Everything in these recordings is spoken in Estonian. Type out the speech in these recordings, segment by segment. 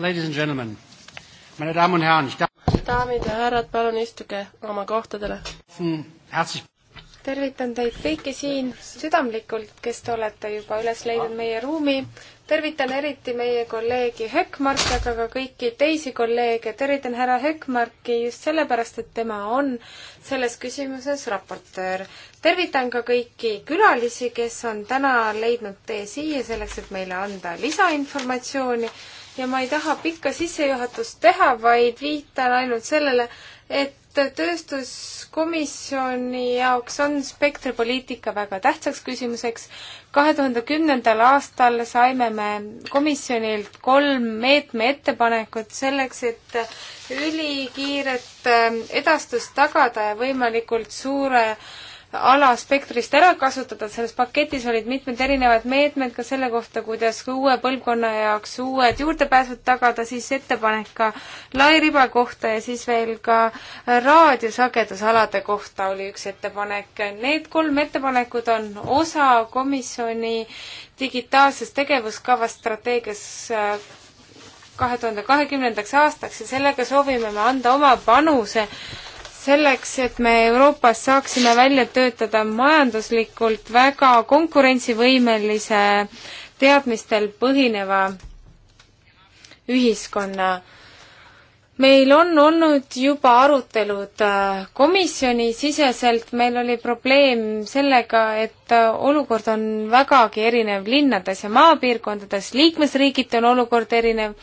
Ladies and gentlemen, meine Damen und Herren, ich darf... daamid ja härrad, palun istuge oma kohtadele. Hm, tervitan teid kõiki siin südamlikult, kes te olete juba üles leidnud meie ruumi. tervitan eriti meie kolleegi Höckmarki, aga ka kõiki teisi kolleege. tervitan härra Höckmarki just sellepärast, et tema on selles küsimuses raportöör. tervitan ka kõiki külalisi, kes on täna leidnud tee siia selleks, et meile anda lisainformatsiooni ja ma ei taha pikka sissejuhatust teha, vaid viitan ainult sellele, et tööstuskomisjoni jaoks on spektripoliitika väga tähtsaks küsimuseks. kahe tuhande kümnendal aastal saime me komisjonilt kolm meetme ettepanekut selleks, et ülikiiret äh, edastust tagada ja võimalikult suure äh, alaspektrist ära kasutada, selles paketis olid mitmed erinevad meetmed ka selle kohta, kuidas uue põlvkonna jaoks uued juurdepääsud tagada, siis ettepanek ka lairiba kohta ja siis veel ka raadiosagedusalade kohta oli üks ettepanek. Need kolm ettepanekut on osa komisjoni digitaalsest tegevuskavast strateegias äh, kahe tuhande kahekümnendaks aastaks ja sellega soovime me anda oma panuse selleks, et me Euroopas saaksime välja töötada majanduslikult väga konkurentsivõimelise, teadmistel põhineva ühiskonna. meil on olnud juba arutelud äh, komisjonisiseselt, meil oli probleem sellega, et äh, olukord on vägagi erinev linnades ja maapiirkondades, liikmesriigiti on olukord erinev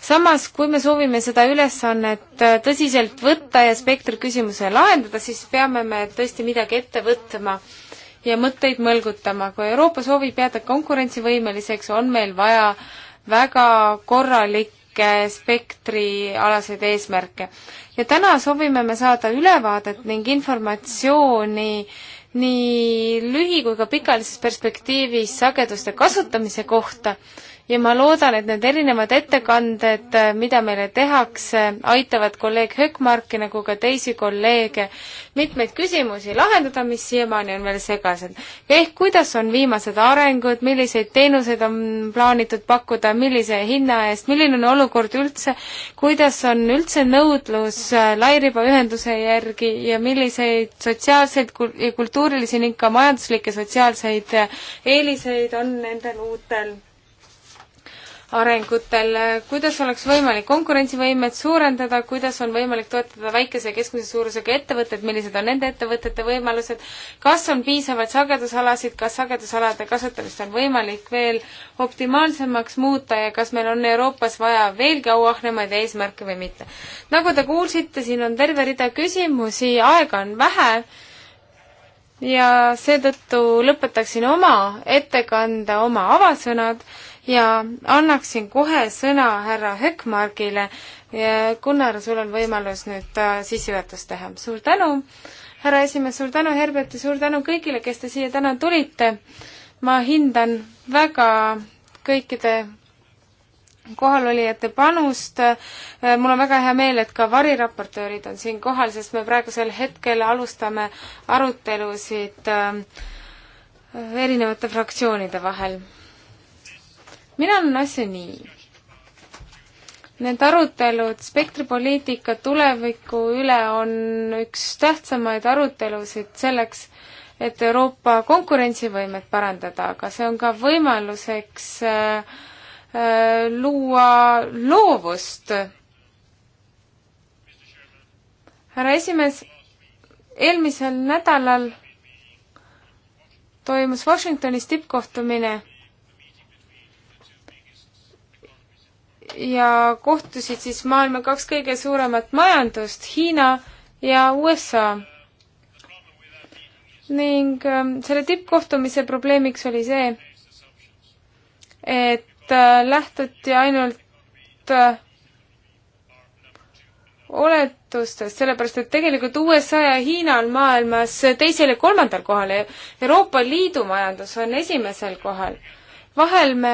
samas, kui me soovime seda ülesannet äh, tõsiselt võtta ja spektriküsimuse lahendada, siis peame me tõesti midagi ette võtma ja mõtteid mõlgutama. kui Euroopa soovib jääda konkurentsivõimeliseks, on meil vaja väga korralikke spektrialaseid eesmärke. ja täna soovime me saada ülevaadet ning informatsiooni nii lühi- kui ka pikaajalises perspektiivis sageduste kasutamise kohta ja ma loodan, et need erinevad ettekanded, äh, mida meile tehakse, aitavad kolleeg Hökmarki nagu ka teisi kolleege mitmeid küsimusi lahendada, mis siiamaani on veel segased. ehk kuidas on viimased arengud, milliseid teenuseid on plaanitud pakkuda, millise hinna eest, milline on olukord üldse, kuidas on üldse nõudlus äh, lairibaühenduse järgi ja milliseid sotsiaalseid ja kultuurilisi ning ka majanduslikke sotsiaalseid äh, eeliseid on nendel uutel arengutel, kuidas oleks võimalik konkurentsivõimet suurendada, kuidas on võimalik toetada väikese ja keskmise suurusega ettevõtteid, millised on nende ettevõtete võimalused, kas on piisavalt sagedusalasid, kas sagedusalade kasutamist on võimalik veel optimaalsemaks muuta ja kas meil on Euroopas vaja veelgi auahnemaid eesmärke või mitte. nagu te kuulsite, siin on terve rida küsimusi, aega on vähe ja seetõttu lõpetaksin oma ettekande oma avasõnad ja annaksin kohe sõna härra Höckmargile. Gunnar, sul on võimalus nüüd äh, sissejuhatust teha. suur tänu, härra esimees, suur tänu, Herbert ja suur tänu kõigile, kes te siia täna tulite. ma hindan väga kõikide kohalolijate panust. Äh, mul on väga hea meel, et ka variraportöörid on siin kohal, sest me praegusel hetkel alustame arutelusid äh, erinevate fraktsioonide vahel mina näen asja nii. Need arutelud spektripoliitika tuleviku üle on üks tähtsamaid arutelusid selleks, et Euroopa konkurentsivõimet parandada, aga see on ka võimaluseks äh, äh, luua loovust. härra esimees, eelmisel nädalal toimus Washingtonis tippkohtumine ja kohtusid siis maailma kaks kõige suuremat majandust, Hiina ja USA. ning ähm, selle tippkohtumise probleemiks oli see, et äh, lähtuti ainult äh, oletustest, sellepärast et tegelikult USA ja Hiina on maailmas teisel ja kolmandal kohal ja Euroopa Liidu majandus on esimesel kohal vahel me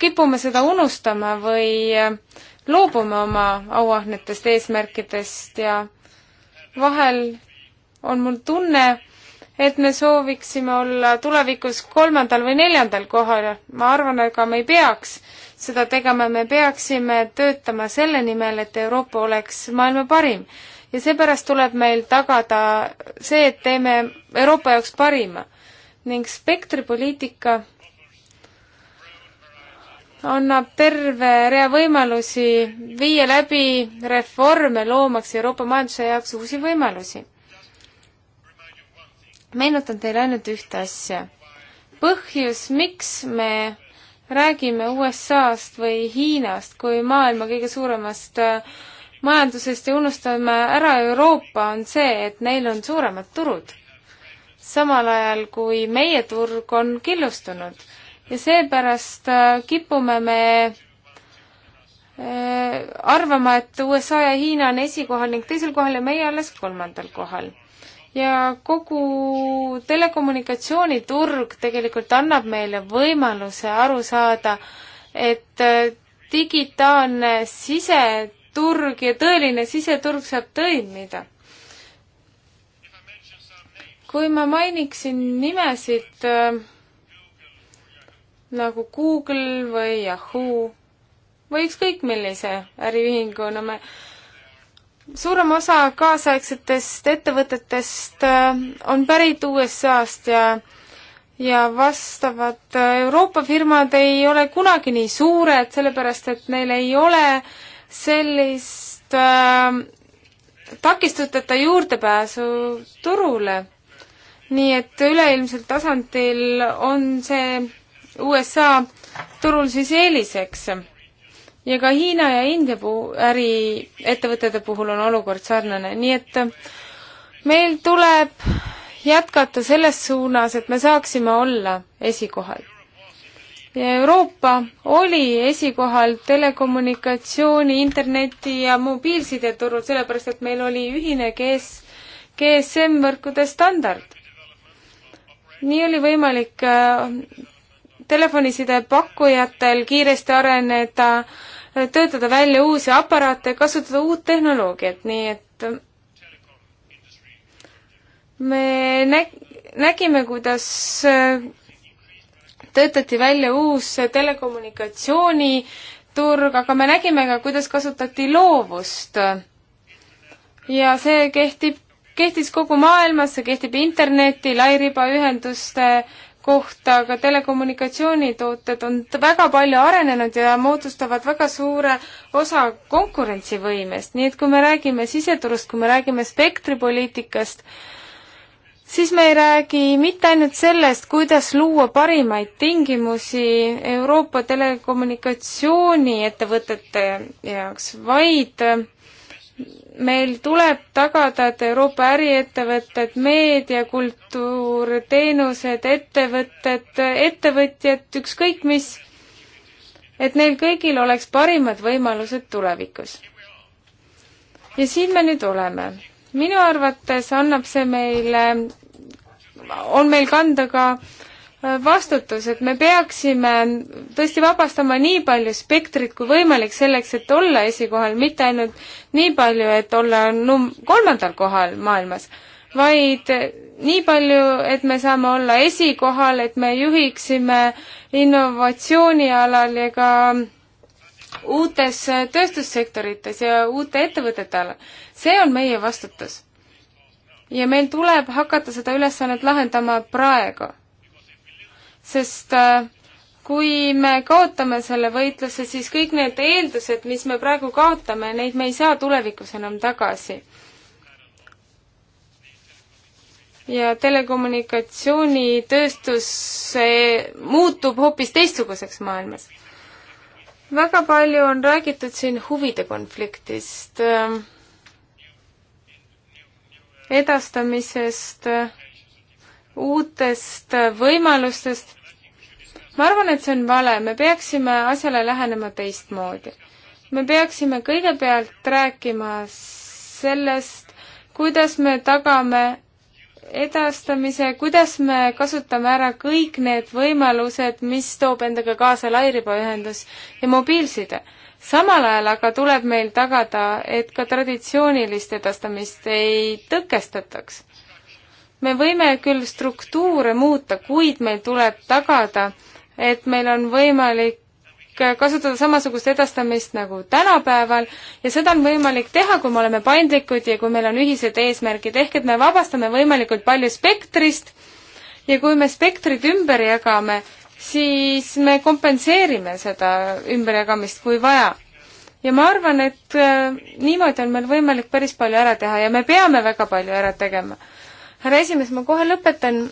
kipume seda unustama või loobume oma auahnetest eesmärkidest ja vahel on mul tunne, et me sooviksime olla tulevikus kolmandal või neljandal kohal. ma arvan, aga me ei peaks seda tegema, me peaksime töötama selle nimel, et Euroopa oleks maailma parim. ja seepärast tuleb meil tagada see, et teeme Euroopa jaoks parima ning spektripoliitika annab terve rea võimalusi viia läbi reforme, loomaks Euroopa majanduse jaoks uusi võimalusi. meenutan teile ainult ühte asja. põhjus, miks me räägime USA-st või Hiinast kui maailma kõige suuremast äh, majandusest ja unustame ära Euroopa, on see, et neil on suuremad turud. samal ajal, kui meie turg on killustunud ja seepärast äh, kipume me äh, arvama, et USA ja Hiina on esikohal ning teisel kohal ja meie alles kolmandal kohal. ja kogu telekommunikatsiooniturg tegelikult annab meile võimaluse aru saada, et äh, digitaalne siseturg ja tõeline siseturg saab toimida. kui ma mainiksin nimesid äh, nagu Google või Yahoo või ükskõik millise äriühinguna me suurem osa kaasaegsetest ettevõtetest äh, on pärit USA-st ja ja vastavad äh, Euroopa firmad ei ole kunagi nii suured, sellepärast et neil ei ole sellist äh, takistuteta juurdepääsu turule. nii et üleilmsel tasandil on see USA turul siis eeliseks. ja ka Hiina ja India puu-, äriettevõtete puhul on olukord sarnane, nii et meil tuleb jätkata selles suunas, et me saaksime olla esikohal. Euroopa oli esikohal telekommunikatsiooni, interneti ja mobiilsideturul, sellepärast et meil oli ühine GS, GSM-võrkude standard. nii oli võimalik äh, telefoniside pakkujatel kiiresti areneda, töötada välja uusi aparaate, kasutada uut tehnoloogiat, nii et me nä-, nägime, kuidas töötati välja uus telekommunikatsiooniturg, aga me nägime ka, kuidas kasutati loovust. ja see kehtib, kehtis kogu maailmas, see kehtib interneti, lairibaühenduste äh, kohta, aga telekommunikatsioonitooted on väga palju arenenud ja moodustavad väga suure osa konkurentsivõimest, nii et kui me räägime siseturust, kui me räägime spektripoliitikast, siis me ei räägi mitte ainult sellest, kuidas luua parimaid tingimusi Euroopa telekommunikatsiooniettevõtete jaoks, vaid meil tuleb tagada, et Euroopa äriettevõtted, meedia, kultuur, teenused, ettevõtted, ettevõtjad, ükskõik mis, et neil kõigil oleks parimad võimalused tulevikus. ja siin me nüüd oleme. minu arvates annab see meile, on meil kanda ka äh, vastutus, et me peaksime tõesti vabastama nii palju spektrit kui võimalik selleks, et olla esikohal, mitte ainult nii palju, et olla num-, kolmandal kohal maailmas, vaid nii palju, et me saame olla esikohal, et me juhiksime innovatsioonialal ja ka uutes tööstussektorites ja uute ettevõtete alal. see on meie vastutus. ja meil tuleb hakata seda ülesannet lahendama praegu sest äh, kui me kaotame selle võitluse, siis kõik need eeldused, mis me praegu kaotame, neid me ei saa tulevikus enam tagasi. ja telekommunikatsioonitööstus muutub hoopis teistsuguseks maailmas. väga palju on räägitud siin huvide konfliktist, äh, edastamisest, äh, uutest võimalustest ma arvan, et see on vale, me peaksime asjale lähenema teistmoodi. me peaksime kõigepealt rääkima sellest, kuidas me tagame edastamise, kuidas me kasutame ära kõik need võimalused, mis toob endaga kaasa lairibaühendus ja mobiilside. samal ajal aga tuleb meil tagada, et ka traditsioonilist edastamist ei tõkestataks. me võime küll struktuure muuta, kuid meil tuleb tagada, et meil on võimalik kasutada samasugust edastamist nagu tänapäeval ja seda on võimalik teha, kui me oleme paindlikud ja kui meil on ühised eesmärgid, ehk et me vabastame võimalikult palju spektrist ja kui me spektrit ümber jagame, siis me kompenseerime seda ümberjagamist, kui vaja. ja ma arvan, et äh, niimoodi on meil võimalik päris palju ära teha ja me peame väga palju ära tegema. härra esimees, ma kohe lõpetan.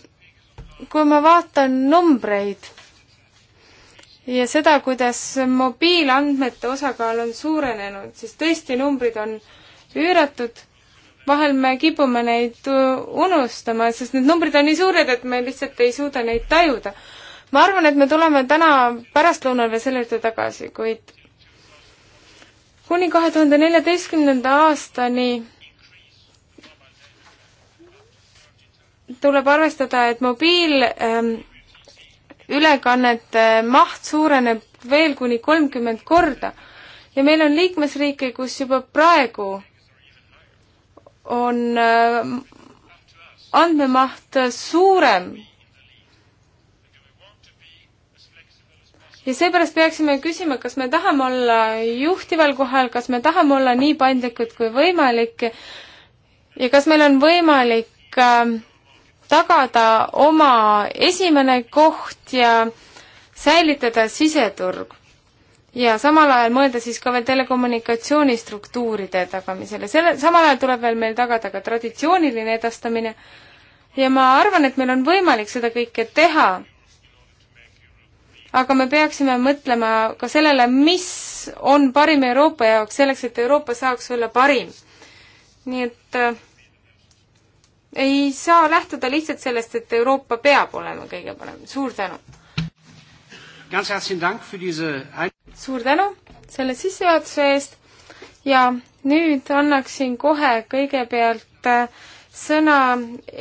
kui ma vaatan numbreid ja seda, kuidas mobiilandmete osakaal on suurenenud, siis tõesti numbrid on üüratud. vahel me kipume neid unustama, sest need numbrid on nii suured, et me lihtsalt ei suuda neid tajuda. ma arvan, et me tuleme täna pärastlõunal veel selle juurde tagasi, kuid kuni kahe tuhande neljateistkümnenda aastani tuleb arvestada, et mobiil ähm, ülekannete maht suureneb veel kuni kolmkümmend korda ja meil on liikmesriike, kus juba praegu on äh, andmemaht suurem. ja seepärast peaksime küsima, kas me tahame olla juhtival kohal, kas me tahame olla nii paindlikud kui võimalik ja kas meil on võimalik äh, tagada oma esimene koht ja säilitada siseturg. ja samal ajal mõelda siis ka veel telekommunikatsioonistruktuuride tagamisele, selle, samal ajal tuleb veel meil tagada ka traditsiooniline edastamine ja ma arvan, et meil on võimalik seda kõike teha aga me peaksime mõtlema ka sellele, mis on parim Euroopa jaoks, selleks et Euroopa saaks olla parim. nii et äh, ei saa lähtuda lihtsalt sellest, et Euroopa peab olema kõige parem. suur tänu! suur tänu selle sissejuhatuse eest ja nüüd annaksin kohe kõigepealt äh, sõna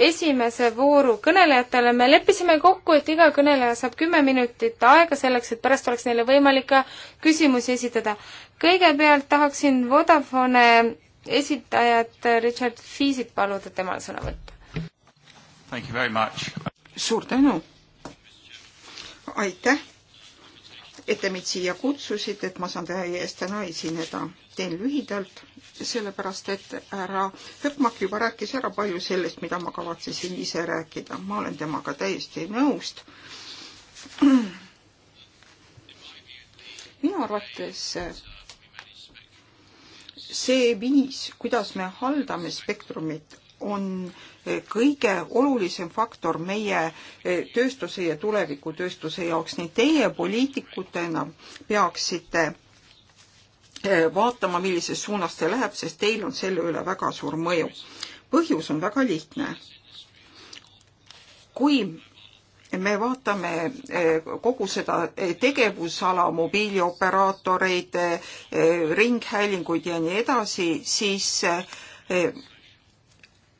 esimese vooru kõnelejatele. me leppisime kokku, et iga kõneleja saab kümme minutit aega selleks, et pärast oleks neile võimalik ka küsimusi esitada. kõigepealt tahaksin Vodafone esitajat Richard Fiisit paluda temal sõna võtta. suur tänu! aitäh, et te mind siia kutsusite, et ma saan teie ees täna esineda. teen lühidalt, sellepärast et härra Hökmark juba rääkis ära palju sellest, mida ma kavatsesin ise rääkida. ma olen temaga täiesti nõust minu arvates see viis, kuidas me haldame spektrumit, on eh, kõige olulisem faktor meie eh, tööstuse ja tulevikutööstuse jaoks, nii teie poliitikutena peaksite eh, vaatama, millises suunas see läheb, sest teil on selle üle väga suur mõju. põhjus on väga lihtne. kui me vaatame eh, kogu seda eh, tegevusala, mobiilioperaatoreid, eh, ringhäälinguid ja nii edasi, siis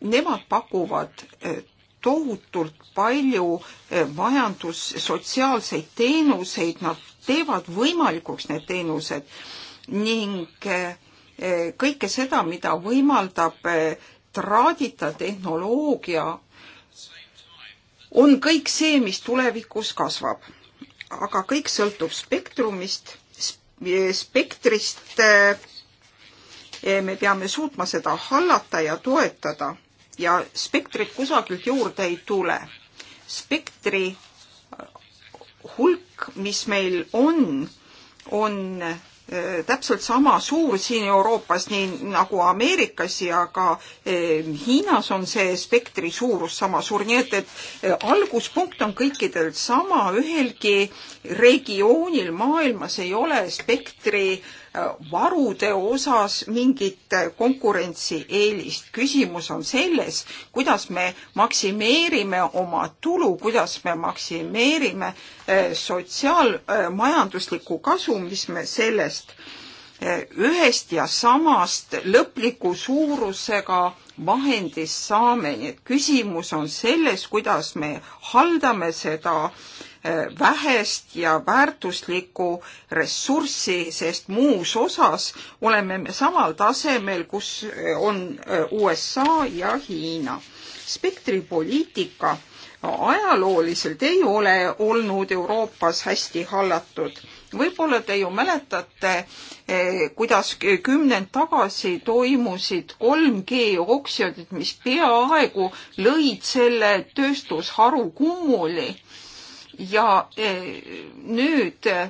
nemad pakuvad tohutult palju majandus, sotsiaalseid teenuseid, nad teevad võimalikuks need teenused ning kõike seda, mida võimaldab traadita tehnoloogia on kõik see, mis tulevikus kasvab. aga kõik sõltub spektrumist, spektrist. Äh, me peame suutma seda hallata ja toetada ja spektrit kusagilt juurde ei tule. spektri äh, hulk, mis meil on, on Äh, täpselt sama suur siin Euroopas, nii nagu Ameerikas ja ka äh, Hiinas on see spektri suurus sama suur, nii et, et äh, alguspunkt on kõikidel sama, ühelgi regioonil maailmas ei ole spektri äh, varude osas mingit konkurentsieelist. küsimus on selles, kuidas me maksimeerime oma tulu, kuidas me maksimeerime eh, sotsiaalmajanduslikku eh, kasu, mis me sellest eh, ühest ja samast lõpliku suurusega vahendist saame, nii et küsimus on selles, kuidas me haldame seda äh, Eh, vähest ja väärtuslikku ressurssi, sest muus osas oleme me samal tasemel, kus eh, on eh, USA ja Hiina. spektripoliitika ajalooliselt ei ole olnud Euroopas hästi hallatud. võib-olla te ju mäletate, kuidas kümnend tagasi toimusid 3G oksjonid, mis peaaegu lõid selle tööstusharu kummuli ja eh, nüüd eh,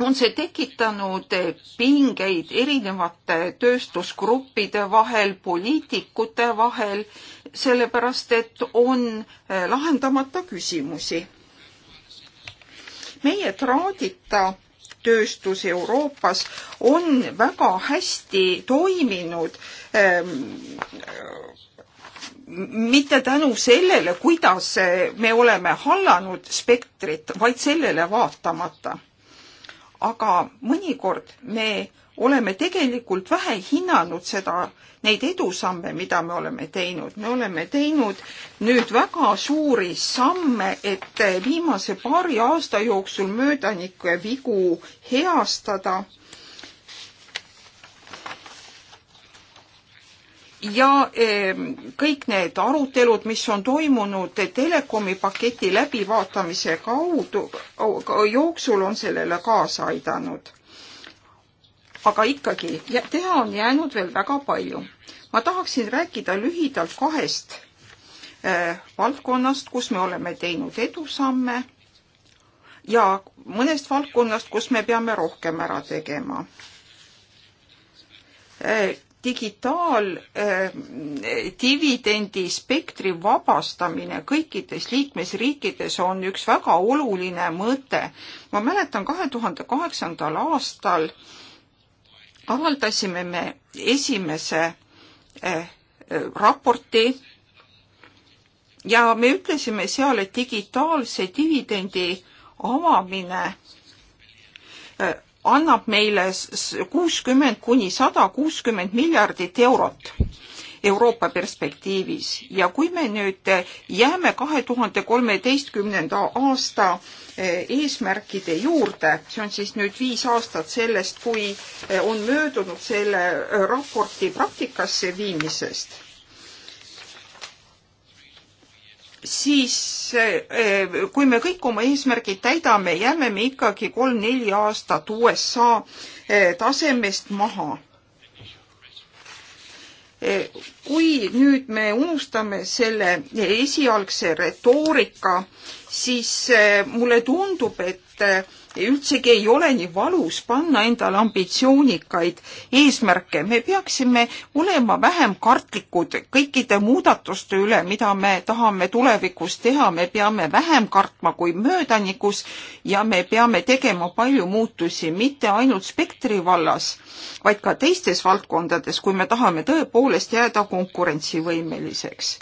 on see tekitanud eh, pingeid erinevate tööstusgruppide vahel, poliitikute vahel, sellepärast et on lahendamata küsimusi. meie traadita tööstus Euroopas on väga hästi toiminud ähm, mitte tänu sellele, kuidas me oleme hallanud spektrit, vaid sellele vaatamata. aga mõnikord me oleme tegelikult vähe hinnanud seda, neid edusamme, mida me oleme teinud. me oleme teinud nüüd väga suuri samme, et viimase paari aasta jooksul möödanike vigu heastada ja ehm, kõik need arutelud, mis on toimunud telekomi paketi läbivaatamise kaudu, jooksul on sellele kaasa aidanud. aga ikkagi, teha on jäänud veel väga palju. ma tahaksin rääkida lühidalt kahest eh, valdkonnast, kus me oleme teinud edusamme ja mõnest valdkonnast, kus me peame rohkem ära tegema eh, digitaaldividendi äh, spektri vabastamine kõikides liikmesriikides on üks väga oluline mõte. ma mäletan, kahe tuhande kaheksandal aastal avaldasime me esimese äh, raporti ja me ütlesime seal, et digitaalse dividendi avamine äh, annab meile kuuskümmend kuni sada kuuskümmend miljardit eurot Euroopa perspektiivis ja kui me nüüd jääme kahe tuhande kolmeteistkümnenda aasta eh, eesmärkide juurde, see on siis nüüd viis aastat sellest, kui eh, on möödunud selle eh, raporti praktikasse viimisest siis eh, eh, kui me kõik oma eesmärgid täidame, jääme me ikkagi kolm-neli aastat USA eh, tasemest maha. kui nüüd me unustame selle esialgse retoorika, siis mulle tundub, et üldsegi ei ole nii valus panna endale ambitsioonikaid eesmärke. me peaksime olema vähem kartlikud kõikide muudatuste üle, mida me tahame tulevikus teha, me peame vähem kartma kui möödanikus ja me peame tegema palju muutusi, mitte ainult spektri vallas, vaid ka teistes valdkondades, kui me tahame tõepoolest jääda konkurentsivõimeliseks.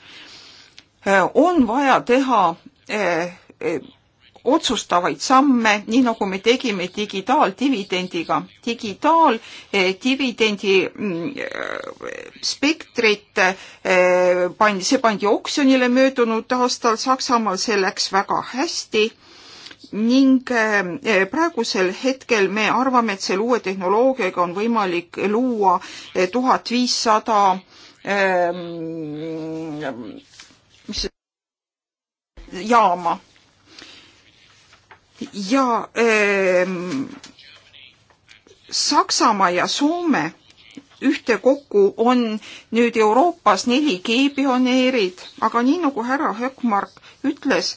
Äh, on vaja teha äh, äh, otsustavaid samme, nii nagu me tegime digitaaldividendiga. digitaaldividendi eh, mm, eh, spektrit eh, pandi, see pandi oksjonile möödunud aastal Saksamaal, see läks väga hästi ning praegusel hetkel me arvame, et selle uue tehnoloogiaga on võimalik luua tuhat viissada mm, mis jaama ja öö, ehm, Saksamaa ja Soome ühtekokku on nüüd Euroopas 4G pioneerid, aga nii nagu härra Höckmark ütles,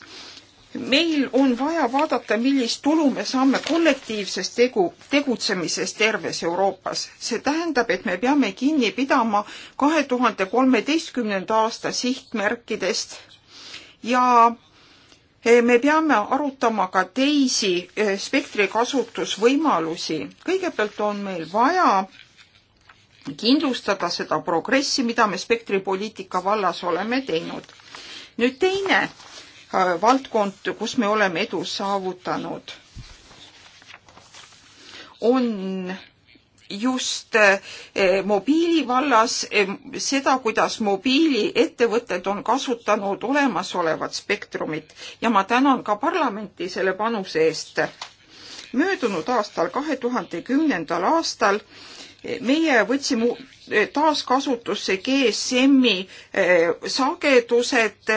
meil on vaja vaadata, millist tulu me saame kollektiivsest tegu, tegutsemisest terves Euroopas. see tähendab, et me peame kinni pidama kahe tuhande kolmeteistkümnenda aasta sihtmärkidest ja Eh, me peame arutama ka teisi eh, spektri kasutusvõimalusi. kõigepealt on meil vaja kindlustada seda progressi, mida me spektripoliitika vallas oleme teinud. nüüd teine eh, valdkond, kus me oleme edu saavutanud, on just eh, mobiili vallas eh, seda, kuidas mobiiliettevõtted on kasutanud olemasolevat spektrumit ja ma tänan ka parlamenti selle panuse eest. möödunud aastal, kahe tuhande kümnendal aastal eh, meie võtsime taaskasutusse GSM-i sagedused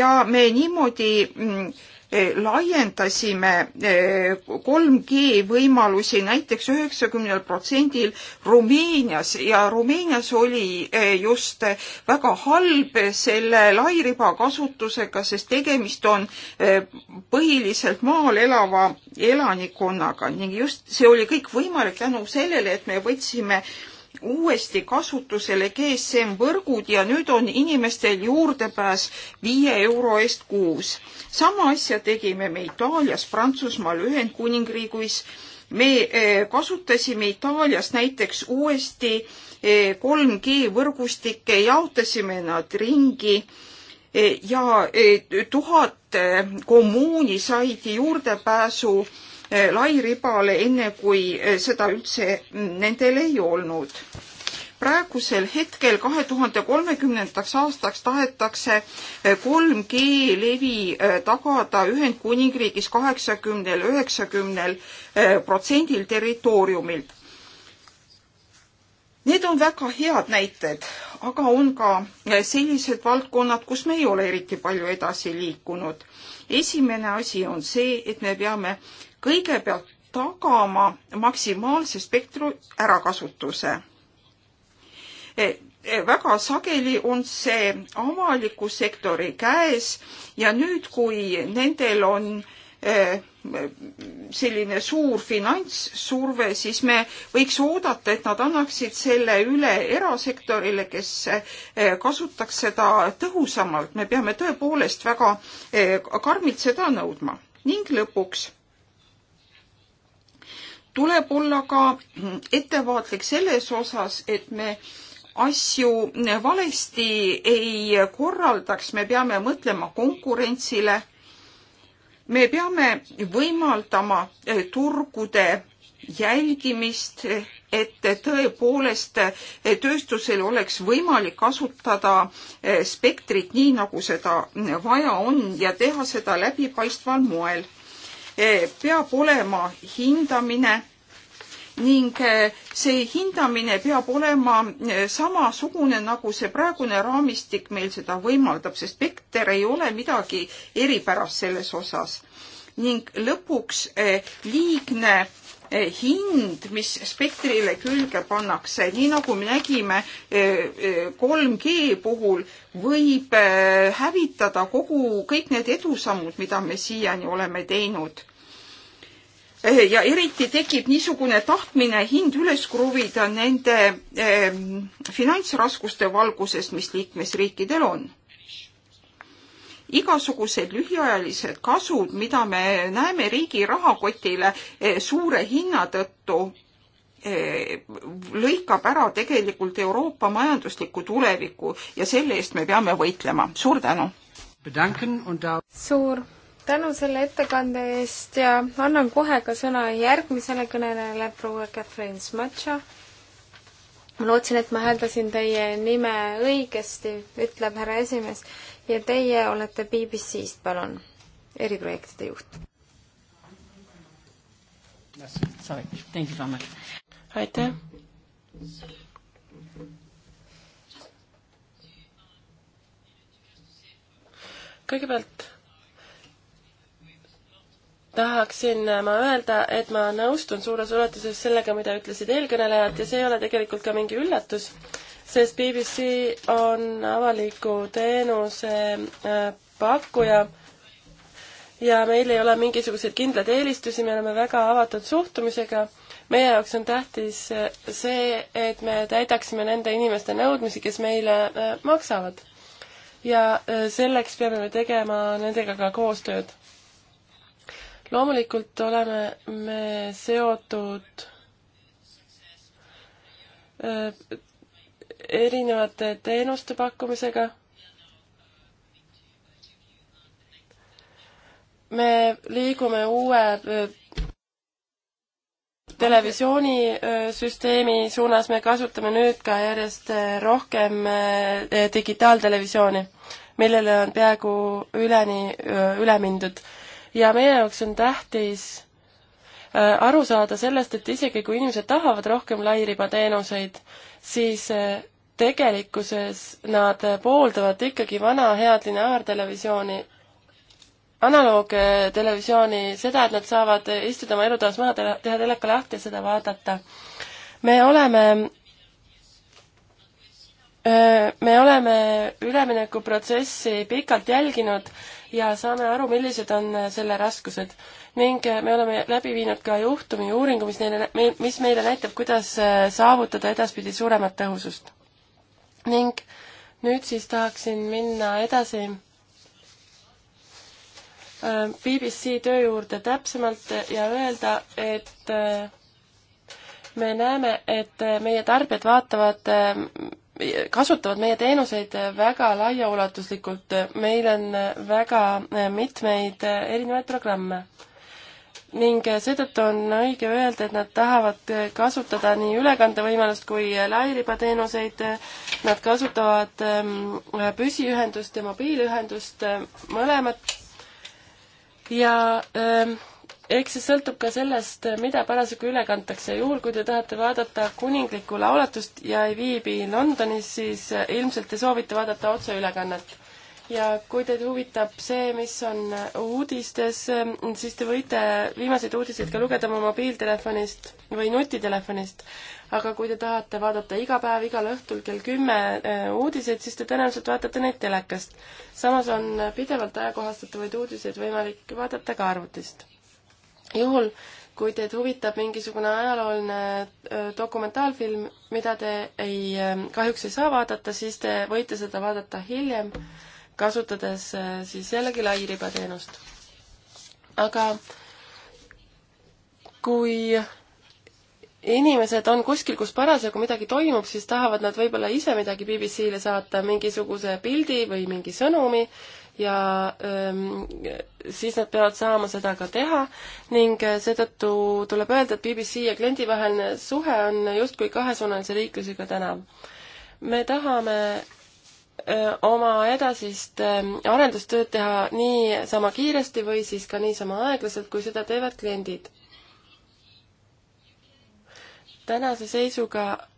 ja me niimoodi mm, Eh, laiendasime 3G eh, võimalusi näiteks üheksakümnel protsendil Rumeenias ja Rumeenias oli eh, just väga halb selle lairiba kasutusega, sest tegemist on põhiliselt maal elava elanikkonnaga ning just see oli kõik võimalik tänu sellele, et me võtsime uuesti kasutusele GSM võrgud ja nüüd on inimestel juurdepääs viie euro eest kuus. sama asja tegime me Itaalias, Prantsusmaal, Ühendkuningriigis. me eh, kasutasime Itaalias näiteks uuesti 3G eh, võrgustikke, jaotasime nad ringi eh, ja tuhat kommuuni said juurdepääsu Eh, lairibale, enne kui eh, seda üldse mm, nendel ei olnud praegusel hetkel kahe tuhande kolmekümnendaks aastaks tahetakse 3G eh, levi tagada Ühendkuningriigis kaheksakümnel, üheksakümnel protsendil territooriumilt. Need on väga head näited, aga on ka sellised valdkonnad, kus me ei ole eriti palju edasi liikunud. esimene asi on see, et me peame kõigepealt tagama maksimaalse spektru ärakasutuse. E, e, väga sageli on see avaliku sektori käes ja nüüd, kui nendel on e, selline suur finantssurve, siis me võiks oodata, et nad annaksid selle üle erasektorile, kes kasutaks seda tõhusamalt. me peame tõepoolest väga karmilt seda nõudma. ning lõpuks tuleb olla ka ettevaatlik selles osas, et me asju valesti ei korraldaks, me peame mõtlema konkurentsile. me peame võimaldama eh, turgude jälgimist, et tõepoolest eh, tööstusel oleks võimalik kasutada eh, spektrit nii, nagu seda vaja on ja teha seda läbipaistval moel. peab olema hindamine ning eh, see hindamine peab olema eh, samasugune, nagu see praegune raamistik meil seda võimaldab, sest spekter ei ole midagi eripärast selles osas. ning lõpuks eh, liigne hind, mis spektrile külge pannakse, nii nagu me nägime 3G puhul, võib hävitada kogu, kõik need edusammud, mida me siiani oleme teinud Eh, ja eriti tekib niisugune tahtmine hind üles kruvida nende ehm, finantsraskuste valguses, mis liikmesriikidel on. igasugused lühiajalised kasud, mida me näeme riigi rahakotile eh, suure hinna tõttu, eh, lõikab ära tegelikult Euroopa majandusliku tuleviku ja selle eest me peame võitlema. suur tänu! suur tänu selle ettekande eest ja annan kohe ka sõna järgmisele kõnelejale, proua Catherine Smatša. ma lootsin, et ma hääldasin teie nime õigesti, ütleb härra esimees, ja teie olete BBC-st, palun, eriprojektide juht. aitäh. kõigepealt tahaksin äh, ma öelda, et ma nõustun suures ulatuses sellega, mida ütlesid eelkõnelejad ja see ei ole tegelikult ka mingi üllatus, sest BBC on avaliku teenuse äh, pakkuja ja meil ei ole mingisuguseid kindlaid eelistusi, me oleme väga avatud suhtumisega. meie jaoks on tähtis äh, see, et me täidaksime nende inimeste nõudmisi, kes meile maksavad. ja selleks peame me tegema nendega ka koostööd loomulikult oleme me seotud äh, erinevate teenuste pakkumisega. me liigume uue äh, televisioonisüsteemi äh, suunas me kasutame nüüd ka järjest rohkem digitaaltelevisiooni, millele on peaaegu üleni, üle mindud ja meie jaoks on tähtis äh, aru saada sellest, et isegi kui inimesed tahavad rohkem lairibateenuseid, siis äh, tegelikkuses nad pooldavad ikkagi vana head lineaartelevisiooni, analoogtelevisiooni, äh, seda, et nad saavad istuda oma elutoas maha, teha teleka lahti ja seda vaadata. me oleme me oleme üleminekuprotsessi pikalt jälginud ja saame aru, millised on äh, selle raskused. ning äh, me oleme läbi viinud ka juhtumi uuringu, mis neile, mis meile näitab, kuidas äh, saavutada edaspidi suuremat tõhusust. ning nüüd siis tahaksin minna edasi BBC töö juurde täpsemalt ja öelda, et me näeme, et meie tarbijad vaatavad kasutavad meie teenuseid väga laiaulatuslikult, meil on väga mitmeid erinevaid programme. ning seetõttu on õige öelda, et nad tahavad kasutada nii ülekandevõimalust kui lairibateenuseid, nad kasutavad ähm, püsiühendust ja mobiiliühendust äh, mõlemat ja öö, ähm, eks see sõltub ka sellest, mida parasjagu üle kantakse. juhul, kui te tahate vaadata kuninglikku laulatust ja ei viibi Londonis, siis ilmselt te soovite vaadata otseülekannet. ja kui teid huvitab see, mis on uudistes, siis te võite viimaseid uudiseid ka lugeda oma mobiiltelefonist või nutitelefonist. aga kui te tahate vaadata iga päev, igal õhtul kell kümme eh, uudiseid, siis te tõenäoliselt vaatate neid telekast. samas on pidevalt ajakohastatavaid uudiseid võimalik vaadata ka arvutist juhul, kui teid huvitab mingisugune ajalooline dokumentaalfilm, mida te ei, kahjuks ei saa vaadata, siis te võite seda vaadata hiljem, kasutades siis jällegi lairiba teenust. aga kui inimesed on kuskil, kus parasjagu midagi toimub, siis tahavad nad võib-olla ise midagi BBC-le saata, mingisuguse pildi või mingi sõnumi, ja ähm, siis nad peavad saama seda ka teha ning äh, seetõttu tuleb öelda, et BBC ja kliendi vaheline suhe on justkui kahesuunalise liiklusega tänav. me tahame äh, oma edasist äh, arendustööd teha niisama kiiresti või siis ka niisama aeglaselt, kui seda teevad kliendid. tänase seisuga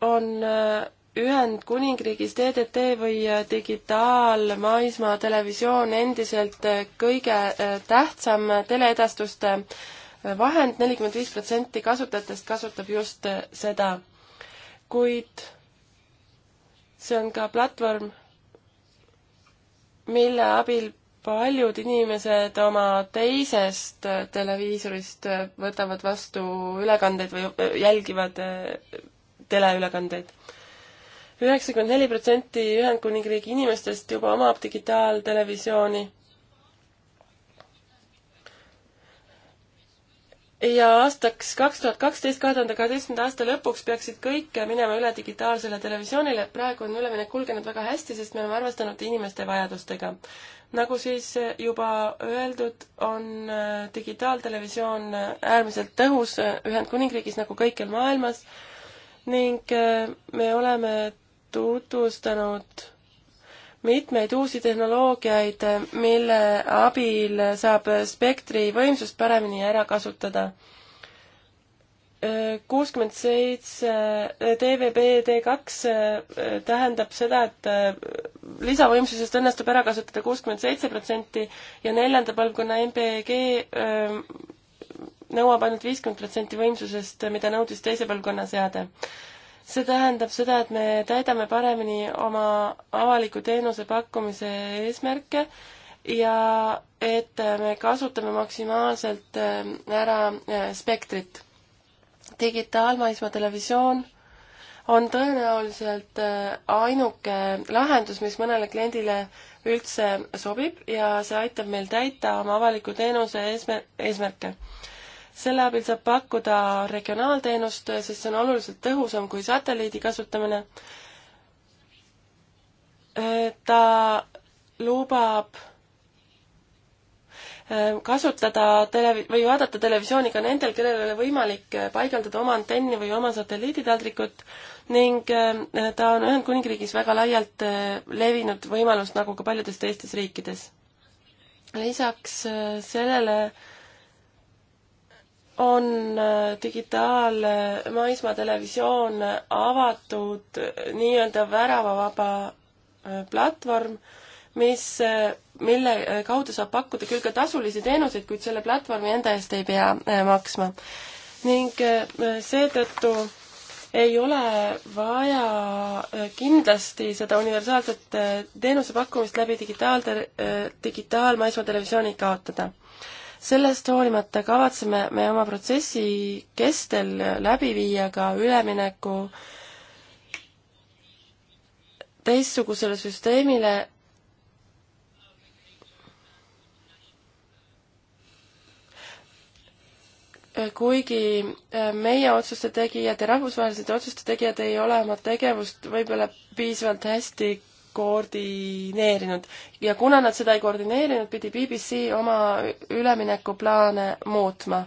on äh, Ühendkuningriigis DDT või äh, digitaalmaismaa televisioon endiselt äh, kõige äh, tähtsam teleedastuste vahend, nelikümmend viis protsenti kasutajatest kasutab just seda. kuid see on ka platvorm, mille abil paljud inimesed oma teisest televiisorist võtavad vastu ülekandeid või jälgivad teleülekandeid üheksakümmend neli protsenti Ühendkuningriigi inimestest juba omab digitaaltelevisiooni. ja aastaks kaks tuhat kaksteist, kahe tuhande kaheteistkümnenda aasta lõpuks peaksid kõik minema üle digitaalsele televisioonile. praegu on üleminek kulgenud väga hästi, sest me oleme arvestanud inimeste vajadustega. nagu siis juba öeldud, on äh, digitaaltelevisioon äh, äärmiselt tõhus äh, Ühendkuningriigis nagu kõikjal maailmas ning me oleme tutvustanud mitmeid uusi tehnoloogiaid, mille abil saab spektri võimsust paremini ära kasutada. kuuskümmend seitse DVB-D kaks tähendab seda, et lisavõimsusest õnnestub ära kasutada kuuskümmend seitse protsenti ja neljanda põlvkonna MBG ähm, nõuab ainult viiskümmend protsenti võimsusest, mida nõudis teise põlvkonna seade see tähendab seda, et me täidame paremini oma avaliku teenuse pakkumise eesmärke ja et me kasutame maksimaalselt äh, ära äh, spektrit. digitaalmaismaa televisioon on tõenäoliselt äh, ainuke lahendus, mis mõnele kliendile üldse sobib ja see aitab meil täita oma avaliku teenuse eesmär-, eesmärke selle abil saab pakkuda regionaalteenust, sest see on oluliselt tõhusam kui satelliidi kasutamine. Äh, ta lubab äh, kasutada tele- või vaadata televisiooni ka nendel, kellel ei ole võimalik äh, paigaldada oma antenni või oma satelliiditaldrikut ning ta on Ühendkuningriigis väga laialt levinud võimalus, nagu ka paljudes teistes riikides. lisaks sellele äh, on äh, digitaalmaismaatelevisioon avatud äh, nii-öelda väravavaba äh, platvorm, mis, mille kaudu saab pakkuda küll ka tasulisi teenuseid, kuid selle platvormi enda eest ei pea maksma. ning seetõttu ei ole vaja kindlasti seda universaalset teenuse pakkumist läbi digitaalter-, digitaalmaismaatelevisiooni kaotada sellest hoolimata kavatseme me oma protsessi kestel läbi viia ka ülemineku teistsugusele süsteemile, kuigi äh, meie otsuste tegijad ja rahvusvahelised otsuste tegijad ei ole oma tegevust võib-olla piisavalt hästi koordineerinud ja kuna nad seda ei koordineerinud, pidi BBC oma üleminekuplaane muutma.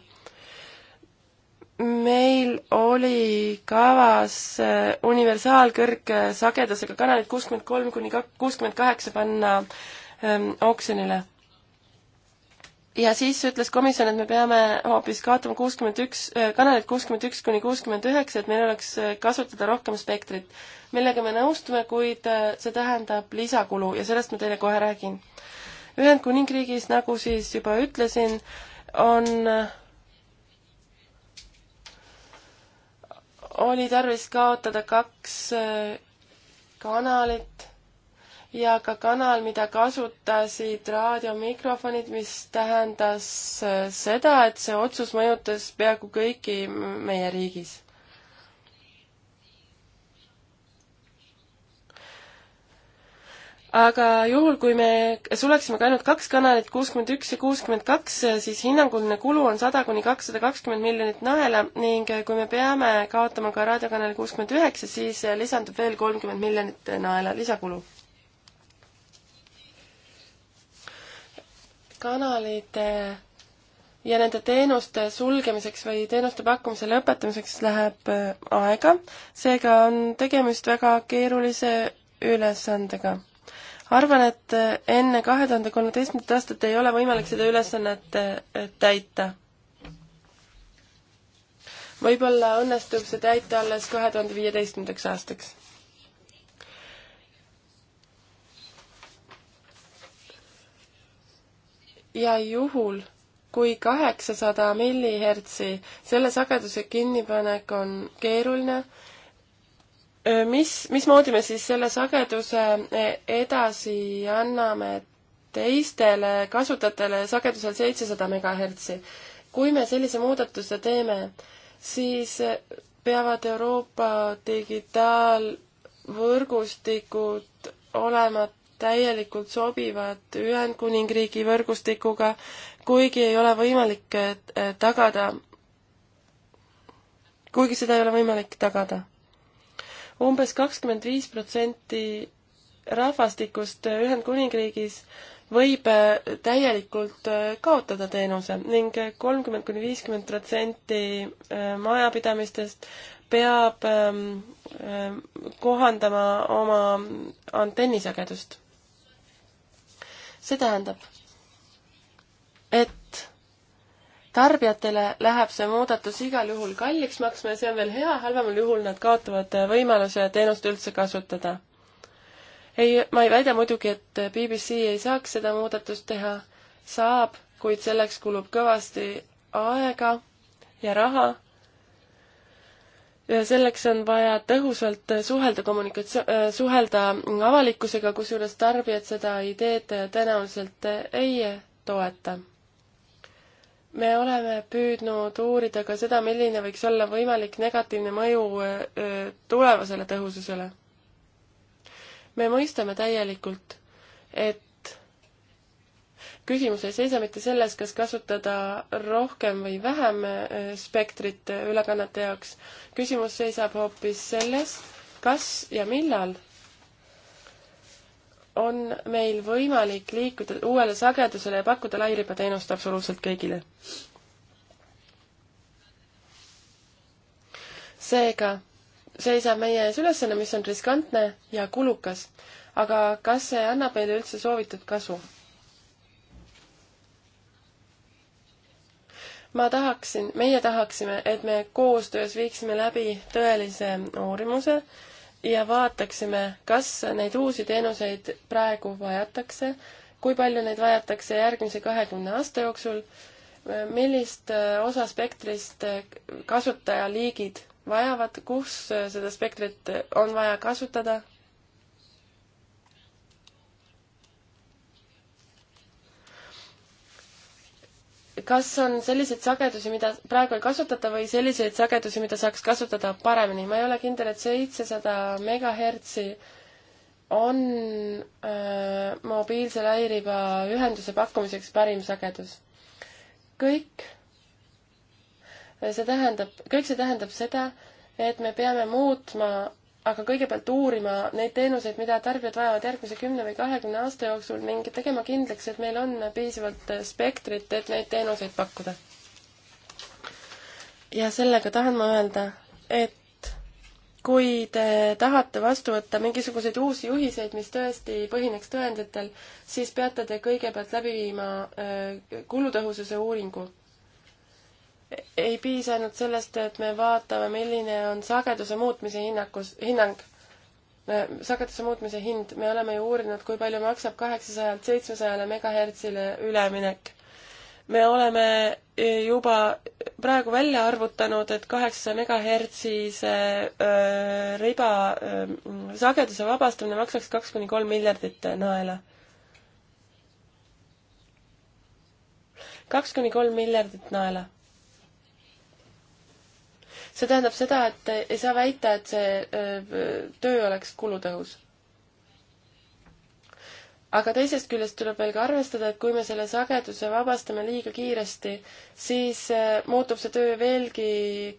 meil oli kavas äh, universaalkõrgsagedusega äh, kanalid kuuskümmend kolm kuni kuuskümmend kaheksa panna ähm, oksjonile ähm, ja siis ütles komisjon, et me peame hoopis kaotama kuuskümmend üks, äh, kanaleid kuuskümmend üks kuni kuuskümmend üheksa, et meil oleks äh, kasutada rohkem spektrit, millega me nõustume, kuid äh, see tähendab lisakulu ja sellest ma teile kohe räägin. Ühendkuningriigis, nagu siis juba ütlesin, on, oli tarvis kaotada kaks kanalit ja ka kanal, mida kasutasid raadiomikrofonid, mis tähendas äh, seda, et see otsus mõjutas peaaegu kõiki meie riigis aga juhul, kui me suleksime ka ainult kaks kanalit, kuuskümmend üks ja kuuskümmend kaks, siis hinnanguline kulu on sada kuni kakssada kakskümmend miljonit naela ning kui me peame kaotama ka raadiokanali kuuskümmend üheksa, siis lisandub veel kolmkümmend miljonit naela lisakulu. kanalite ja nende teenuste sulgemiseks või teenuste pakkumise lõpetamiseks läheb äh, aega, seega on tegemist väga keerulise ülesandega. arvan, et äh, enne kahe tuhande kolmeteistkümnendat aastat ei ole võimalik seda ülesannet äh, täita. võib-olla õnnestub see täita alles kahe tuhande viieteistkümnendaks aastaks ja juhul, kui kaheksasada millihertsi, selle sageduse kinnipanek on keeruline, mis, mismoodi me siis selle sageduse e, edasi anname teistele kasutajatele sagedusel seitsesada megahertsi? kui me sellise muudatuse teeme, siis e, peavad Euroopa digitaalvõrgustikud olema täielikult sobivad Ühendkuningriigi võrgustikuga, kuigi ei ole võimalik eh, tagada, kuigi seda ei ole võimalik tagada umbes. umbes kakskümmend viis protsenti rahvastikust Ühendkuningriigis võib eh, täielikult eh, kaotada teenuse ning kolmkümmend kuni viiskümmend protsenti majapidamistest peab ehm, kohandama oma antennisagedust see tähendab, et tarbijatele läheb see muudatus igal juhul kalliks maksma ja see on veel hea, halvemal juhul nad kaotavad võimaluse teenust üldse kasutada. ei, ma ei väida muidugi, et BBC ei saaks seda muudatust teha, saab, kuid selleks kulub kõvasti aega ja raha selleks on vaja tõhusalt suhelda kommunikatsioon, äh, suhelda avalikkusega, kusjuures tarbijad seda ideed tõenäoliselt ei toeta. me oleme püüdnud uurida ka seda, milline võiks olla võimalik negatiivne mõju äh, tulevasele tõhususele. me mõistame täielikult, et küsimus ei seisa mitte selles, kas kasutada rohkem või vähem äh, spektrit äh, ülekannete jaoks. küsimus seisab hoopis selles, kas ja millal on meil võimalik liikuda uuele sagedusele ja pakkuda lairibateenust absoluutselt kõigile. seega seisab meie ees ülesanne, mis on riskantne ja kulukas, aga kas see annab meile üldse soovitud kasu? ma tahaksin, meie tahaksime, et me koostöös viiksime läbi tõelise uurimuse ja vaataksime, kas neid uusi teenuseid praegu vajatakse, kui palju neid vajatakse järgmise kahekümne aasta jooksul, millist äh, osa spektrist äh, kasutajaliigid vajavad, kus äh, seda spektrit on vaja kasutada, kas on selliseid sagedusi, mida praegu ei kasutata või selliseid sagedusi, mida saaks kasutada paremini? ma ei ole kindel, et seitsesada megahertsi on äh, mobiilse lairiba ühenduse pakkumiseks parim sagedus. kõik see tähendab, kõik see tähendab seda, et me peame muutma aga kõigepealt uurima neid teenuseid, mida tarbijad vajavad järgmise kümne või kahekümne aasta jooksul ning tegema kindlaks, et meil on piisavalt spektrit, et neid teenuseid pakkuda. ja sellega tahan ma öelda, et kui te tahate vastu võtta mingisuguseid uusi juhiseid, mis tõesti põhineks tõenditel, siis peate te kõigepealt läbi viima äh, kulutõhususe uuringu ei piisa ainult sellest, et me vaatame, milline on sageduse muutmise hinnakus, hinnang, sageduse muutmise hind, me oleme ju uurinud, kui palju maksab kaheksasajalt seitsmesajale megahertsile üleminek. me oleme e, juba praegu välja arvutanud, et kaheksasaja megahertsise äh, riba äh, sageduse vabastamine maksaks kaks kuni kolm miljardit naela kaks kuni kolm miljardit naela see tähendab seda, et ei saa väita, et see töö oleks kulutõhus. aga teisest küljest tuleb veel ka arvestada, et kui me selle sageduse vabastame liiga kiiresti, siis muutub see töö veelgi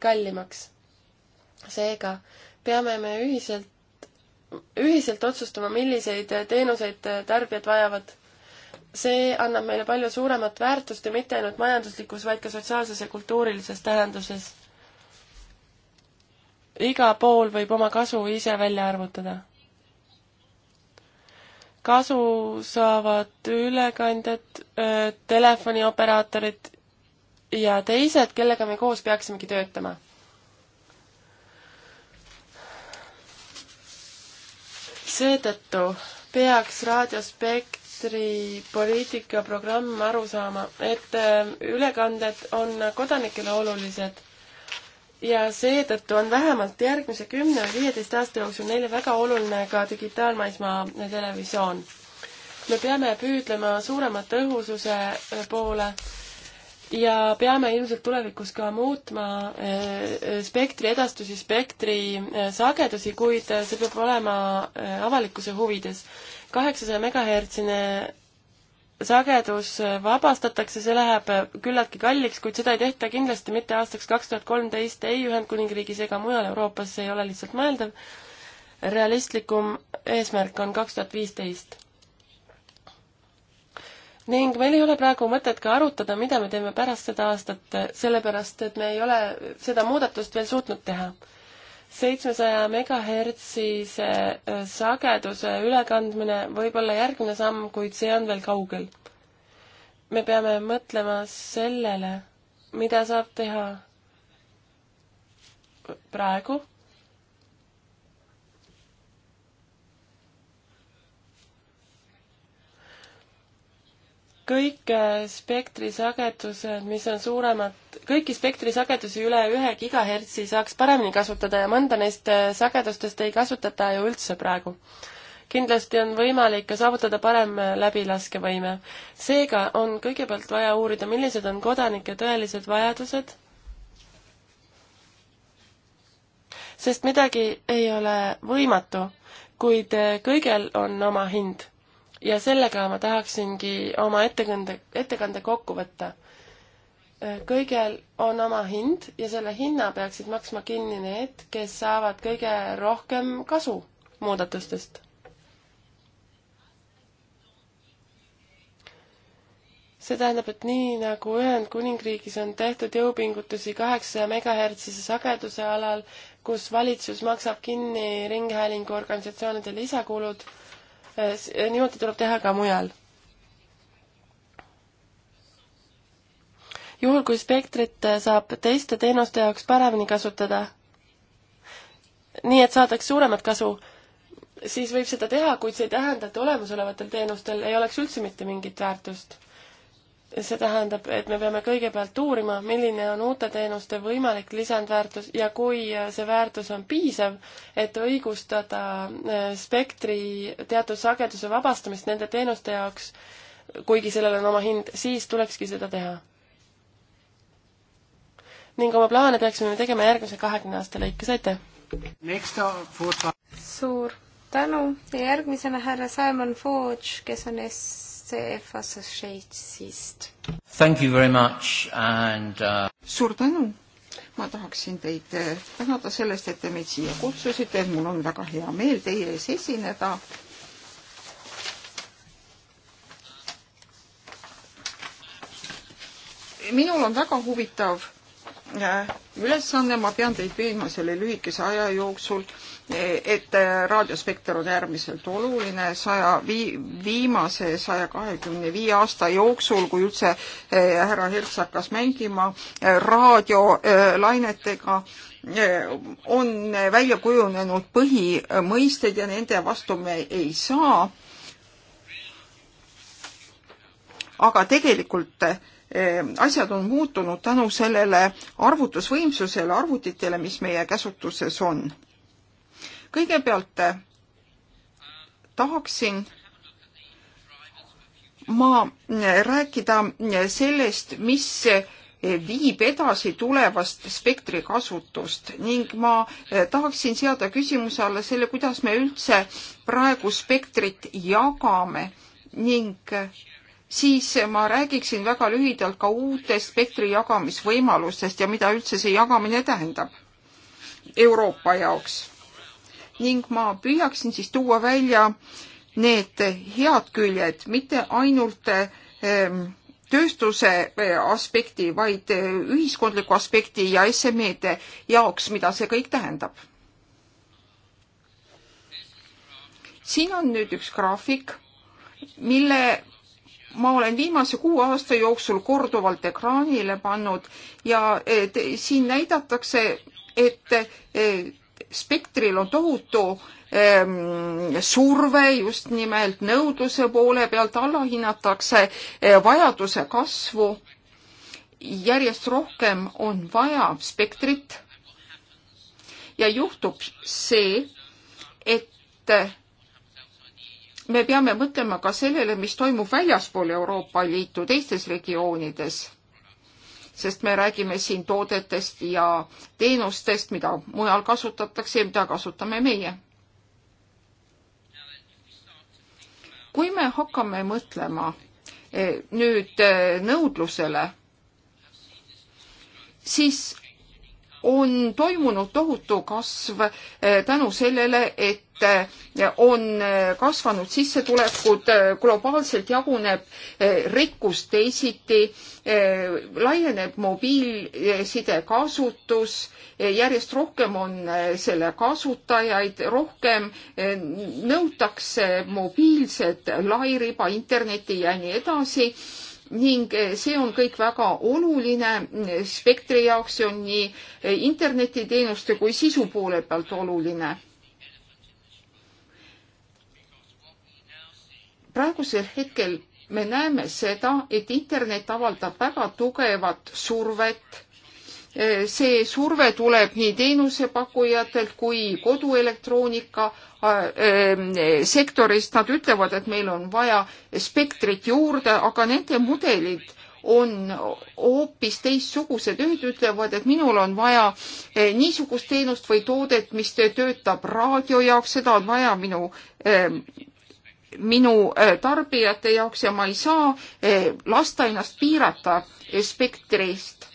kallimaks. seega peame me ühiselt, ühiselt otsustama, milliseid teenuseid tarbijad vajavad see annab meile palju suuremat väärtust ja mitte ainult majanduslikus, vaid ka sotsiaalses ja kultuurilises tähenduses iga pool võib oma kasu ise välja arvutada. kasu saavad ülekandjad, äh, telefonioperaatorid ja teised, kellega me koos peaksimegi töötama. seetõttu peaks raadiospektri poliitikaprogramm aru saama, et äh, ülekanded on kodanikele olulised ja seetõttu on vähemalt järgmise kümne või viieteist aasta jooksul neile väga oluline ka digitaalmaismaa televisioon. me peame püüdlema suurema tõhususe poole ja peame ilmselt tulevikus ka muutma eh, spektri edastusi, spektri eh, sagedusi, kuid see peab olema eh, avalikkuse huvides. kaheksasaja megahertsine sagedus vabastatakse, see läheb küllaltki kalliks, kuid seda ei tehta kindlasti mitte aastaks kaks tuhat kolmteist ei Ühendkuningriigis ega mujal Euroopas, see ei ole lihtsalt mõeldav. realistlikum eesmärk on kaks tuhat viisteist. ning meil ei ole praegu mõtet ka arutada, mida me teeme pärast seda aastat, sellepärast et me ei ole seda muudatust veel suutnud teha seitsmesaja megahertsise äh, sageduse ülekandmine võib olla järgmine samm, kuid see on veel kaugel. me peame mõtlema sellele, mida saab teha praegu kõik äh, spektrisagedused, mis on suuremad, kõiki spektrisagedusi üle ühe gigahertsi saaks paremini kasutada ja mõnda neist äh, sagedustest ei kasutata ju üldse praegu. kindlasti on võimalik ka saavutada parem äh, läbilaskevõime. seega on kõigepealt vaja uurida, millised on kodanike tõelised vajadused, sest midagi ei ole võimatu, kuid kõigel on oma hind ja sellega ma tahaksingi oma ettekande, ettekande kokku võtta. Äh, kõigel on oma hind ja selle hinna peaksid maksma kinni need, kes saavad kõige rohkem kasu muudatustest. see tähendab, et nii nagu Ühendkuningriigis on tehtud jõupingutusi kaheksasaja megahertsise sageduse alal, kus valitsus maksab kinni ringhäälingu organisatsioonide lisakulud Äh, äh, niimoodi tuleb teha ka mujal. juhul, kui spektrit äh, saab teiste teenuste jaoks paremini kasutada, nii et saadaks suuremat kasu, siis võib seda teha, kuid see ei tähenda, et olemasolevatel teenustel ei oleks üldse mitte mingit väärtust see tähendab, et me peame kõigepealt uurima, milline on uute teenuste võimalik lisandväärtus ja kui äh, see väärtus on piisav, et õigustada äh, spektri teatud sageduse vabastamist nende teenuste jaoks, kuigi sellel on oma hind, siis tulekski seda teha. ning oma plaane peaksime tegema järgmise kahekümne aasta lõikes, aitäh! suur tänu ja järgmisena härra Simon Forge, kes on S CFSS-ist. Thank you very much and uh... suur tänu! ma tahaksin teid äh, tänada sellest, et te meid siia kutsusite, mul on väga hea meel teie ees esineda. minul on väga huvitav ülesanne, ma pean teid veenma selle lühikese aja jooksul, et äh, raadiospekter on äärmiselt oluline saja vii-, viimase saja kahekümne viie aasta jooksul, kui üldse äh, härra Herts hakkas mängima äh, raadiolainetega, on välja kujunenud põhimõisted ja nende vastu me ei saa. aga tegelikult Ehm, asjad on muutunud tänu sellele arvutusvõimsusele, arvutitele, mis meie käsutuses on. kõigepealt eh, tahaksin ma eh, rääkida eh, sellest, mis viib edasi tulevast spektri kasutust ning ma tahaksin seada küsimuse alla selle, kuidas me üldse praegu spektrit jagame ning siis ma räägiksin väga lühidalt ka uute spektri jagamisvõimalustest ja mida üldse see jagamine tähendab Euroopa jaoks. ning ma püüaksin siis tuua välja need head küljed, mitte ainult ähm, tööstuse eh, aspekti, vaid eh, ühiskondliku aspekti ja SME-de jaoks, mida see kõik tähendab. siin on nüüd üks graafik, mille ma olen viimase kuue aasta jooksul korduvalt ekraanile pannud ja et, siin näidatakse, et e, spektril on tohutu ehm, surve just nimelt nõudluse poole pealt, allahinnatakse e, vajaduse kasvu. järjest rohkem on vaja spektrit ja juhtub see, et me peame mõtlema ka sellele, mis toimub väljaspool Euroopa Liitu teistes regioonides, sest me räägime siin toodetest ja teenustest, mida mujal kasutatakse ja mida kasutame meie. kui me hakkame mõtlema eh, nüüd eh, nõudlusele, siis on toimunud tohutu kasv eh, tänu sellele, et eh, on eh, kasvanud sissetulekud, globaalselt jaguneb rikkus teisiti, laieneb mobiilside kasutus, järjest rohkem on selle kasutajaid, rohkem nõutakse mobiilset lairiba, internetti ja nii edasi ning eh, see on kõik väga oluline eh, spektri jaoks, see on nii eh, internetiteenuste kui sisu poole pealt oluline. praegusel hetkel me näeme seda, et internet avaldab väga tugevat survet see surve tuleb nii teenusepakkujatelt kui koduelektroonika äh, ähm, sektorist, nad ütlevad, et meil on vaja spektrit juurde, aga nende mudelid on hoopis teistsugused, ühed ütlevad, et minul on vaja äh, niisugust teenust või toodet, mis töötab raadio jaoks, seda on vaja minu ähm, minu äh, tarbijate jaoks ja ma ei saa lasta ennast piirata spektrist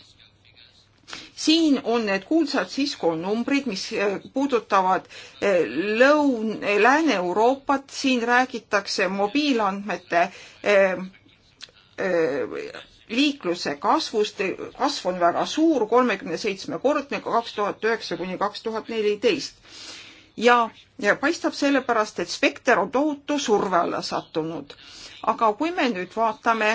siin on need kuulsad Cisco numbrid, mis eh, puudutavad eh, lõun-, eh, Lääne-Euroopat, siin räägitakse mobiilandmete liikluse kasvust, kasv on väga suur, kolmekümne seitsme kordne kaks tuhat üheksa kuni kaks tuhat neliteist. ja paistab sellepärast, et spekter on tohutu surve alla sattunud. aga kui me nüüd vaatame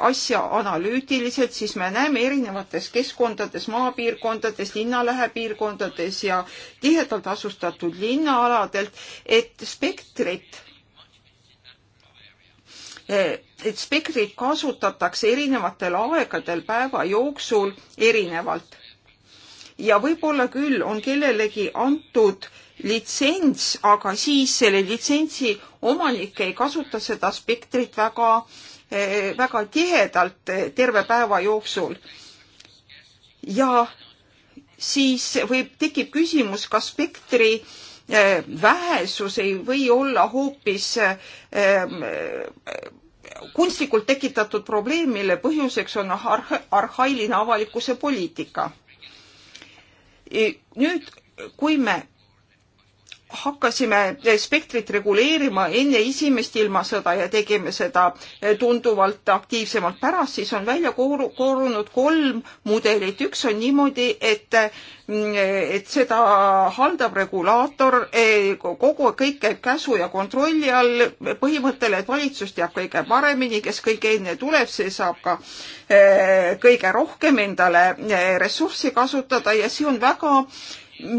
asja analüütiliselt, siis me näeme erinevates keskkondades, maapiirkondades, linnalähepiirkondades ja tihedalt asustatud linnaaladelt, et spektrit et spektrit kasutatakse erinevatel aegadel päeva jooksul erinevalt. ja võib-olla küll on kellelegi antud litsents, aga siis selle litsentsi omanik ei kasuta seda spektrit väga äh, Eh, väga tihedalt eh, terve päeva jooksul. ja siis võib, tekib küsimus, kas spektri eh, vähesus ei või olla hoopis kunstlikult tekitatud probleem, mille põhjuseks on arh-, arhailine avalikkuse poliitika. nüüd, kui me hakkasime spektrit reguleerima enne esimest ilmasõda ja tegime seda tunduvalt aktiivsemalt pärast, siis on välja kooru-, koorunud kolm mudelit. üks on niimoodi, et, et seda haldab regulaator, e, kogu, kõik käib käsu ja kontrolli all põhimõttel, et valitsus teab kõige paremini, kes kõige enne tuleb, see saab ka e, kõige rohkem endale e, ressurssi kasutada ja see on väga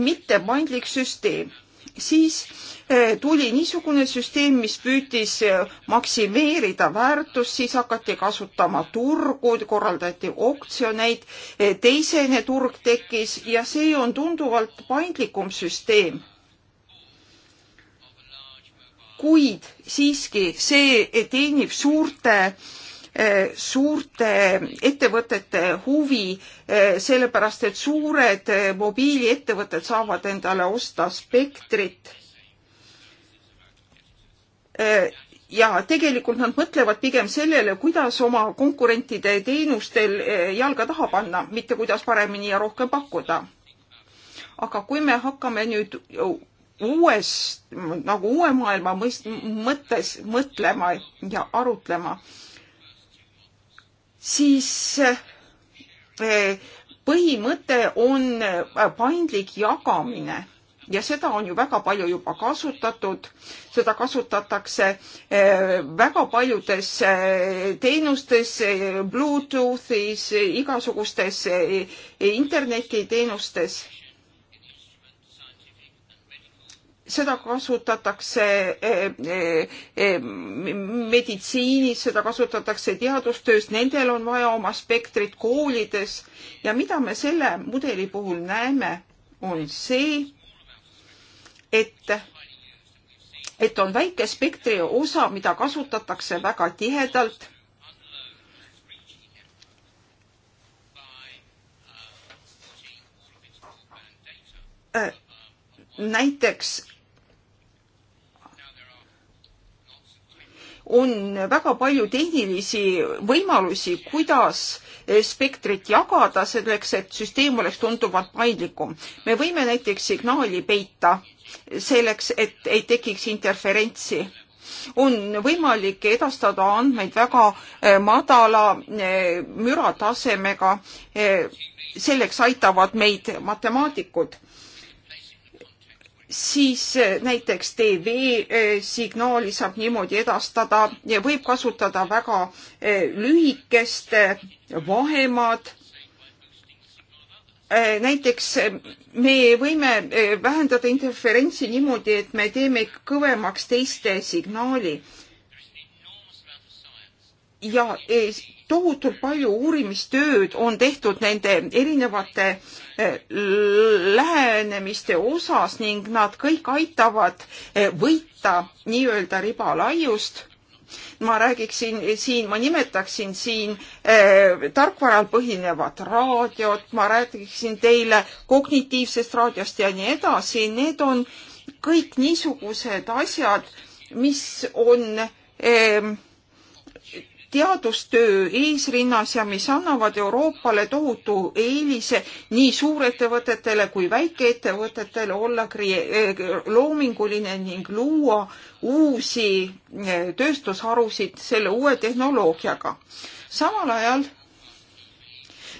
mitte paindlik süsteem siis eh, tuli niisugune süsteem, mis püüdis eh, maksimeerida väärtust, siis hakati kasutama turgu, korraldati oktsioneid, eh, teisene turg tekkis ja see on tunduvalt paindlikum süsteem. kuid siiski see teenib suurte äh, suurte ettevõtete huvi, eh, sellepärast et suured eh, mobiiliettevõtted saavad endale osta spektrit. Eh, ja tegelikult nad mõtlevad pigem sellele, kuidas oma konkurentide teenustel jalga taha panna, mitte kuidas paremini ja rohkem pakkuda. aga kui me hakkame nüüd uues, nagu uue maailma mõist-, mõttes mõtlema ja arutlema, siis eh, põhimõte on eh, paindlik jagamine ja seda on ju väga palju juba kasutatud, seda kasutatakse eh, väga paljudes teenustes, Bluetoothis, igasugustes internetiteenustes seda kasutatakse e, e, e, meditsiinis, seda kasutatakse teadustöös, nendel on vaja oma spektrit koolides ja mida me selle mudeli puhul näeme, on see, et, et on väike spektri osa, mida kasutatakse väga tihedalt näiteks on väga palju tehnilisi võimalusi, kuidas spektrit jagada selleks, et süsteem oleks tunduvalt paindlikum. me võime näiteks signaali peita selleks, et ei tekiks interferentsi on võimalik edastada andmeid väga eh, madala eh, müratasemega. Eh, selleks aitavad meid matemaatikud siis eh, näiteks TV-signaali eh, saab niimoodi edastada ja võib kasutada väga eh, lühikest vahemaad. näiteks me võime vähendada interferentsi niimoodi, et me teeme kõvemaks teiste signaali ja tohutult palju uurimistööd on tehtud nende erinevate eh, lähenemiste osas ning nad kõik aitavad eh, võita nii-öelda ribalaiust ma räägiksin siin, ma nimetaksin siin äh, tarkvaral põhinevat raadiot, ma räägiksin teile kognitiivsest raadiost ja nii edasi, need on kõik niisugused asjad, mis on äh, teadustöö eesrinnas ja mis annavad Euroopale tohutu eelise nii suurettevõtetele kui väikeettevõtetele olla eh, loominguline ning luua uusi eh, tööstusharusid selle uue tehnoloogiaga. samal ajal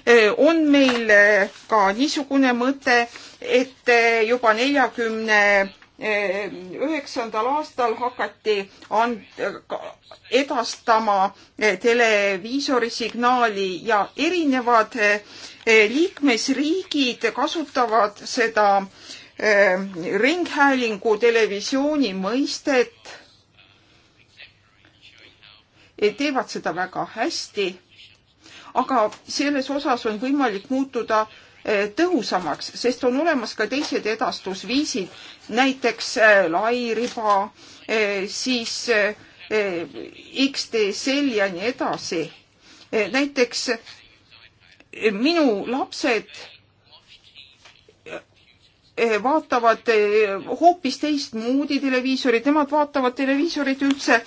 eh, on meil ka niisugune mõte, et juba neljakümne üheksandal aastal hakati and-, edastama eh, televiisori signaali ja erinevad eh, liikmesriigid kasutavad seda eh, ringhäälingu televisiooni mõistet, teevad seda väga hästi, aga selles osas on võimalik muutuda Äh, tõhusamaks, sest on olemas ka teised edastusviisid, näiteks äh, lairiba, äh, siis XDSL ja nii edasi. näiteks minu lapsed vaatavad hoopis teistmoodi televiisorit, nemad vaatavad televiisorit üldse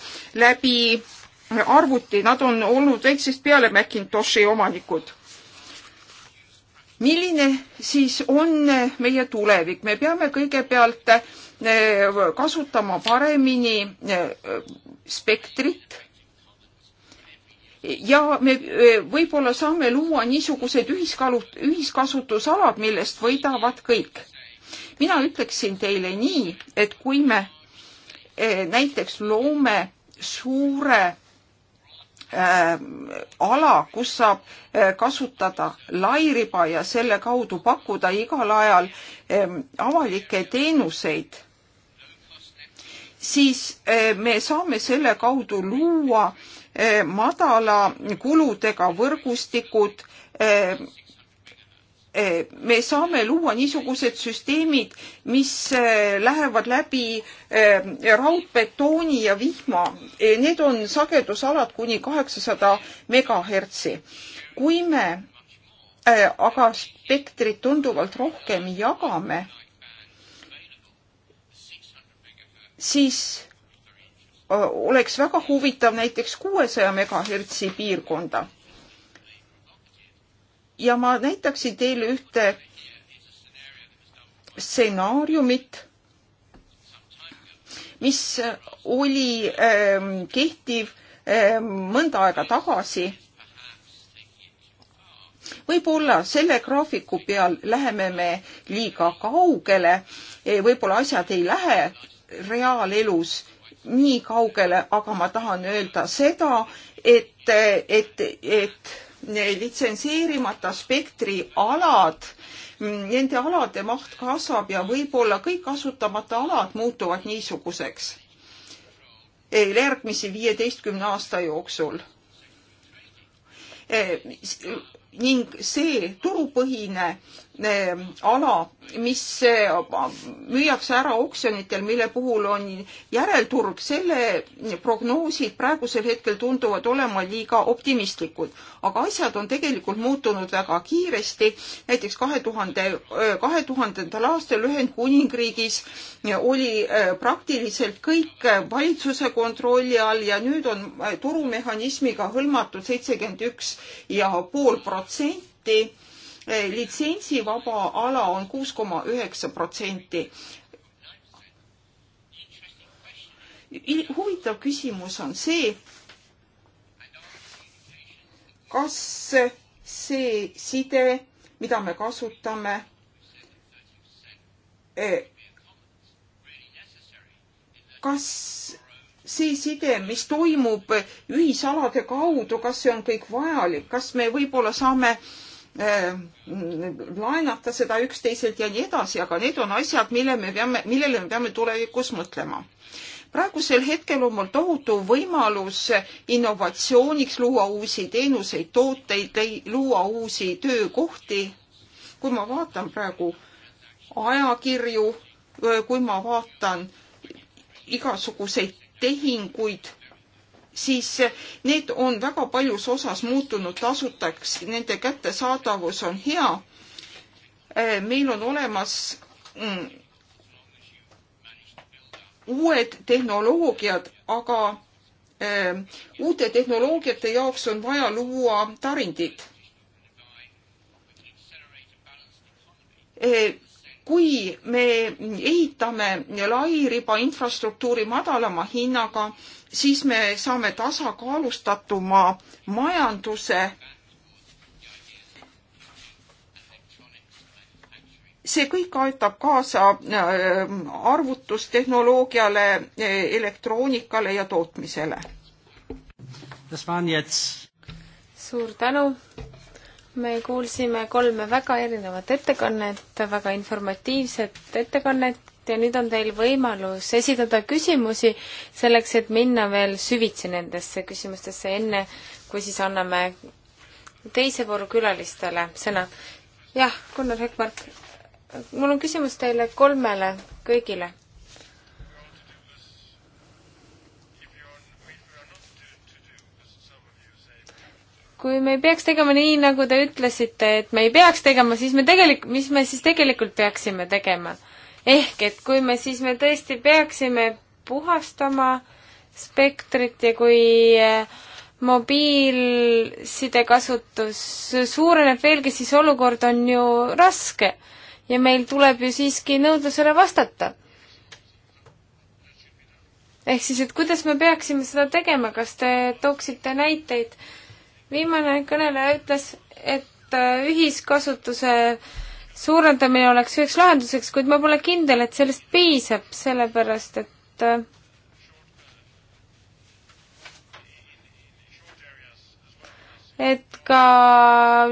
läbi arvuti, nad on olnud väiksest peale Macintoshi omanikud milline siis on eh, meie tulevik, me peame kõigepealt eh, kasutama paremini eh, spektrit ja me võib-olla saame luua niisugused ühiskalut-, ühiskasutusalad, millest võidavad kõik. mina ütleksin teile nii, et kui me näiteks loome suure Äh, ala, kus saab äh, kasutada lairiba ja selle kaudu pakkuda igal ajal ähm, avalikke teenuseid, siis äh, me saame selle kaudu luua madala kuludega võrgustikud Eh, me saame luua niisugused süsteemid, mis eh, lähevad läbi eh, raudbetooni ja vihma. Need on sagedusalad kuni kaheksasada megahertsi. kui me aga spektrit tunduvalt rohkem jagame, siis oleks väga huvitav näiteks kuuesaja megahertsi piirkonda ja ma näitaksin teile ühte stsenaariumit, mis oli ähm, kehtiv ähm, mõnda aega tagasi. võib-olla selle graafiku peal läheme me liiga kaugele, äh, võib-olla asjad ei lähe reaalelus nii kaugele, aga ma tahan öelda seda, et, et, et litsenseerimata spektri alad, nende alade maht kasvab ja võib-olla kõik kasutamata alad muutuvad niisuguseks järgmise viieteistkümne aasta jooksul. Eh, ning see turupõhine Eh, ala, mis eh, müüakse ära oksjonitel, mille puhul on järelturg, selle prognoosid praegusel hetkel tunduvad olema liiga optimistlikud. aga asjad on tegelikult muutunud väga kiiresti. näiteks kahe tuhande, eh, kahe tuhandendal aastal Ühendkuningriigis oli praktiliselt kõik valitsuse kontrolli all ja nüüd on turumehhanismiga hõlmatud seitsekümmend üks ja pool protsenti Eh, litsentsivaba ala on kuus koma üheksa protsenti. huvitav küsimus on see, kas see side, mida me kasutame, eh, kas see side, mis toimub ühisalade kaudu, kas see on kõik vajalik, kas me võib-olla saame äh, Äh, laenata seda üksteiselt ja nii edasi, aga need on asjad, mille me peame, millele me peame tulevikus mõtlema praegusel hetkel on mul tohutu võimalus innovatsiooniks luua uusi teenuseid, tooteid, luua uusi töökohti. kui ma vaatan praegu ajakirju, kui ma vaatan igasuguseid tehinguid, siis need on väga paljus osas muutunud tasutaks, nende kättesaadavus on hea. Äh, meil on olemas mm, uued tehnoloogiad, aga äh, uute tehnoloogiate jaoks on vaja luua tarindid. Äh, kui me ehitame lairiba infrastruktuuri madalama hinnaga, siis me saame tasakaalustatuma majanduse. see kõik aitab kaasa ähm, arvutustehnoloogiale, e, elektroonikale ja tootmisele. suur tänu. me kuulsime kolme väga erinevat ettekannet, väga informatiivset ettekannet ja nüüd on teil võimalus esitada küsimusi selleks, et minna veel süvitsi nendesse küsimustesse, enne kui siis anname teise vooru külalistele sõna. jah, Gunnar Hökmark, mul on küsimus teile kolmele kõigile. kui me ei peaks tegema nii, nagu te ütlesite, et me ei peaks tegema, siis me tegelikult, mis me siis tegelikult peaksime tegema? ehk et kui me siis me tõesti peaksime puhastama spektrit ja kui eh, mobiilside kasutus suureneb veelgi, siis olukord on ju raske ja meil tuleb ju siiski nõudlusele vastata. ehk siis, et kuidas me peaksime seda tegema, kas te tooksite näiteid? viimane kõneleja ütles, et eh, ühiskasutuse äh, suurendamine oleks üheks lahenduseks, kuid ma pole kindel, et sellest piisab, sellepärast et äh, et ka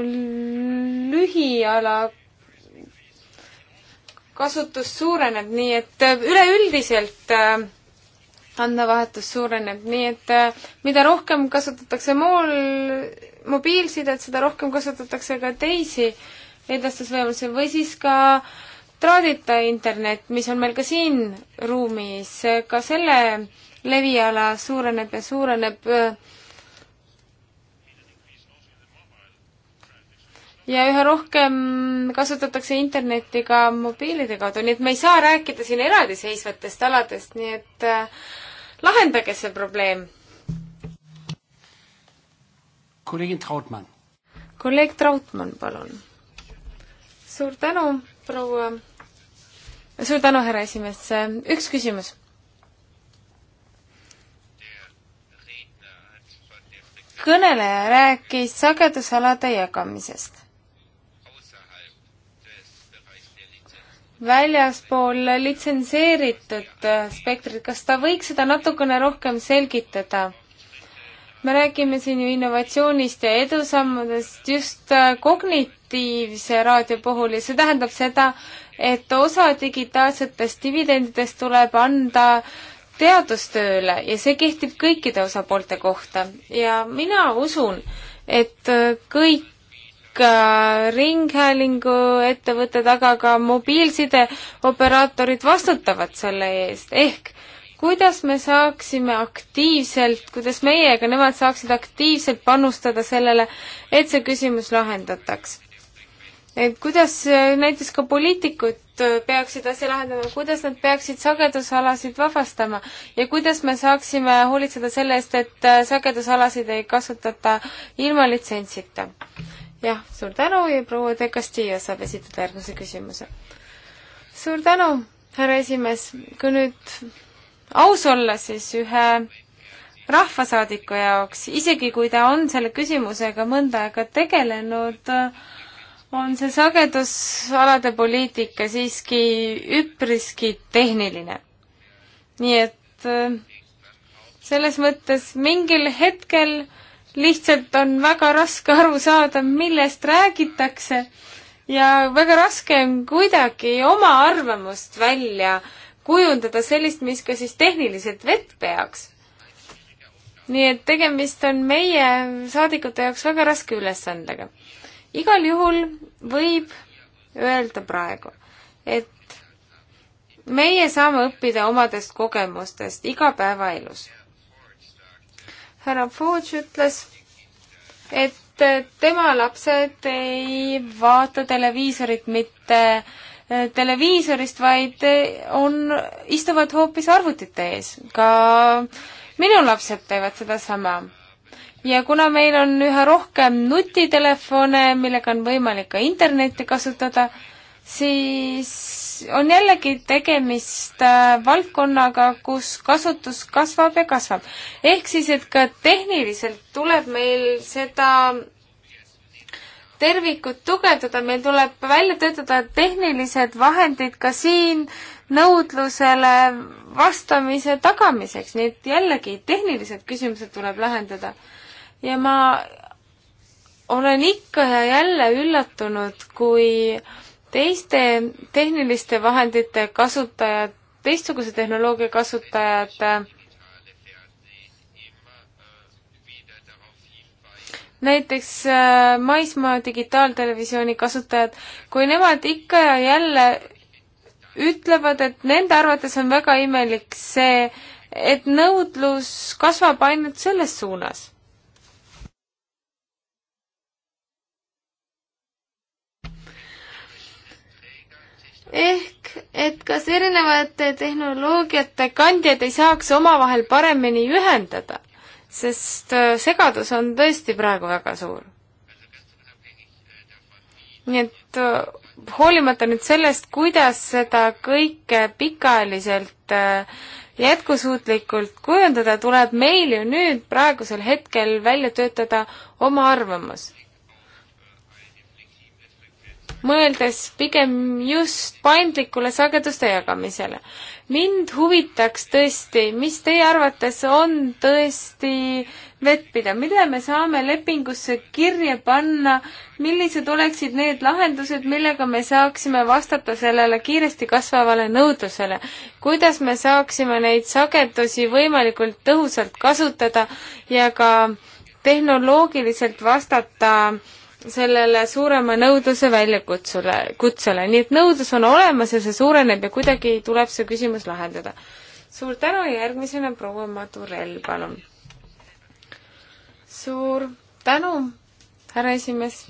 lühiala kasutus suureneb, nii et äh, üleüldiselt äh, andmevahetus suureneb, nii et mida rohkem kasutatakse mool, mobiilsidet, seda rohkem kasutatakse ka teisi äh, edastusvõimalusi või siis ka traadita internet, mis on meil ka siin ruumis, ka selle leviala suureneb ja suureneb. ja üha rohkem kasutatakse internetti ka mobiilide kaudu, nii et me ei saa rääkida siin eraldiseisvatest aladest, nii et äh, lahendage see probleem. kolleeg Trautmann. kolleeg Trautmann, palun suur tänu, proua, suur tänu, härra esimees, üks küsimus. kõneleja rääkis sagedusalade jagamisest. väljaspool litsenseeritud spektrit, kas ta võiks seda natukene rohkem selgitada? me räägime siin ju innovatsioonist ja edusammudest just äh, kognitiivse raadio puhul ja see tähendab seda, et osa digitaalsetest dividendidest tuleb anda teadustööle ja see kehtib kõikide osapoolte kohta ja mina usun, et äh, kõik äh, ringhäälingu ettevõtted, aga ka mobiilsideoperaatorid vastutavad selle eest, ehk kuidas me saaksime aktiivselt, kuidas meie ega nemad saaksid aktiivselt panustada sellele, et see küsimus lahendataks? et kuidas äh, näiteks ka poliitikud äh, peaksid asja lahendama, kuidas nad peaksid sagedusalasid vabastama ja kuidas me saaksime hoolitseda selle eest, et äh, sagedusalasid ei kasutata ilma litsentsita? jah, suur tänu ja proua De Castillo saab esitada järgmise küsimuse. suur tänu, härra esimees, kui nüüd aus olla siis ühe rahvasaadiku jaoks, isegi kui ta on selle küsimusega mõnda aega tegelenud, on see sagedusalade poliitika siiski üpriski tehniline. nii et äh, selles mõttes mingil hetkel lihtsalt on väga raske aru saada, millest räägitakse ja väga raske on kuidagi oma arvamust välja kujundada sellist, mis ka siis tehniliselt vett peaks. nii et tegemist on meie saadikute jaoks väga raske ülesandega. igal juhul võib öelda praegu, et meie saame õppida omadest kogemustest igapäevaelus. härra Forge ütles, et tema lapsed ei vaata televiisorit mitte äh, televiisorist, vaid on, istuvad hoopis arvutite ees. ka minu lapsed teevad sedasama. ja kuna meil on üha rohkem nutitelefone, millega on võimalik ka internetti kasutada, siis on jällegi tegemist äh, valdkonnaga, kus kasutus kasvab ja kasvab. ehk siis, et ka tehniliselt tuleb meil seda tervikut tugevdada, meil tuleb välja töötada tehnilised vahendid ka siin nõudlusele vastamise tagamiseks, nii et jällegi tehnilised küsimused tuleb lahendada. ja ma olen ikka ja jälle üllatunud, kui teiste tehniliste vahendite kasutajad, teistsuguse tehnoloogia kasutajad näiteks äh, maismaa digitaaltelevisiooni kasutajad, kui nemad ikka ja jälle ütlevad, et nende arvates on väga imelik see, et nõudlus kasvab ainult selles suunas ehk et kas erinevate tehnoloogiate kandjad ei saaks omavahel paremini ühendada? sest äh, segadus on tõesti praegu väga suur. nii et äh, hoolimata nüüd sellest, kuidas seda kõike pikaajaliselt äh, jätkusuutlikult kujundada, tuleb meil ju nüüd praegusel hetkel välja töötada oma arvamus mõeldes pigem just paindlikule sageduste jagamisele. mind huvitaks tõesti, mis teie arvates on tõesti vettpidav, mida me saame lepingusse kirja panna, millised oleksid need lahendused, millega me saaksime vastata sellele kiiresti kasvavale nõudlusele? kuidas me saaksime neid sagedusi võimalikult tõhusalt kasutada ja ka tehnoloogiliselt vastata äh, sellele suurema nõudluse väljakutsule, kutsele, nii et nõudlus on olemas ja see suureneb ja kuidagi tuleb see küsimus lahendada. suur tänu ja järgmisena proua Madurell, palun. suur tänu, härra esimees.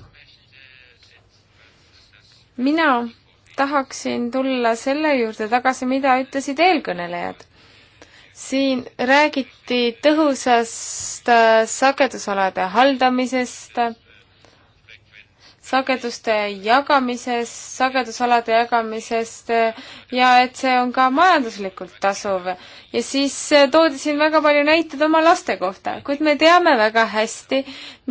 mina tahaksin tulla selle juurde tagasi, mida ütlesid eelkõnelejad siin räägiti tõhusast äh, sagedusalade haldamisest sageduste jagamisest, sagedusalade jagamisest eh, ja et see on ka majanduslikult tasuv. ja siis eh, toodi siin väga palju näiteid oma laste kohta, kuid me teame väga hästi,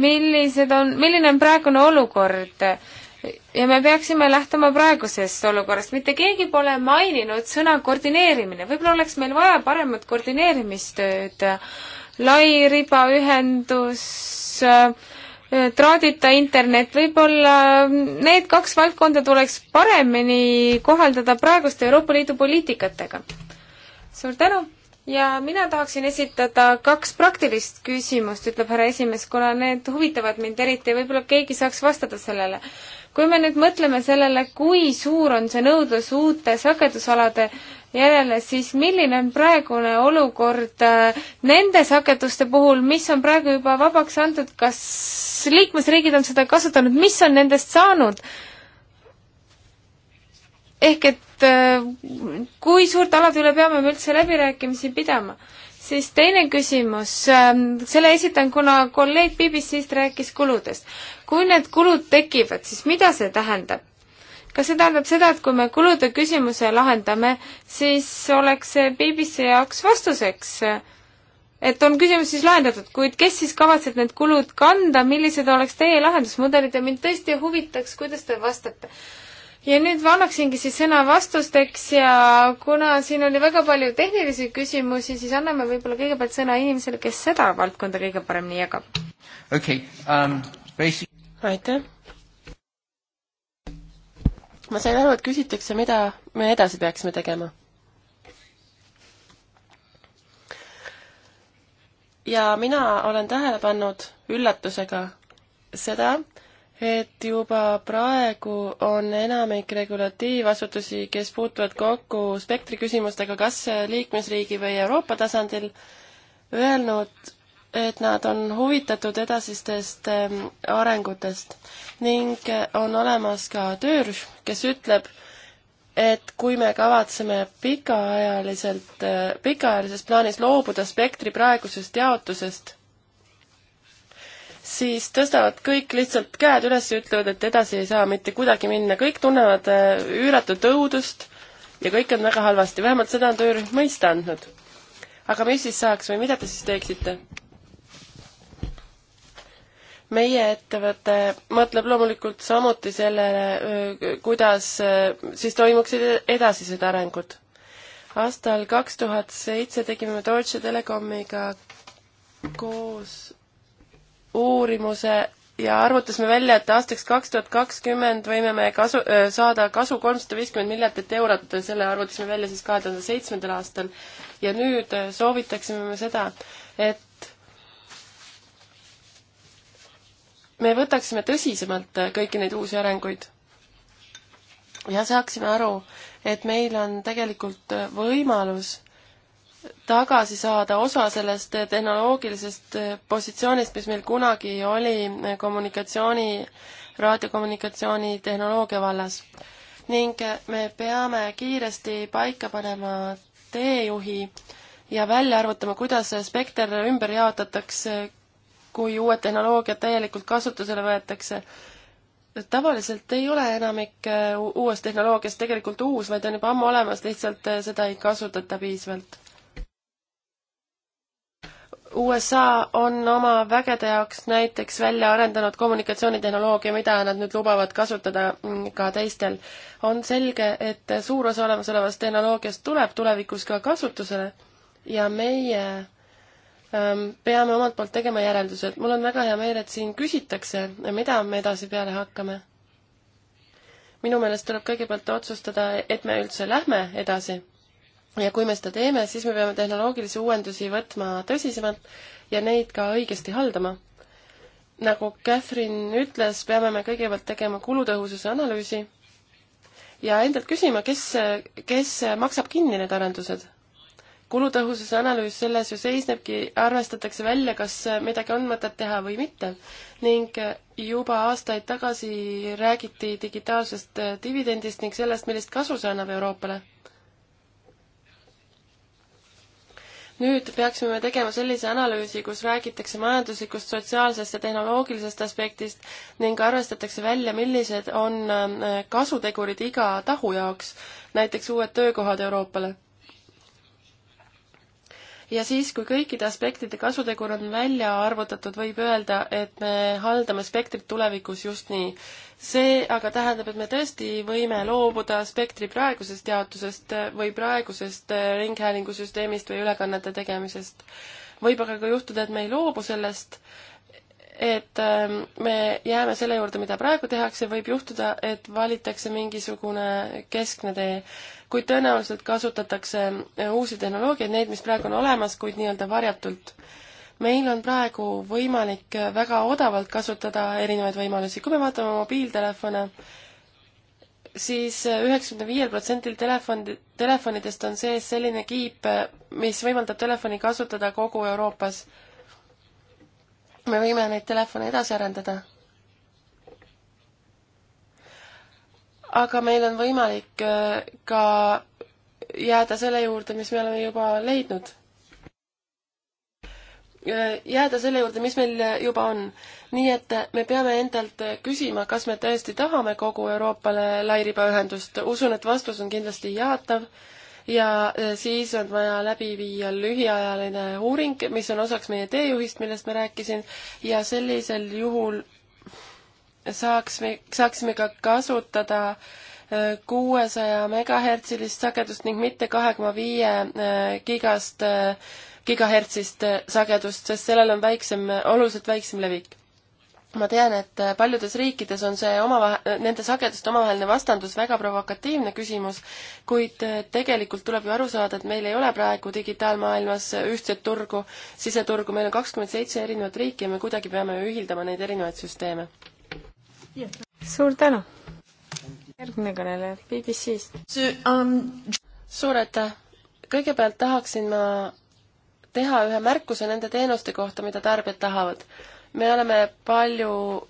millised on, milline on praegune olukord ja me peaksime lähtuma praegusest olukorrast, mitte keegi pole maininud sõna koordineerimine, võib-olla oleks meil vaja paremat koordineerimistööd, lairibaühendus äh,, Äh, traadita internet, võib-olla mm, need kaks valdkonda tuleks paremini kohaldada praeguste Euroopa Liidu poliitikatega. suur tänu ja mina tahaksin esitada kaks praktilist küsimust, ütleb härra esimees, kuna need huvitavad mind eriti ja võib-olla keegi saaks vastata sellele. kui me nüüd mõtleme sellele, kui suur on see nõudlus uute sagedusalade järele, siis milline on praegune olukord äh, nende sageduste puhul, mis on praegu juba vabaks antud, kas liikmesriigid on seda kasutanud, mis on nendest saanud? ehk et äh, kui suurte alade üle peame me üldse läbirääkimisi pidama? siis teine küsimus, ähm, selle esitan, kuna kolleeg BBC-st rääkis kuludest. kui need kulud tekivad, siis mida see tähendab? kas see tähendab seda, et kui me kulude küsimuse lahendame, siis oleks see BBC jaoks vastuseks? et on küsimus siis lahendatud, kuid kes siis kavatseb need kulud kanda, millised oleks teie lahendusmudelid ja mind tõesti huvitaks, kuidas te vastate. ja nüüd ma annaksingi siis sõna vastusteks ja kuna siin oli väga palju tehnilisi küsimusi, siis anname võib-olla kõigepealt sõna inimesele, kes seda valdkonda kõige paremini jagab. okei okay, um,, basic. aitäh ma sain aru, et küsitakse, mida me edasi peaksime tegema. ja mina olen tähele pannud üllatusega seda, et juba praegu on enamik regulatiivasutusi, kes puutuvad kokku spektriküsimustega kas liikmesriigi või Euroopa tasandil, öelnud et nad on huvitatud edasistest ähm, arengutest ning äh, on olemas ka töörühm, kes ütleb, et kui me kavatseme pikaajaliselt, äh, pikaajalises plaanis loobuda spektri praegusest jaotusest, siis tõstavad kõik lihtsalt käed üles ja ütlevad, et edasi ei saa mitte kuidagi minna, kõik tunnevad äh, üüratut õudust ja kõik on väga halvasti, vähemalt seda on töörühm mõista andnud. aga mis siis saaks või mida te siis teeksite? meie ettevõte mõtleb loomulikult samuti sellele, kuidas eh, siis toimuksid edasised arengud. aastal kaks tuhat seitse tegime Deutsche Telekomiga koos uurimuse ja arvutasime välja, et aastaks kaks tuhat kakskümmend võime me kasu, eh, saada kasu kolmsada viiskümmend miljardit eurot, selle arvutasime välja siis kahe tuhande seitsmendal aastal. ja nüüd eh, soovitaksime me seda, et me võtaksime tõsisemalt äh, kõiki neid uusi arenguid ja saaksime aru, et meil on tegelikult äh, võimalus tagasi saada osa sellest äh, tehnoloogilisest positsioonist, mis meil kunagi oli kommunikatsiooni, raadiokommunikatsiooni tehnoloogia vallas. ning me peame kiiresti paika panema teejuhi ja välja arvutama, kuidas spekter ümber jaotatakse kui uued tehnoloogiad täielikult kasutusele võetakse. tavaliselt ei ole enamik äh, uuest tehnoloogiast tegelikult uus, vaid on juba ammu olemas, lihtsalt äh, seda ei kasutata piisavalt. USA on oma vägede jaoks näiteks välja arendanud kommunikatsioonitehnoloogia, mida nad nüüd lubavad kasutada mm, ka teistel. on selge, et suur osa olemasolevast tehnoloogiast tuleb tulevikus ka kasutusele ja meie äh, peame omalt poolt tegema järeldused. mul on väga hea meel, et siin küsitakse, mida me edasi peale hakkame. minu meelest tuleb kõigepealt otsustada, et me üldse lähme edasi. ja kui me seda teeme, siis me peame tehnoloogilisi uuendusi võtma tõsisemalt ja neid ka õigesti haldama. nagu Catherine ütles, peame me kõigepealt tegema kulutõhususe analüüsi ja endalt küsima, kes, kes maksab kinni need arendused kulutõhususe analüüs selles ju seisnebki, arvestatakse välja, kas midagi on mõtet teha või mitte. ning juba aastaid tagasi räägiti digitaalsest dividendist ning sellest, millist kasu see annab Euroopale. nüüd peaksime tegema sellise analüüsi, kus räägitakse majanduslikust, sotsiaalsest ja tehnoloogilisest aspektist ning arvestatakse välja, millised on äh, kasutegurid iga tahu jaoks, näiteks uued töökohad Euroopale ja siis, kui kõikide aspektide kasutegur on välja arvutatud, võib öelda, et me haldame spektrit tulevikus just nii. see aga tähendab, et me tõesti võime loobuda spektri praegusest jaotusest või praegusest äh, ringhäälingusüsteemist või ülekannete tegemisest. võib aga ka juhtuda, et me ei loobu sellest et ähm, me jääme selle juurde, mida praegu tehakse, võib juhtuda, et valitakse mingisugune keskne tee, kuid tõenäoliselt kasutatakse äh, uusi tehnoloogiaid, neid, mis praegu on olemas, kuid nii-öelda varjatult. meil on praegu võimalik äh, väga odavalt kasutada erinevaid võimalusi, kui me vaatame mobiiltelefone, siis äh, üheksakümne viiel protsendil telefon, telefonidest on sees selline kiip, mis võimaldab telefoni kasutada kogu Euroopas me võime neid telefone edasi arendada. aga meil on võimalik äh, ka jääda selle juurde, mis me oleme juba leidnud äh, jääda selle juurde, mis meil juba on. nii et me peame endalt küsima, kas me tõesti tahame kogu Euroopale lairibaühendust. usun, et vastus on kindlasti jaatav ja e, siis on vaja läbi viia lühiajaline uuring, mis on osaks meie teejuhist, millest ma rääkisin, ja sellisel juhul saaks me, saaksime ka kasutada e, kuuesaja megahertsilist sagedust ning mitte kahe koma viie e, gigast, gigahertsist sagedust, sest sellel on väiksem, oluliselt väiksem levik ma tean, et paljudes riikides on see omavahe, nende sageduste omavaheline vastandus väga provokatiivne küsimus, kuid tegelikult tuleb ju aru saada, et meil ei ole praegu digitaalmaailmas ühtset turgu, siseturgu, meil on kakskümmend seitse erinevat riiki ja me kuidagi peame ühildama neid erinevaid süsteeme. suur tänu! järgmine kõneleja BBC-st um.... suur aitäh! kõigepealt tahaksin ma teha ühe märkuse nende teenuste kohta, mida tarbijad tahavad me oleme palju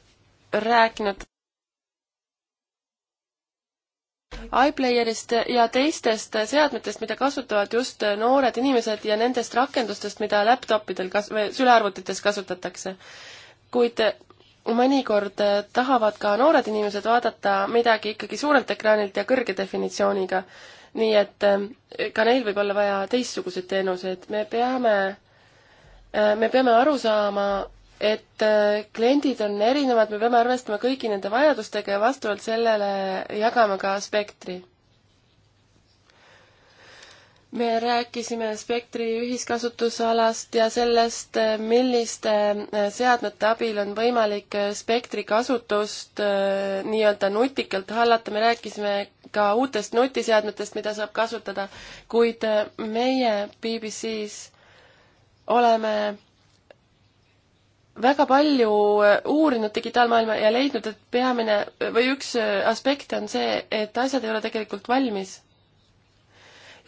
rääkinud iPlayerist ja teistest seadmetest, mida kasutavad just noored inimesed ja nendest rakendustest, mida laptopidel kas-, või sülearvutites kasutatakse. kuid mõnikord tahavad ka noored inimesed vaadata midagi ikkagi suurelt ekraanilt ja kõrge definitsiooniga. nii et ähm, ka neil võib olla vaja teistsuguseid teenuseid, me peame, äh, me peame aru saama, et äh, kliendid on erinevad, me peame arvestama kõigi nende vajadustega ja vastavalt sellele jagama ka spektri. me rääkisime spektri ühiskasutusalast ja sellest, äh, milliste äh, seadmete abil on võimalik spektri kasutust nii-öelda nutikalt hallata, me rääkisime ka uutest nutiseadmetest, mida saab kasutada, kuid meie BBC-s oleme väga palju äh, uurinud digitaalmaailma ja leidnud, et peamine või üks äh, aspekte on see, et asjad ei ole tegelikult valmis.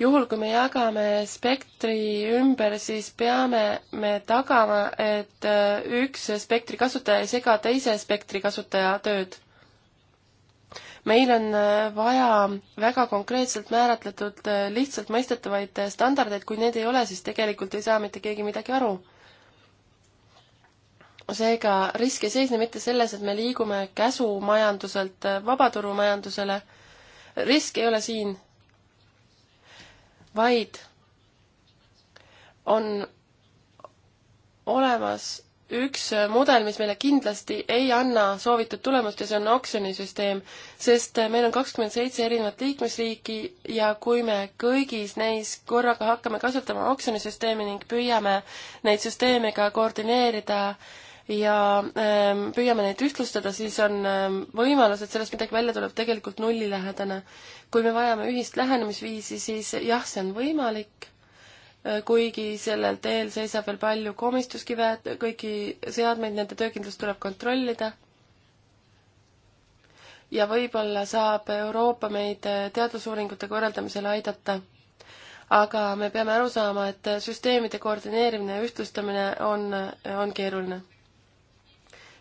juhul, kui me jagame spektri ümber, siis peame me tagama, et äh, üks spektri kasutaja ei sega teise spektri kasutaja tööd. meil on vaja väga konkreetselt määratletud lihtsalt mõistetavaid standardeid, kui need ei ole, siis tegelikult ei saa mitte keegi midagi aru seega risk ei seisne mitte selles, et me liigume käsumajanduselt vabaturumajandusele, risk ei ole siin, vaid on olemas üks mudel, mis meile kindlasti ei anna soovitud tulemust ja see on oksjonisüsteem, sest meil on kakskümmend seitse erinevat liikmesriiki ja kui me kõigis neis korraga hakkame kasutama oksjonisüsteemi ning püüame neid süsteeme ka koordineerida äh, ja ähm, püüame neid ühtlustada, siis on ähm, võimalus, et sellest midagi välja tuleb, tegelikult nullilähedane. kui me vajame ühist lähenemisviisi, siis jah, see on võimalik, äh, kuigi sellel teel seisab veel palju komistuskive, kõiki seadmeid, nende töökindlust tuleb kontrollida ja võib-olla saab Euroopa meid äh, teadusuuringute korraldamisel aidata. aga me peame aru saama, et äh, süsteemide koordineerimine ja ühtlustamine on, on keeruline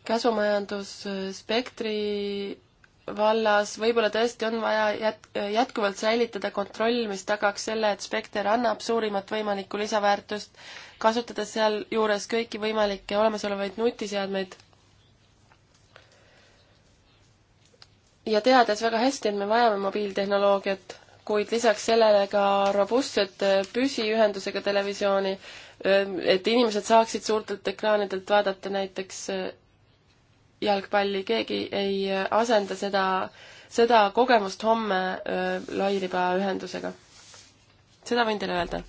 käsumajandusspektri vallas võib-olla tõesti on vaja jät-, jätkuvalt säilitada kontroll, mis tagaks selle, et Spekter annab suurimat võimalikku lisaväärtust, kasutades sealjuures kõiki võimalikke olemasolevaid nutiseadmeid. ja teades väga hästi, et me vajame mobiiltehnoloogiat, kuid lisaks sellele ka robustset püsiühendusega televisiooni, et inimesed saaksid suurtelt ekraanidelt vaadata näiteks jalgpalli, keegi ei asenda seda, seda kogemust homme lairibaühendusega. seda võin teile öelda.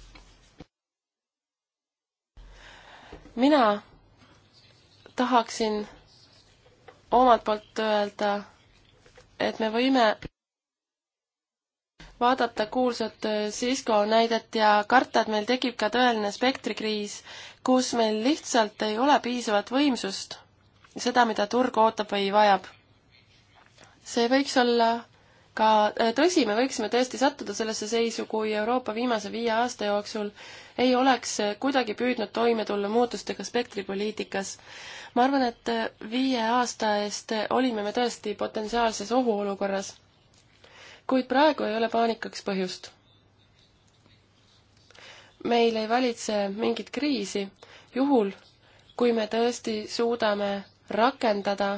mina tahaksin omalt poolt öelda, et me võime vaadata kuulsat Cisco näidet ja karta, et meil tekib ka tõeline spektrikriis, kus meil lihtsalt ei ole piisavat võimsust seda, mida turg ootab või vajab. see võiks olla ka äh, tõsi, me võiksime tõesti sattuda sellesse seisu, kui Euroopa viimase viie aasta jooksul ei oleks kuidagi püüdnud toime tulla muutustega spektripoliitikas. ma arvan, et äh, viie aasta eest äh, olime me tõesti potentsiaalses ohuolukorras. kuid praegu ei ole paanikaks põhjust. meil ei valitse mingit kriisi, juhul kui me tõesti suudame rakendada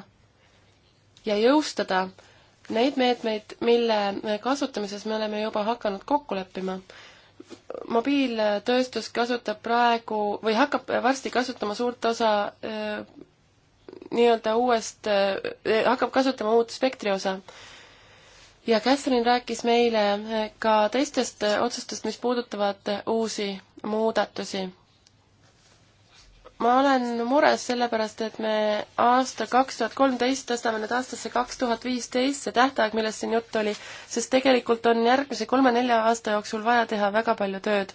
ja jõustada neid meetmeid, mille kasutamises me oleme juba hakanud kokku leppima. mobiiltööstus kasutab praegu või hakkab varsti kasutama suurt osa äh, nii-öelda uuest eh,, hakkab kasutama uut spektri osa. ja Catherine rääkis meile äh, ka teistest otsustest, mis puudutavad uusi muudatusi ma olen mures sellepärast, et me aasta kaks tuhat kolmteist tõstame nüüd aastasse kaks tuhat viisteist, see tähtaeg, millest siin juttu oli, sest tegelikult on järgmise kolme-nelja aasta jooksul vaja teha väga palju tööd.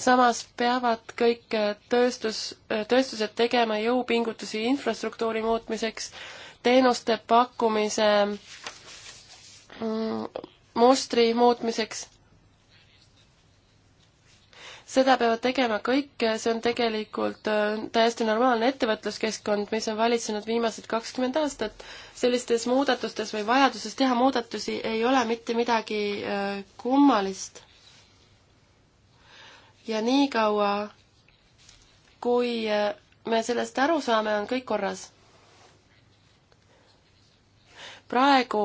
samas peavad kõik äh, tööstus, äh, tööstused tegema jõupingutusi infrastruktuuri muutmiseks, teenuste pakkumise mm, mustri muutmiseks seda peavad tegema kõik, see on tegelikult äh, täiesti normaalne ettevõtluskeskkond, mis on valitsenud viimased kakskümmend aastat. sellistes muudatustes või vajaduses teha muudatusi ei ole mitte midagi äh, kummalist. ja niikaua, kui äh, me sellest aru saame, on kõik korras. praegu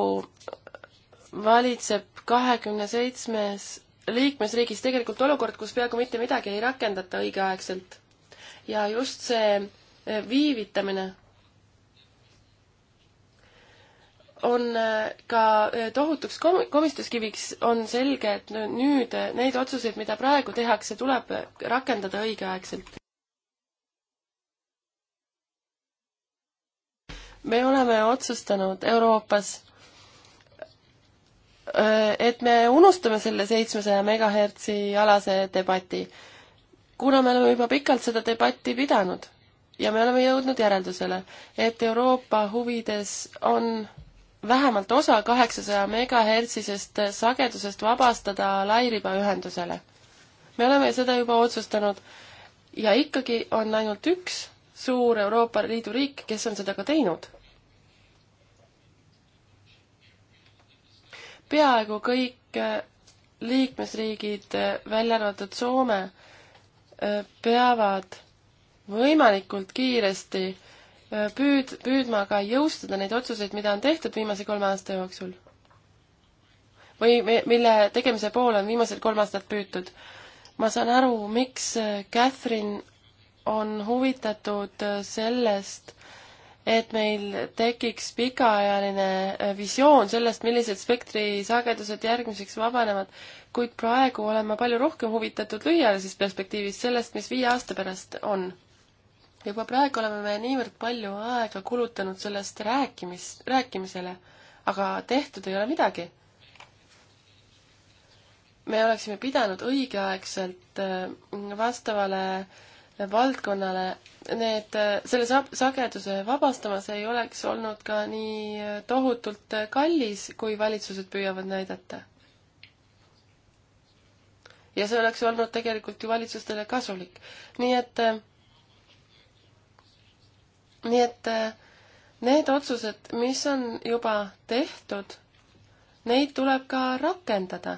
valitseb kahekümne seitsmes liikmesriigis tegelikult olukord, kus peaaegu mitte midagi ei rakendata õigeaegselt. ja just see eh, viivitamine on eh, ka eh, tohutuks komistuskiviks, on selge, et nüüd neid otsuseid, mida praegu tehakse, tuleb rakendada õigeaegselt. me oleme otsustanud Euroopas Äh, et me unustame selle seitsmesaja megahertsi alase debati, kuna me oleme juba pikalt seda debatti pidanud ja me oleme jõudnud järeldusele, et Euroopa huvides on vähemalt osa kaheksasaja megahertsisest sagedusest vabastada lairibaühendusele. me oleme seda juba otsustanud ja ikkagi on ainult üks suur Euroopa Liidu riik, kes on seda ka teinud peaaegu kõik äh, liikmesriigid, äh, välja arvatud Soome, äh, peavad võimalikult kiiresti püüd, püüdma ka jõustada neid otsuseid, mida on tehtud viimase kolme aasta jooksul. või mille tegemise poole on viimased kolm aastat püütud. ma saan aru, miks Catherine on huvitatud sellest, et meil tekiks pikaajaline äh, visioon sellest, millised spektri sagedused järgmiseks vabanevad, kuid praegu olen ma palju rohkem huvitatud lühiajalises perspektiivis sellest, mis viie aasta pärast on. juba praegu oleme me niivõrd palju aega kulutanud sellest rääkimis, rääkimisele, aga tehtud ei ole midagi. me oleksime pidanud õigeaegselt äh, vastavale äh, valdkonnale. Need, selle sageduse vabastamas ei oleks olnud ka nii tohutult kallis, kui valitsused püüavad näidata. ja see oleks olnud tegelikult ju valitsustele kasulik. nii et, nii et need otsused, mis on juba tehtud, neid tuleb ka rakendada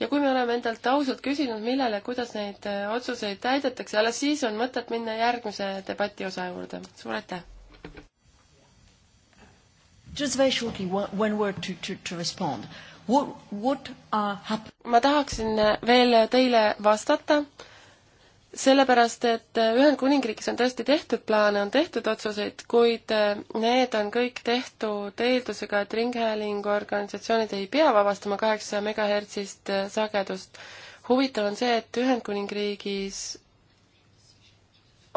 ja kui me oleme endalt ausalt küsinud, millele, kuidas neid äh, otsuseid täidetakse, alles siis on mõtet minna järgmise debati osa juurde. suur aitäh! Just very shortly, one word to, to, to respond. What, what are uh, hap-? ma tahaksin äh, veel teile vastata sellepärast, et Ühendkuningriigis on tõesti tehtud plaane, on tehtud otsuseid, kuid äh, need on kõik tehtud eeldusega, et Ringhäälingu organisatsioonid ei pea vabastama kaheksa megahertsist äh, sagedust. huvitav on see, et Ühendkuningriigis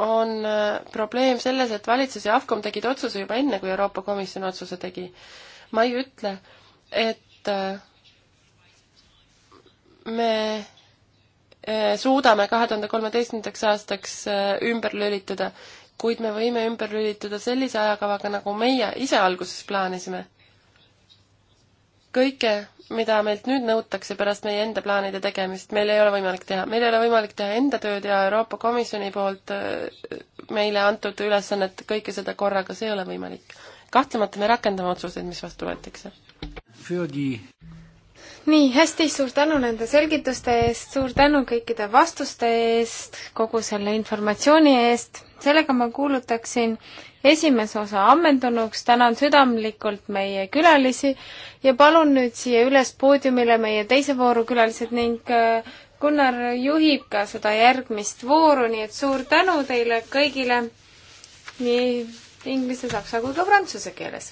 on äh, probleem selles, et valitsus ja Afcom tegid otsuse juba enne, kui Euroopa Komisjon otsuse tegi. ma ei ütle, et me Äh, suudame kahe tuhande kolmeteistkümnendaks aastaks äh, ümber lülitada, kuid me võime ümber lülitada sellise ajakavaga, nagu meie ise alguses plaanisime. kõike, mida meilt nüüd nõutakse pärast meie enda plaanide tegemist, meil ei ole võimalik teha. meil ei ole võimalik teha enda tööd ja Euroopa Komisjoni poolt äh, meile antud ülesannet, kõike seda korraga, see ei ole võimalik. kahtlemata me rakendame otsuseid, mis vastu võetakse nii, hästi, suur tänu nende selgituste eest, suur tänu kõikide vastuste eest, kogu selle informatsiooni eest. sellega ma kuulutaksin esimese osa ammendunuks, tänan südamlikult meie külalisi ja palun nüüd siia üles poodiumile meie teise vooru külalised ning äh, Gunnar juhib ka seda järgmist vooru, nii et suur tänu teile kõigile nii inglise, saksa kui ka prantsuse keeles.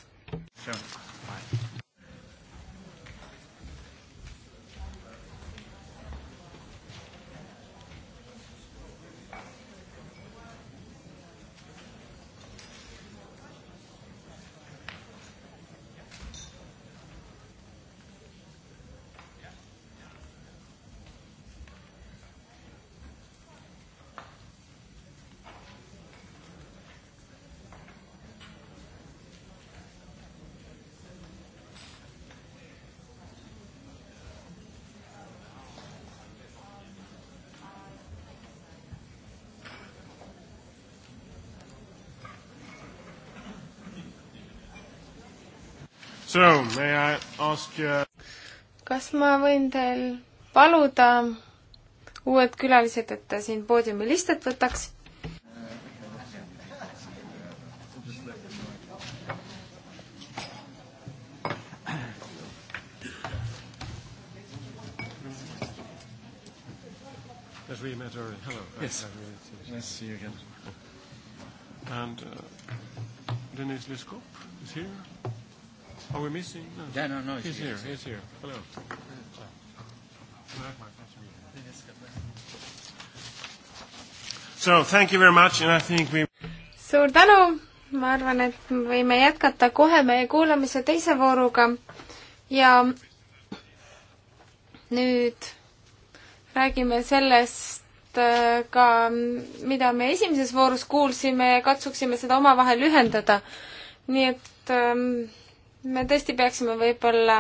So, may I ask you... Uh, kas ma võin teil paluda uued külalised, et te siin poodiumil istet võtaks? As we met earlier. Hello. Yes. Nice to see you again. And uh, Denise Liskop is here. Are we missing? No. Yeah, no, no. He's, he's here. here. He's here. Hello. So thank you very much and I think we suur tänu, ma arvan, et võime jätkata kohe meie kuulamise teise vooruga ja nüüd räägime sellest, äh, ka mida me esimeses voorus kuulsime ja katsuksime seda omavahel ühendada. nii et ähm, me tõesti peaksime võib-olla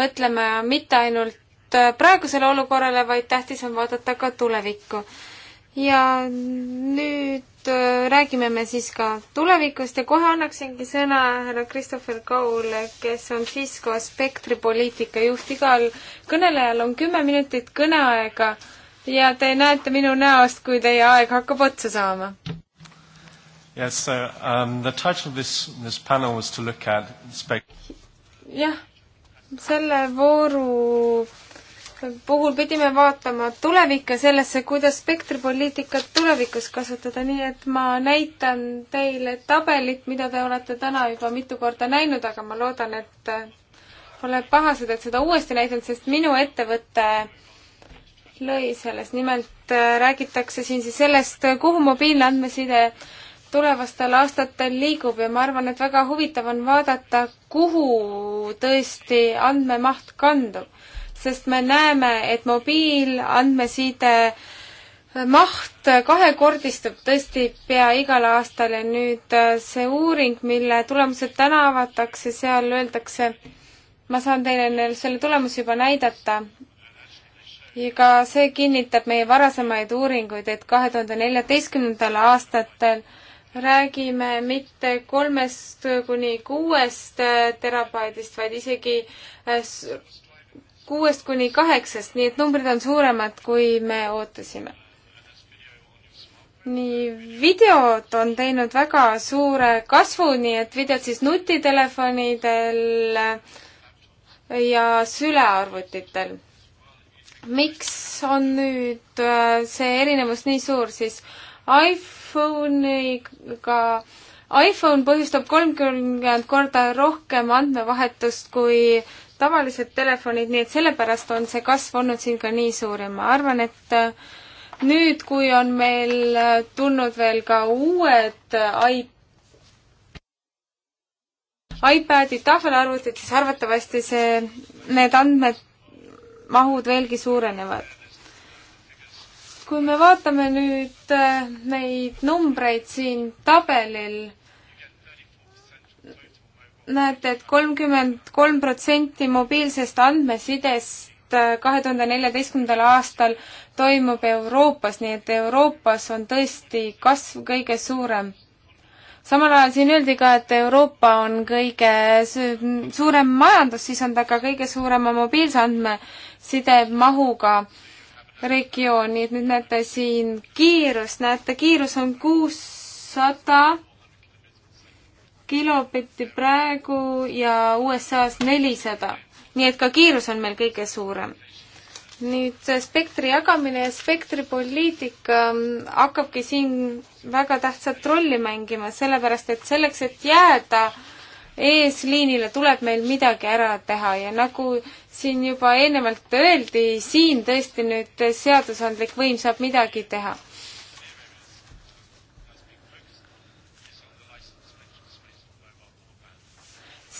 mõtlema mitte ainult äh, praegusele olukorrale, vaid tähtis on vaadata ka tulevikku. ja nüüd äh, räägime me siis ka tulevikust ja kohe annaksingi sõna härra Christopher Cole, kes on Cisco Spektri poliitikajuht. igal kõnelejal on kümme minutit kõneaega ja te näete minu näost, kui teie aeg hakkab otsa saama Yes, so um, the title of this, this panel was to look at spec- jah, selle vooru puhul pidime vaatama tulevikku ja sellesse, kuidas spektripoliitikat tulevikus kasutada, nii et ma näitan teile tabelit, mida te olete täna juba mitu korda näinud, aga ma loodan, et pole äh, pahased, et seda uuesti näidanud, sest minu ettevõte lõi selles. nimelt äh, räägitakse siin siis sellest, kuhu mobiilne andmeside tulevastel aastatel liigub ja ma arvan, et väga huvitav on vaadata, kuhu tõesti andmemaht kandub. sest me näeme, et mobiilandmeside maht kahekordistub tõesti pea igal aastal ja nüüd äh, see uuring, mille tulemused täna avatakse, seal öeldakse, ma saan teile selle tulemusi juba näidata, ja ka see kinnitab meie varasemaid uuringuid, et kahe tuhande neljateistkümnendal aastatel räägime mitte kolmest kuni kuuest terabaidist, vaid isegi äh, kuuest kuni kaheksast, nii et numbrid on suuremad, kui me ootasime. nii, videod on teinud väga suure kasvu, nii et videod siis nutitelefonidel ja sülearvutitel. miks on nüüd äh, see erinevus nii suur siis? iPhone iPhone'iga iPhone põhjustab kolmkümmend korda rohkem andmevahetust kui tavalised telefonid, nii et sellepärast on see kasv olnud siin ka nii suur ja ma arvan, et äh, nüüd, kui on meil äh, tulnud veel ka uued äh, i- iPadid, tahvelarvutid, siis arvatavasti see, need andmed, mahud veelgi suurenevad kui me vaatame nüüd äh, neid numbreid siin tabelil, näete et, et kolmkümmend kolm protsenti mobiilsest andmesidest äh, kahe tuhande neljateistkümnendal aastal toimub Euroopas, nii et Euroopas on tõesti kasv kõige suurem. samal ajal siin öeldi ka, et Euroopa on kõige suurem majandus, siis on ta ka kõige suurema mobiilse andmeside mahuga regiooni, et nüüd näete siin kiirust, näete, kiirus on kuussada kilobitti praegu ja USA-s nelisada. nii et ka kiirus on meil kõige suurem. nüüd see spektri jagamine ja spektripoliitika hakkabki siin väga tähtsat rolli mängima, sellepärast et selleks, et jääda eesliinile, tuleb meil midagi ära teha ja nagu siin juba eelnevalt öeldi, siin tõesti nüüd seadusandlik võim saab midagi teha.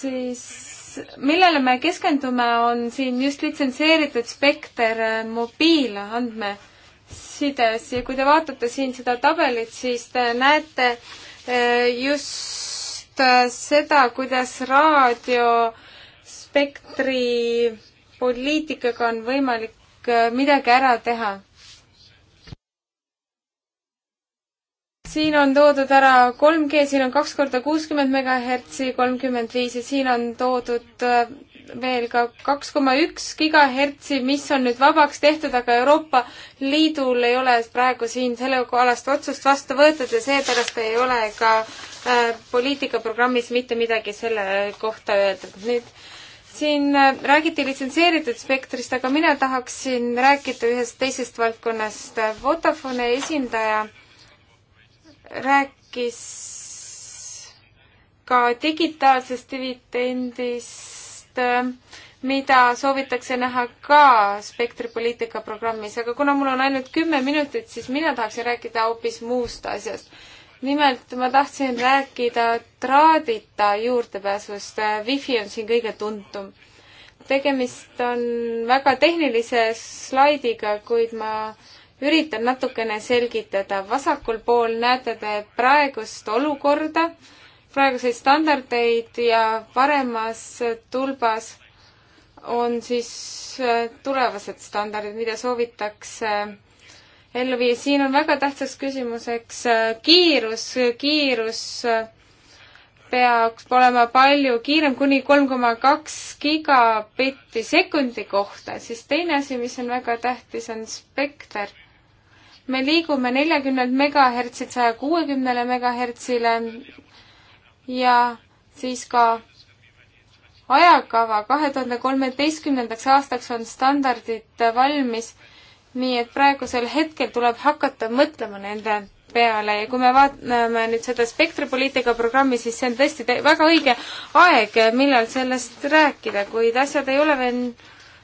siis millele me keskendume, on siin just litsenseeritud spekter mobiilandmesides ja kui te vaatate siin seda tabelit, siis te näete eh, just eh, seda, kuidas raadiospektri poliitikaga on võimalik äh, midagi ära teha. siin on toodud ära 3G, siin on kaks korda kuuskümmend megahertsi, kolmkümmend viis ja siin on toodud äh, veel ka kaks koma üks gigahertsi, mis on nüüd vabaks tehtud, aga Euroopa Liidul ei ole praegu siin sellealast otsust vastu võetud ja seepärast ei ole ka äh, poliitikaprogrammis mitte midagi selle äh, kohta öeldud. nüüd siin äh, räägiti litsenseeritud spektrist, aga mina tahaksin rääkida ühest teisest valdkonnast. Vodafone esindaja rääkis ka digitaalsest dividendist, äh, mida soovitakse näha ka spektripoliitika programmis, aga kuna mul on ainult kümme minutit, siis mina tahaksin rääkida hoopis muust asjast nimelt ma tahtsin rääkida traadita juurdepääsust, wifi on siin kõige tuntum. tegemist on väga tehnilise slaidiga, kuid ma üritan natukene selgitada. vasakul pool näete te praegust olukorda, praeguseid standardeid ja paremas tulbas on siis äh, tulevased standardid, mida soovitakse ellu viia. siin on väga tähtsaks küsimuseks äh, kiirus, kiirus äh, peaks olema palju kiirem, kuni kolm koma kaks gigabitti sekundi kohta, siis teine asi, mis on väga tähtis, on spekter. me liigume neljakümnelt megahertsilt saja kuuekümnele megahertsile ja siis ka ajakava kahe tuhande kolmeteistkümnendaks aastaks on standardid valmis nii et praegusel hetkel tuleb hakata mõtlema nende peale ja kui me vaatame nüüd seda spektripoliitika programmi, siis see on tõesti väga õige aeg, millal sellest rääkida, kuid asjad ei ole veel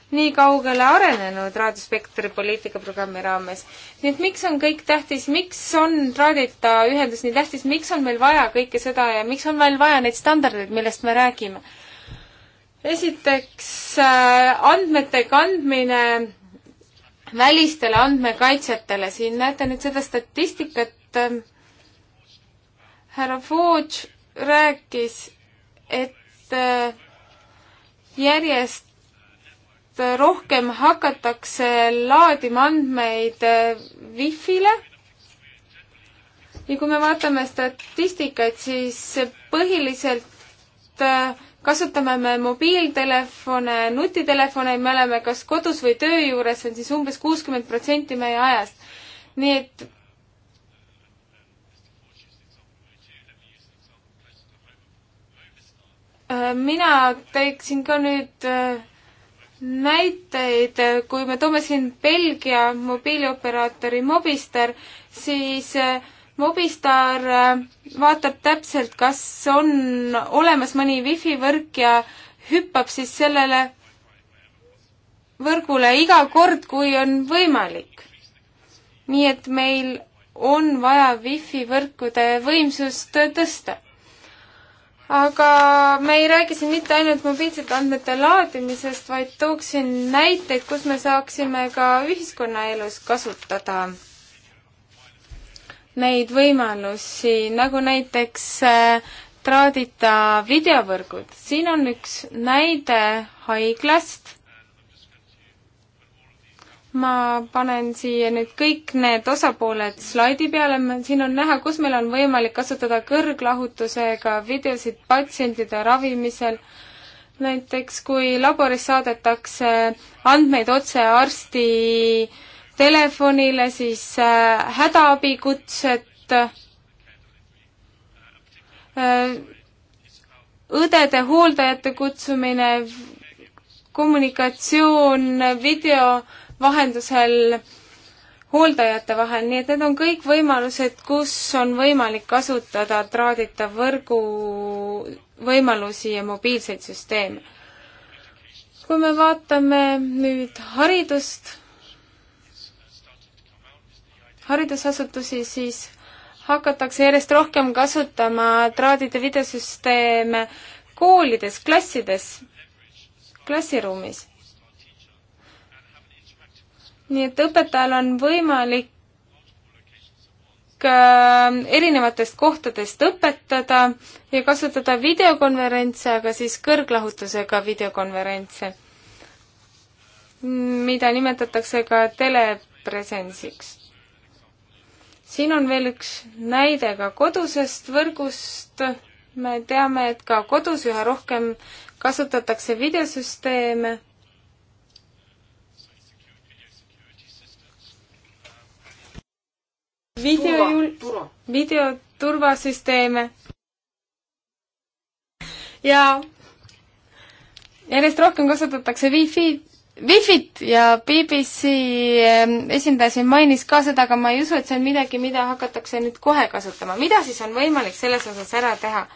nii kaugele arenenud raadiospektri poliitikaprogrammi raames. nii et miks on kõik tähtis, miks on traadita ühendus nii tähtis, miks on meil vaja kõike seda ja miks on meil vaja neid standardeid, millest me räägime? esiteks äh, andmete kandmine välistele andmekaitsjatele. siin näete nüüd seda statistikat. Ähm, härra Fudge rääkis, et äh, järjest rohkem hakatakse laadima andmeid äh, wifi'le. ja kui me vaatame statistikat, siis põhiliselt äh, kasutame me mobiiltelefone, nutitelefone, me oleme kas kodus või töö juures, see on siis umbes kuuskümmend protsenti meie ajast. nii et äh, mina teeksin ka nüüd äh, näiteid, kui me toome siin Belgia mobiilioperaatori Mobistar, siis äh, Mobistar äh, vaatab täpselt, kas on olemas mõni wifi võrk ja hüppab siis sellele võrgule iga kord, kui on võimalik. nii et meil on vaja wifi võrkude võimsust tõsta. aga me ei räägi siin mitte ainult mobiilsete andmete laadimisest, vaid tooksin näiteid, kus me saaksime ka ühiskonnaelus kasutada neid võimalusi, nagu näiteks äh, traadita videovõrgud. siin on üks näide haiglast. ma panen siia nüüd kõik need osapooled slaidi peale, siin on näha, kus meil on võimalik kasutada kõrglahutusega videosid patsientide ravimisel näiteks kui laboris saadetakse andmeid otse arsti telefonile, siis äh, hädaabikutset, äh, õdede hooldajate kutsumine, kommunikatsioon video vahendusel hooldajate vahel, nii et need on kõik võimalused, kus on võimalik kasutada traadita võrgu võimalusi ja mobiilseid süsteeme. kui me vaatame nüüd haridust, haridusasutusi, siis hakatakse järjest rohkem kasutama traadide videosüsteeme koolides, klassides, klassiruumis. nii et õpetajal on võimalik äh, erinevatest kohtadest õpetada ja kasutada videokonverentse, aga siis kõrglahutusega videokonverentse, mida nimetatakse ka telepresensiks siin on veel üks näide ka kodusest võrgust. me teame, et ka kodus üha rohkem kasutatakse videosüsteeme. videojul-, videoturvasüsteeme. ja järjest rohkem kasutatakse Wi-Fi Wifit ja BBC ähm, esindaja siin mainis ka seda, aga ma ei usu, et see on midagi, mida hakatakse nüüd kohe kasutama. mida siis on võimalik selles osas ära teha?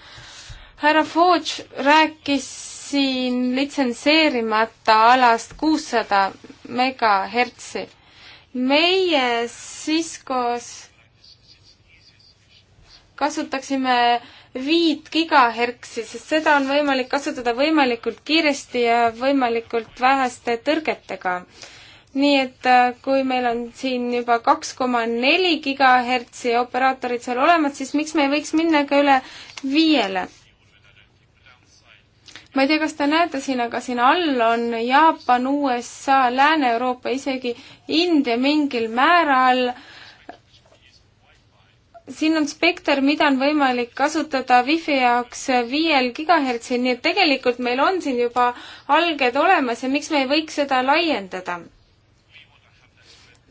härra Fodž rääkis siin litsenseerimata alast kuussada megahertsi. meie Ciscos kasutaksime viit gigahertsi, sest seda on võimalik kasutada võimalikult kiiresti ja võimalikult väheste tõrgetega. nii et äh, kui meil on siin juba kaks koma neli gigahertsi operaatorid seal olemas, siis miks me ei võiks minna ka üle viiele? ma ei tea, kas te näete siin, aga siin all on Jaapan, USA, Lääne-Euroopa, isegi India mingil määral äh, siin on spekter, mida on võimalik kasutada wifi jaoks viiel gigahertsil, nii et tegelikult meil on siin juba alged olemas ja miks me ei võiks seda laiendada?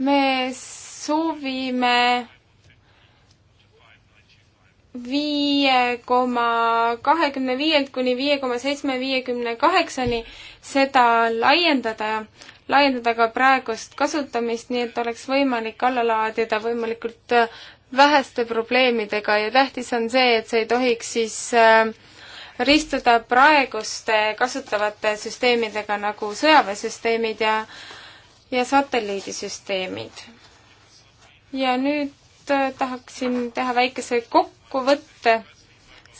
me soovime viie koma kahekümne viielt kuni viie koma seitsme viiekümne kaheksani seda laiendada, laiendada ka praegust kasutamist, nii et oleks võimalik alla laadida võimalikult väheste probleemidega ja tähtis on see, et see ei tohiks siis äh, ristuda praeguste kasutavate süsteemidega nagu sõjaväesüsteemid ja, ja satelliidisüsteemid. ja nüüd äh, tahaksin teha väikese kokkuvõtte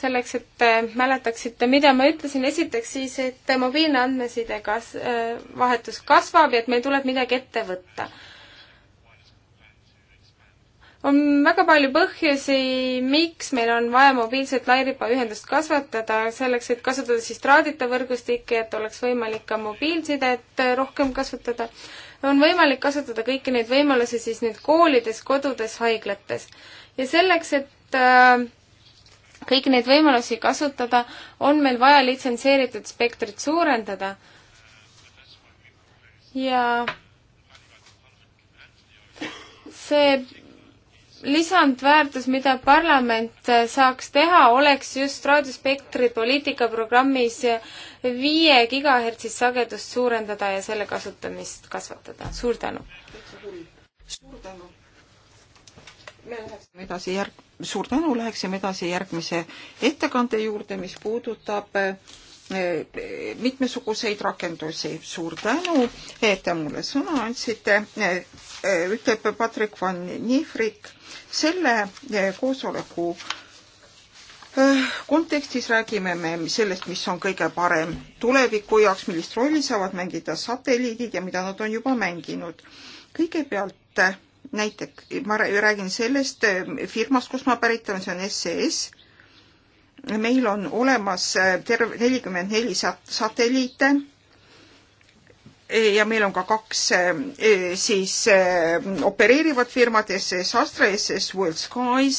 selleks, et äh, mäletaksite, mida ma ütlesin, esiteks siis, et mobiilne andmeside kas-, vahetus kasvab ja et meil tuleb midagi ette võtta on väga palju põhjusi, miks meil on vaja mobiilset lairibaühendust kasvatada, selleks et kasutada siis traadita võrgustikke, et oleks võimalik ka mobiilsidet äh, rohkem kasutada. on võimalik kasutada kõiki neid võimalusi siis nüüd koolides, kodudes, haiglates. ja selleks, et äh, kõiki neid võimalusi kasutada, on meil vaja litsenseeritud spektrit suurendada ja see lisandväärtus, mida parlament äh, saaks teha, oleks just raadiospektri poliitikaprogrammis viie gigahertsist sagedust suurendada ja selle kasutamist kasvatada. suur tänu! suur tänu! me läheksime edasi järg-, suur tänu, läheksime edasi järgmise ettekande juurde, mis puudutab äh, mitmesuguseid rakendusi. suur tänu, et te mulle sõna andsite. Eh, ütleb Patrick van Nihvrik. selle eh, koosoleku eh, kontekstis räägime me sellest, mis on kõige parem tuleviku jaoks, millist rolli saavad mängida satelliidid ja mida nad on juba mänginud. kõigepealt näiteks ma räägin sellest firmast, kust ma pärit olen, see on SES. meil on olemas terve nelikümmend neli satelliite ja meil on ka kaks eh, siis eh, opereerivat firmat SS Astra, SS World Skies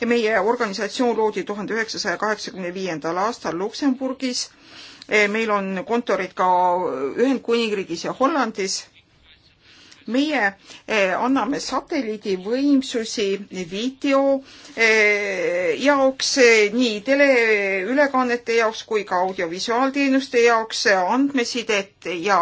ja meie organisatsioon loodi tuhande üheksasaja kaheksakümne viiendal aastal Luksemburgis. Eh, meil on kontorid ka Ühendkuningriigis ja Hollandis. meie anname satelliidivõimsusi video jaoks, nii teleülekannete jaoks kui ka audiovisuaalteenuste jaoks, andmesidet ja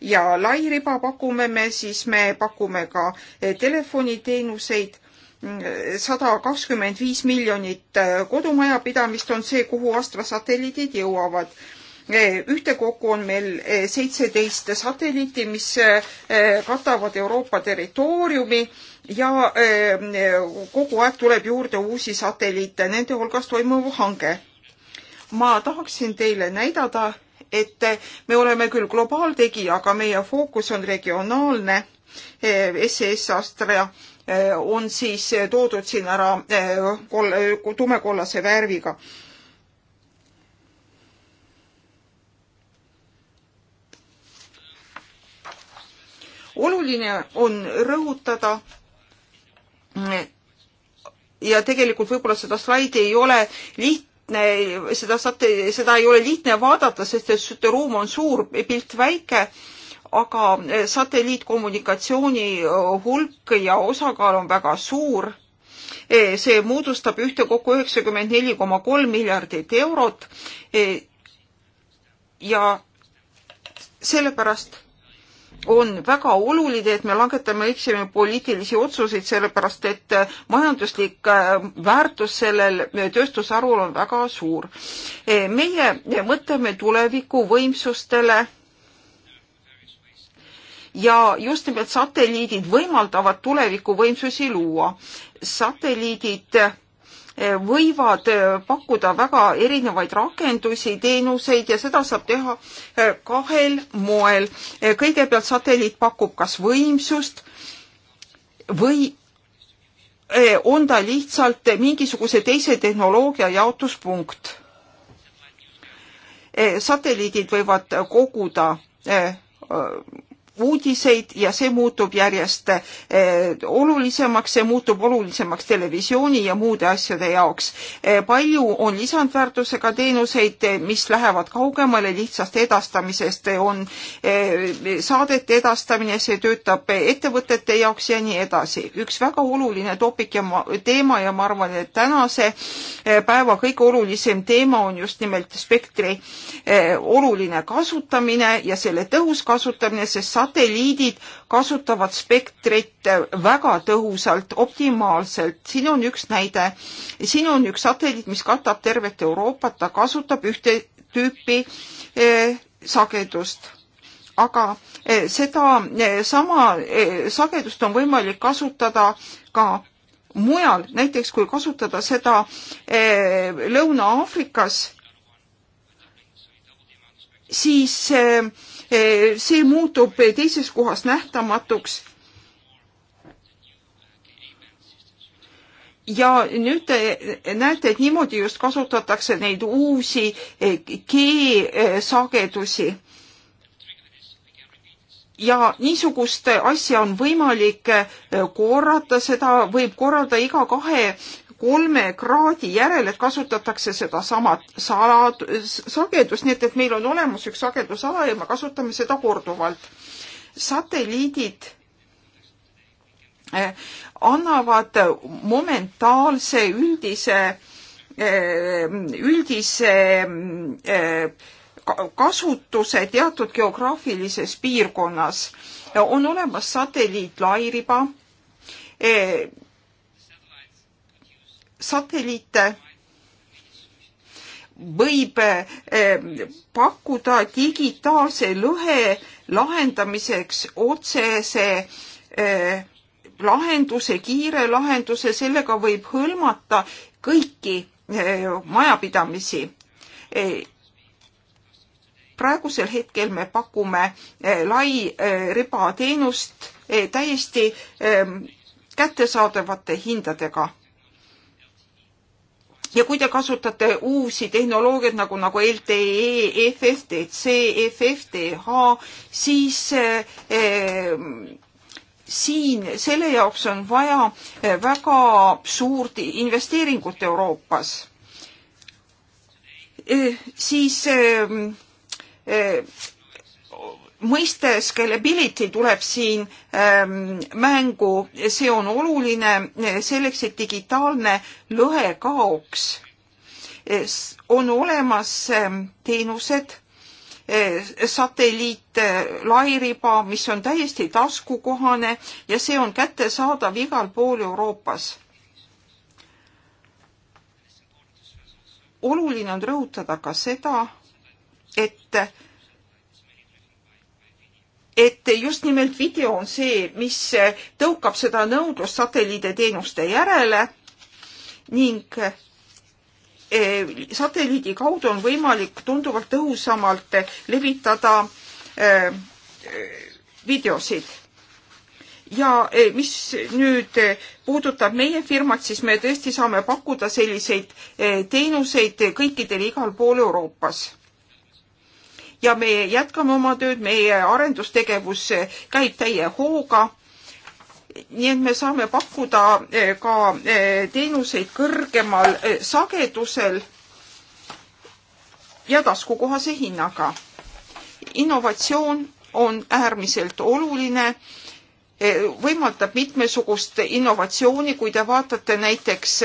ja lairiba pakume me, siis me pakume ka eh, telefoniteenuseid mm, eh, sada kakskümmend viis miljonit eh, kodumajapidamist on see, kuhu Astra satelliidid jõuavad. ühtekokku on meil seitseteist satelliiti, mis katavad Euroopa territooriumi ja kogu aeg tuleb juurde uusi satelliite, nende hulgas toimuv hange. ma tahaksin teile näidata et me oleme küll globaaltegija, aga meie fookus on regionaalne. SES Astra eh, on siis toodud siin ära eh, eh, tumekollase värviga oluline on rõhutada ja tegelikult võib-olla seda slaidi ei ole liht-, lihtne, seda saate, seda ei ole lihtne vaadata, sest et ruum on suur, pilt väike, aga satelliitkommunikatsiooni hulk ja osakaal on väga suur. see moodustab ühtekokku üheksakümmend neli koma kolm miljardit eurot. ja sellepärast on väga oluline, et me langetame, eksime poliitilisi otsuseid, sellepärast et äh, majanduslik äh, väärtus sellel äh, tööstusharul on väga suur. meie mõtleme tuleviku võimsustele ja just nimelt satelliidid võimaldavad tuleviku võimsusi luua. satelliidid Eh, võivad eh, pakkuda väga erinevaid rakendusi, teenuseid ja seda saab teha eh, kahel moel. kõigepealt satelliit pakub kas võimsust või on ta lihtsalt mingisuguse teise tehnoloogia jaotuspunkt. satelliidid võivad koguda uudiseid ja see muutub järjest eh, olulisemaks, see muutub olulisemaks televisiooni ja muude asjade jaoks. Eh, palju on lisandväärtusega teenuseid, eh, mis lähevad kaugemale lihtsast edastamisest, on saadete edastamine, see töötab ettevõtete jaoks ja nii edasi. üks väga oluline topik ja ma, teema ja ma arvan, et tänase päeva kõige olulisem teema on just nimelt spektri oluline kasutamine ja selle tõhus kasutamine, sest satelliidid kasutavad spektrit väga tõhusalt, optimaalselt. siin on üks näide, siin on üks satelliit, mis katab tervet Euroopat, ta kasutab ühte tüüpi eh, sagedust aga eh, seda eh, sama sagedust on võimalik kasutada ka mujal, näiteks kui kasutada seda Lõuna-Aafrikas, siis Eh, see muutub teises kohas nähtamatuks. ja nüüd te näete, et niimoodi just kasutatakse neid uusi eh, G-sagedusi ja niisugust asja on võimalik eh, korrata, seda võib korrata iga kahe kolme kraadi järel, et kasutatakse sedasama salad, sagedust, nii et, et meil on olemas üks sagedusala ja me kasutame seda korduvalt. satelliidid eh, annavad momentaalse üldise, eh, üldise eh, kasutuse teatud geograafilises piirkonnas. on olemas satelliitlairiba satelliite võib eh, pakkuda digitaalse lõhe lahendamiseks otsese eh, lahenduse, kiire lahenduse, sellega võib hõlmata kõiki eh, majapidamisi. praegusel hetkel me pakume lai riba teenust täiesti kättesaadavate hindadega ja kui te kasutate uusi tehnoloogiaid nagu, nagu LTE, FFTC, FFTH, siis eh, eh, siin selle jaoks on vaja eh, väga suurt investeeringut Euroopas eh,. siis eh, eh mõiste scalability tuleb siin ähm, mängu, see on oluline äh, selleks, et digitaalne lõhe kaoks. on olemas ähm, teenused äh,, satelliitlairiba äh,, mis on täiesti taskukohane ja see on kättesaadav igal pool Euroopas oluline on rõhutada ka seda, et et just nimelt video on see, mis tõukab seda nõudlust satelliiditeenuste järele ning eh, satelliidi kaudu on võimalik tunduvalt tõhusamalt levitada eh, videosid ja eh, mis nüüd puudutab meie firmat, siis me tõesti saame pakkuda selliseid teenuseid kõikidele igal pool Euroopas ja me jätkame oma tööd, meie arendustegevus käib täie hooga. nii et me saame pakkuda eh, ka eh, teenuseid kõrgemal eh, sagedusel ja taskukohase hinnaga. innovatsioon on äärmiselt oluline võimaldab mitmesugust innovatsiooni, kui te vaatate näiteks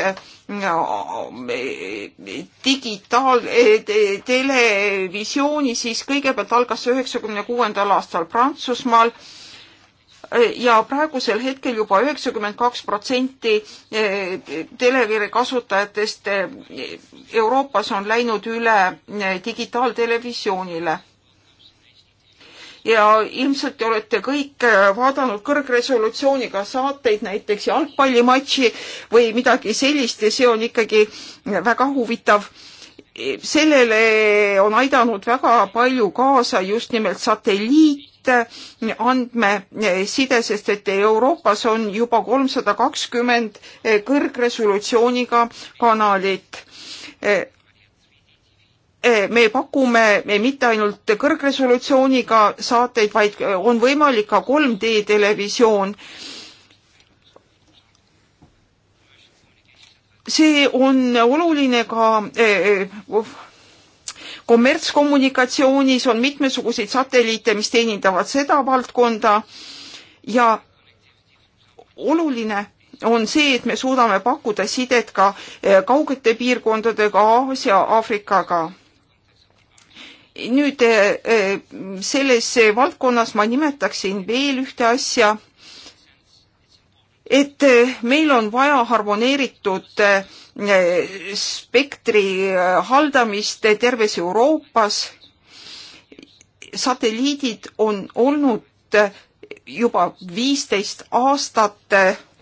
digitaal- eh, televisiooni, siis kõigepealt algas see üheksakümne kuuendal aastal Prantsusmaal eh, ja praegusel hetkel juba üheksakümmend kaks protsenti eh, televere kasutajatest Euroopas on läinud üle digitaaltelevisioonile ja ilmselt te olete kõik äh, vaadanud kõrgresolutsiooniga saateid, näiteks jalgpallimatši või midagi sellist ja see on ikkagi väga huvitav sellele on aidanud väga palju kaasa just nimelt satelliit, andmeside, sest et Euroopas on juba kolmsada kakskümmend kõrgresolutsiooniga kanalit me pakume me mitte ainult kõrgresolutsiooniga saateid, vaid on võimalik ka 3D televisioon. see on oluline ka e, e, kommertskommunikatsioonis on mitmesuguseid satelliite, mis teenindavad seda valdkonda ja oluline on see, et me suudame pakkuda sidet ka e, kaugete piirkondadega, Aasia, Aafrikaga nüüd eh, eh, selles valdkonnas ma nimetaksin veel ühte asja, et eh, meil on vaja harmoneeritud spektri haldamist terves Euroopas. satelliidid on olnud juba viisteist aastat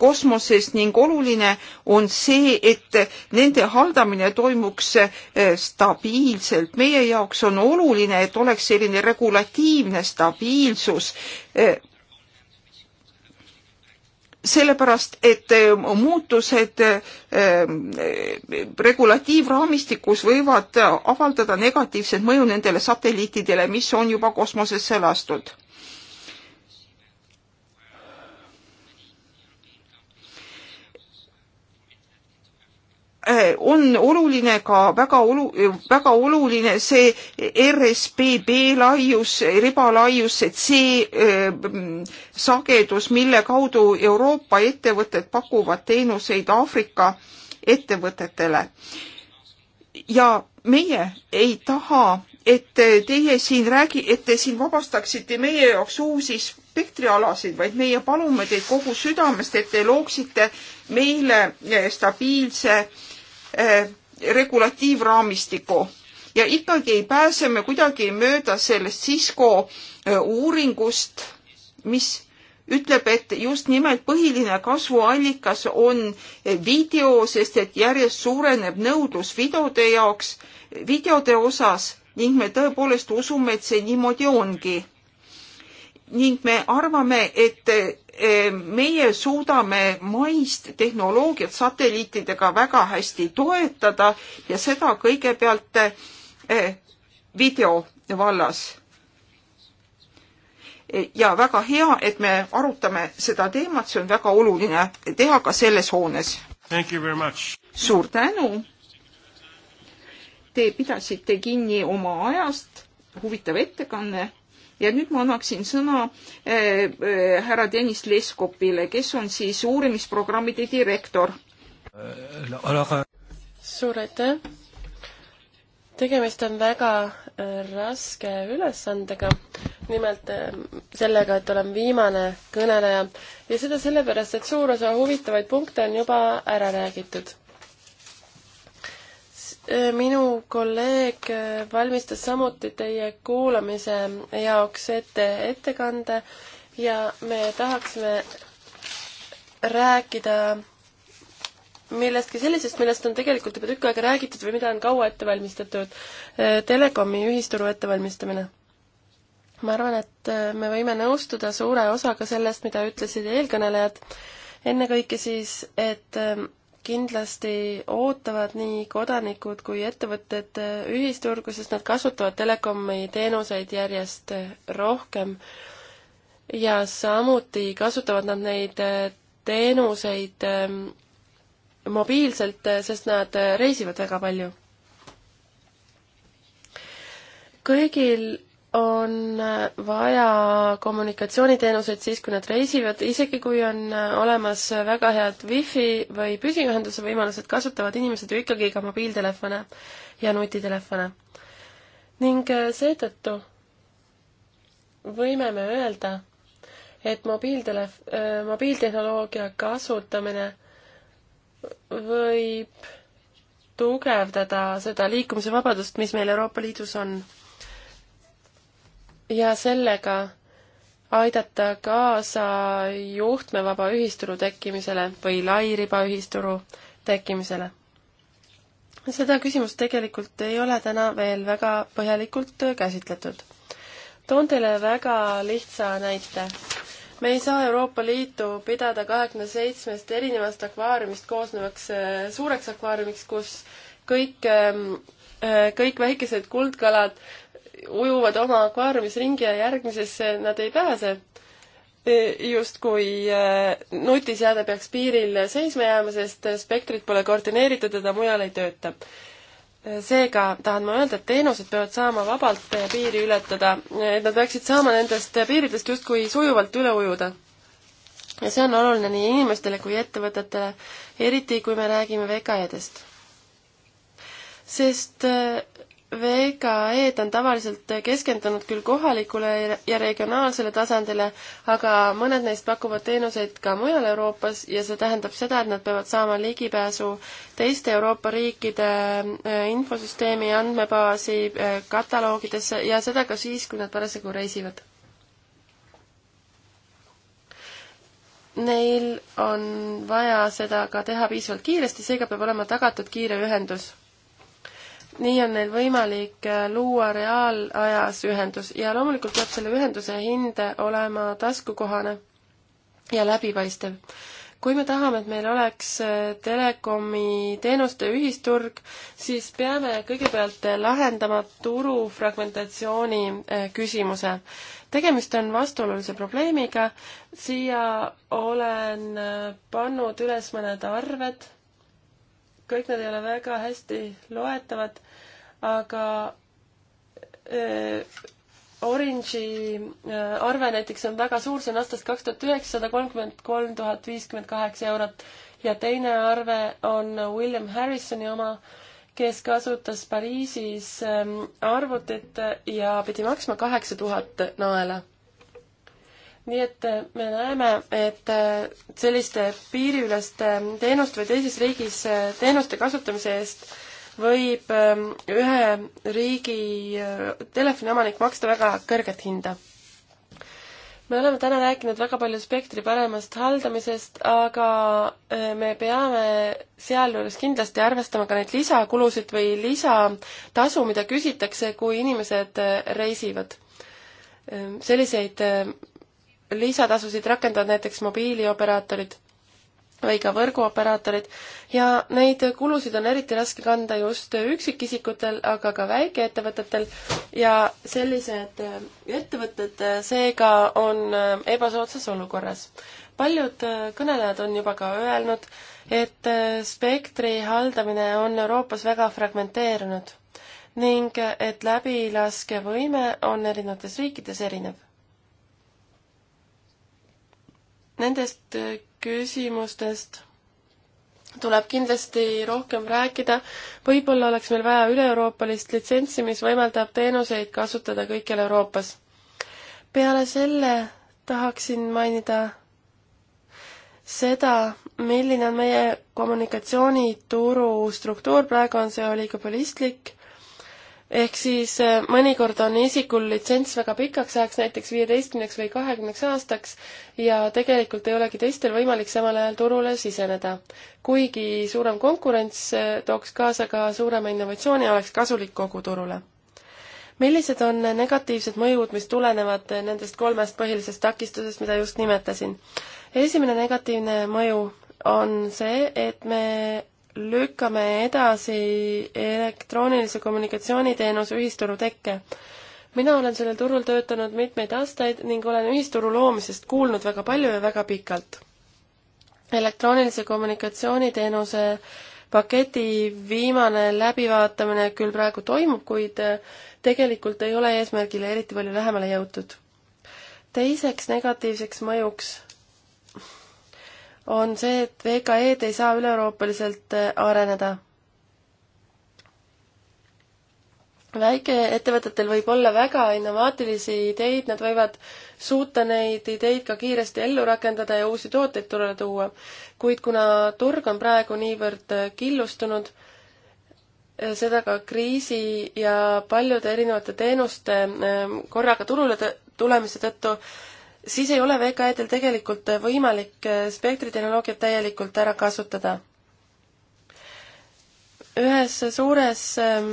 kosmoses ning oluline on see, et nende haldamine toimuks eh, stabiilselt. meie jaoks on oluline, et oleks selline regulatiivne stabiilsus eh, sellepärast, et eh, muutused regulatiivraamistikus võivad avaldada negatiivset mõju nendele satelliitidele, mis on juba kosmosesse lastud Äh, on oluline ka väga olu-, väga oluline see RSPB laius, ribalaius, see äh, sagedus, mille kaudu Euroopa ettevõtted pakuvad teenuseid Aafrika ettevõtetele. ja meie ei taha, et teie siin räägi-, et te siin vabastaksite meie jaoks uusi spektrialasid, vaid meie palume teid kogu südamest, et te looksite meile stabiilse äh, Eh, regulatiivraamistiku ja ikkagi ei pääse me kuidagi mööda sellest Cisco eh, uuringust, mis ütleb, et just nimelt põhiline kasvuallikas on eh, video, sest et järjest suureneb nõudlus videode jaoks, videode osas ning me tõepoolest usume, et see niimoodi ongi ning me arvame, et eh, meie suudame maist tehnoloogiat satelliitidega väga hästi toetada ja seda kõigepealt eh, video vallas. ja väga hea, et me arutame seda teemat, see on väga oluline teha ka selles hoones. suur tänu. Te pidasite kinni oma ajast, huvitav ettekanne ja nüüd ma annaksin sõna eh, eh, härra Deniss Leskopile, kes on siis uurimisprogrammide direktor. suur aitäh! tegemist on väga eh, raske ülesandega, nimelt sellega, et olen viimane kõneleja ja seda sellepärast, et suur osa huvitavaid punkte on juba ära räägitud minu kolleeg valmistas samuti teie kuulamise jaoks ette ettekande ja me tahaksime rääkida millestki sellisest, millest on tegelikult juba tükk aega räägitud või mida on kaua ette valmistatud. Telekomi ühisturu ettevalmistamine. ma arvan, et me võime nõustuda suure osaga sellest, mida ütlesid eelkõnelejad, ennekõike siis, et kindlasti ootavad nii kodanikud kui ettevõtted äh, ühisturgu, sest nad kasutavad telekomi teenuseid järjest äh, rohkem. ja samuti kasutavad nad neid äh, teenuseid ähm, mobiilselt, sest nad reisivad väga palju. kõigil on vaja kommunikatsiooniteenuseid siis, kui nad reisivad, isegi kui on olemas väga head wifi või püsiühenduse võimalused, kasutavad inimesed ju ikkagi ka mobiiltelefone ja nutitelefone. ning äh, seetõttu võime me öelda, et mobiiltelef-, äh, mobiiltehnoloogia kasutamine võib tugevdada seda liikumisvabadust, mis meil Euroopa Liidus on ja sellega aidata kaasa juhtmevaba ühisturu tekkimisele või lairibaühisturu tekkimisele? seda küsimust tegelikult ei ole täna veel väga põhjalikult käsitletud. toon teile väga lihtsa näite. me ei saa Euroopa Liitu pidada kahekümne seitsmest erinevast akvaariumist koosnevaks äh, suureks akvaariumiks, kus kõik, ähm, äh, kõik väikesed kuldkalad ujuvad oma akvaariumis ringi ja järgmisesse nad ei pääse e, justkui e, nutiseade peaks piiril seisma jääma, sest spektrid pole koordineeritud ja ta mujal ei tööta. E, seega tahan ma öelda, et teenused peavad saama vabalt piiri ületada, et nad peaksid saama nendest piiridest justkui sujuvalt üle ujuda. ja see on oluline nii inimestele kui ettevõtetele, eriti kui me räägime VKE-dest. sest VKE-d on tavaliselt keskendunud küll kohalikule ja regionaalsele tasandile, aga mõned neist pakuvad teenuseid ka mujal Euroopas ja see tähendab seda, et nad peavad saama ligipääsu teiste Euroopa riikide äh, infosüsteemi andmebaasi äh, kataloogidesse ja seda ka siis, kui nad parasjagu reisivad. Neil on vaja seda ka teha piisavalt kiiresti, seega peab olema tagatud kiire ühendus nii on neil võimalik äh, luua reaalajas ühendus ja loomulikult peab selle ühenduse hind olema taskukohane ja läbipaistev. kui me tahame, et meil oleks äh, telekomi teenuste ühisturg, siis peame kõigepealt lahendama turu fragmentatsiooni äh, küsimuse. tegemist on vastuolulise probleemiga, siia olen pannud üles mõned arved kõik nad ei ole väga hästi loetavad, aga äh, Orange'i äh, arve näiteks on väga suur, see on aastast kaks tuhat üheksasada kolmkümmend kolm tuhat viiskümmend kaheksa eurot ja teine arve on William Harrisoni oma, kes kasutas Pariisis äh, arvutit ja pidi maksma kaheksa tuhat naela nii et äh, me näeme, et äh, selliste piiriüleste teenuste või teises riigis äh, teenuste kasutamise eest võib ähm, ühe riigi telefoniomanik maksta väga kõrget hinda. me oleme täna rääkinud väga palju spektri paremast haldamisest, aga me peame sealjuures kindlasti arvestama ka neid lisakulusid või lisatasu, mida küsitakse, kui inimesed reisivad. Ähm, selliseid lisatasusid rakendavad näiteks mobiilioperaatorid või ka võrguoperaatorid ja neid kulusid on eriti raske kanda just üksikisikutel, aga ka väikeettevõtetel ja sellised ettevõtted seega on ebasoodsas olukorras. paljud kõnelejad on juba ka öelnud, et spektri haldamine on Euroopas väga fragmenteerunud ning et läbilaskevõime on erinevates riikides erinev Nendest äh, küsimustest tuleb kindlasti rohkem rääkida. võib-olla oleks meil vaja üle-euroopalist litsentsi, mis võimaldab teenuseid kasutada kõikjal Euroopas. peale selle tahaksin mainida seda, milline on meie kommunikatsioonituru struktuur, praegu on see oligopolistlik ehk siis äh, mõnikord on isikul litsents väga pikaks ajaks, näiteks viieteistkümneks või kahekümneks aastaks ja tegelikult ei olegi teistel võimalik samal ajal turule siseneda. kuigi suurem konkurents äh, tooks kaasa ka suurema innovatsiooni ja oleks kasulik kogu turule. millised on negatiivsed mõjud, mis tulenevad äh, nendest kolmest põhilisest takistusest, mida just nimetasin? esimene negatiivne mõju on see, et me lükkame edasi elektroonilise kommunikatsiooniteenuse ühisturu tekke. mina olen sellel turul töötanud mitmeid aastaid ning olen ühisturu loomisest kuulnud väga palju ja väga pikalt. elektroonilise kommunikatsiooniteenuse paketi viimane läbivaatamine küll praegu toimub, kuid äh, tegelikult ei ole eesmärgile eriti palju lähemale jõutud. teiseks negatiivseks mõjuks on see, et VKE-d ei saa üle-euroopaliselt äh, areneda. väikeettevõtetel võib olla väga innovaatilisi ideid, nad võivad suuta neid ideid ka kiiresti ellu rakendada ja uusi tooteid turule tuua, kuid kuna turg on praegu niivõrd äh, killustunud, äh, seda ka kriisi ja paljude erinevate teenuste korraga turule tulemiste tõttu, siis ei ole VKE-del tegelikult võimalik äh, spektritehnoloogiat täielikult ära kasutada. ühes suures ähm,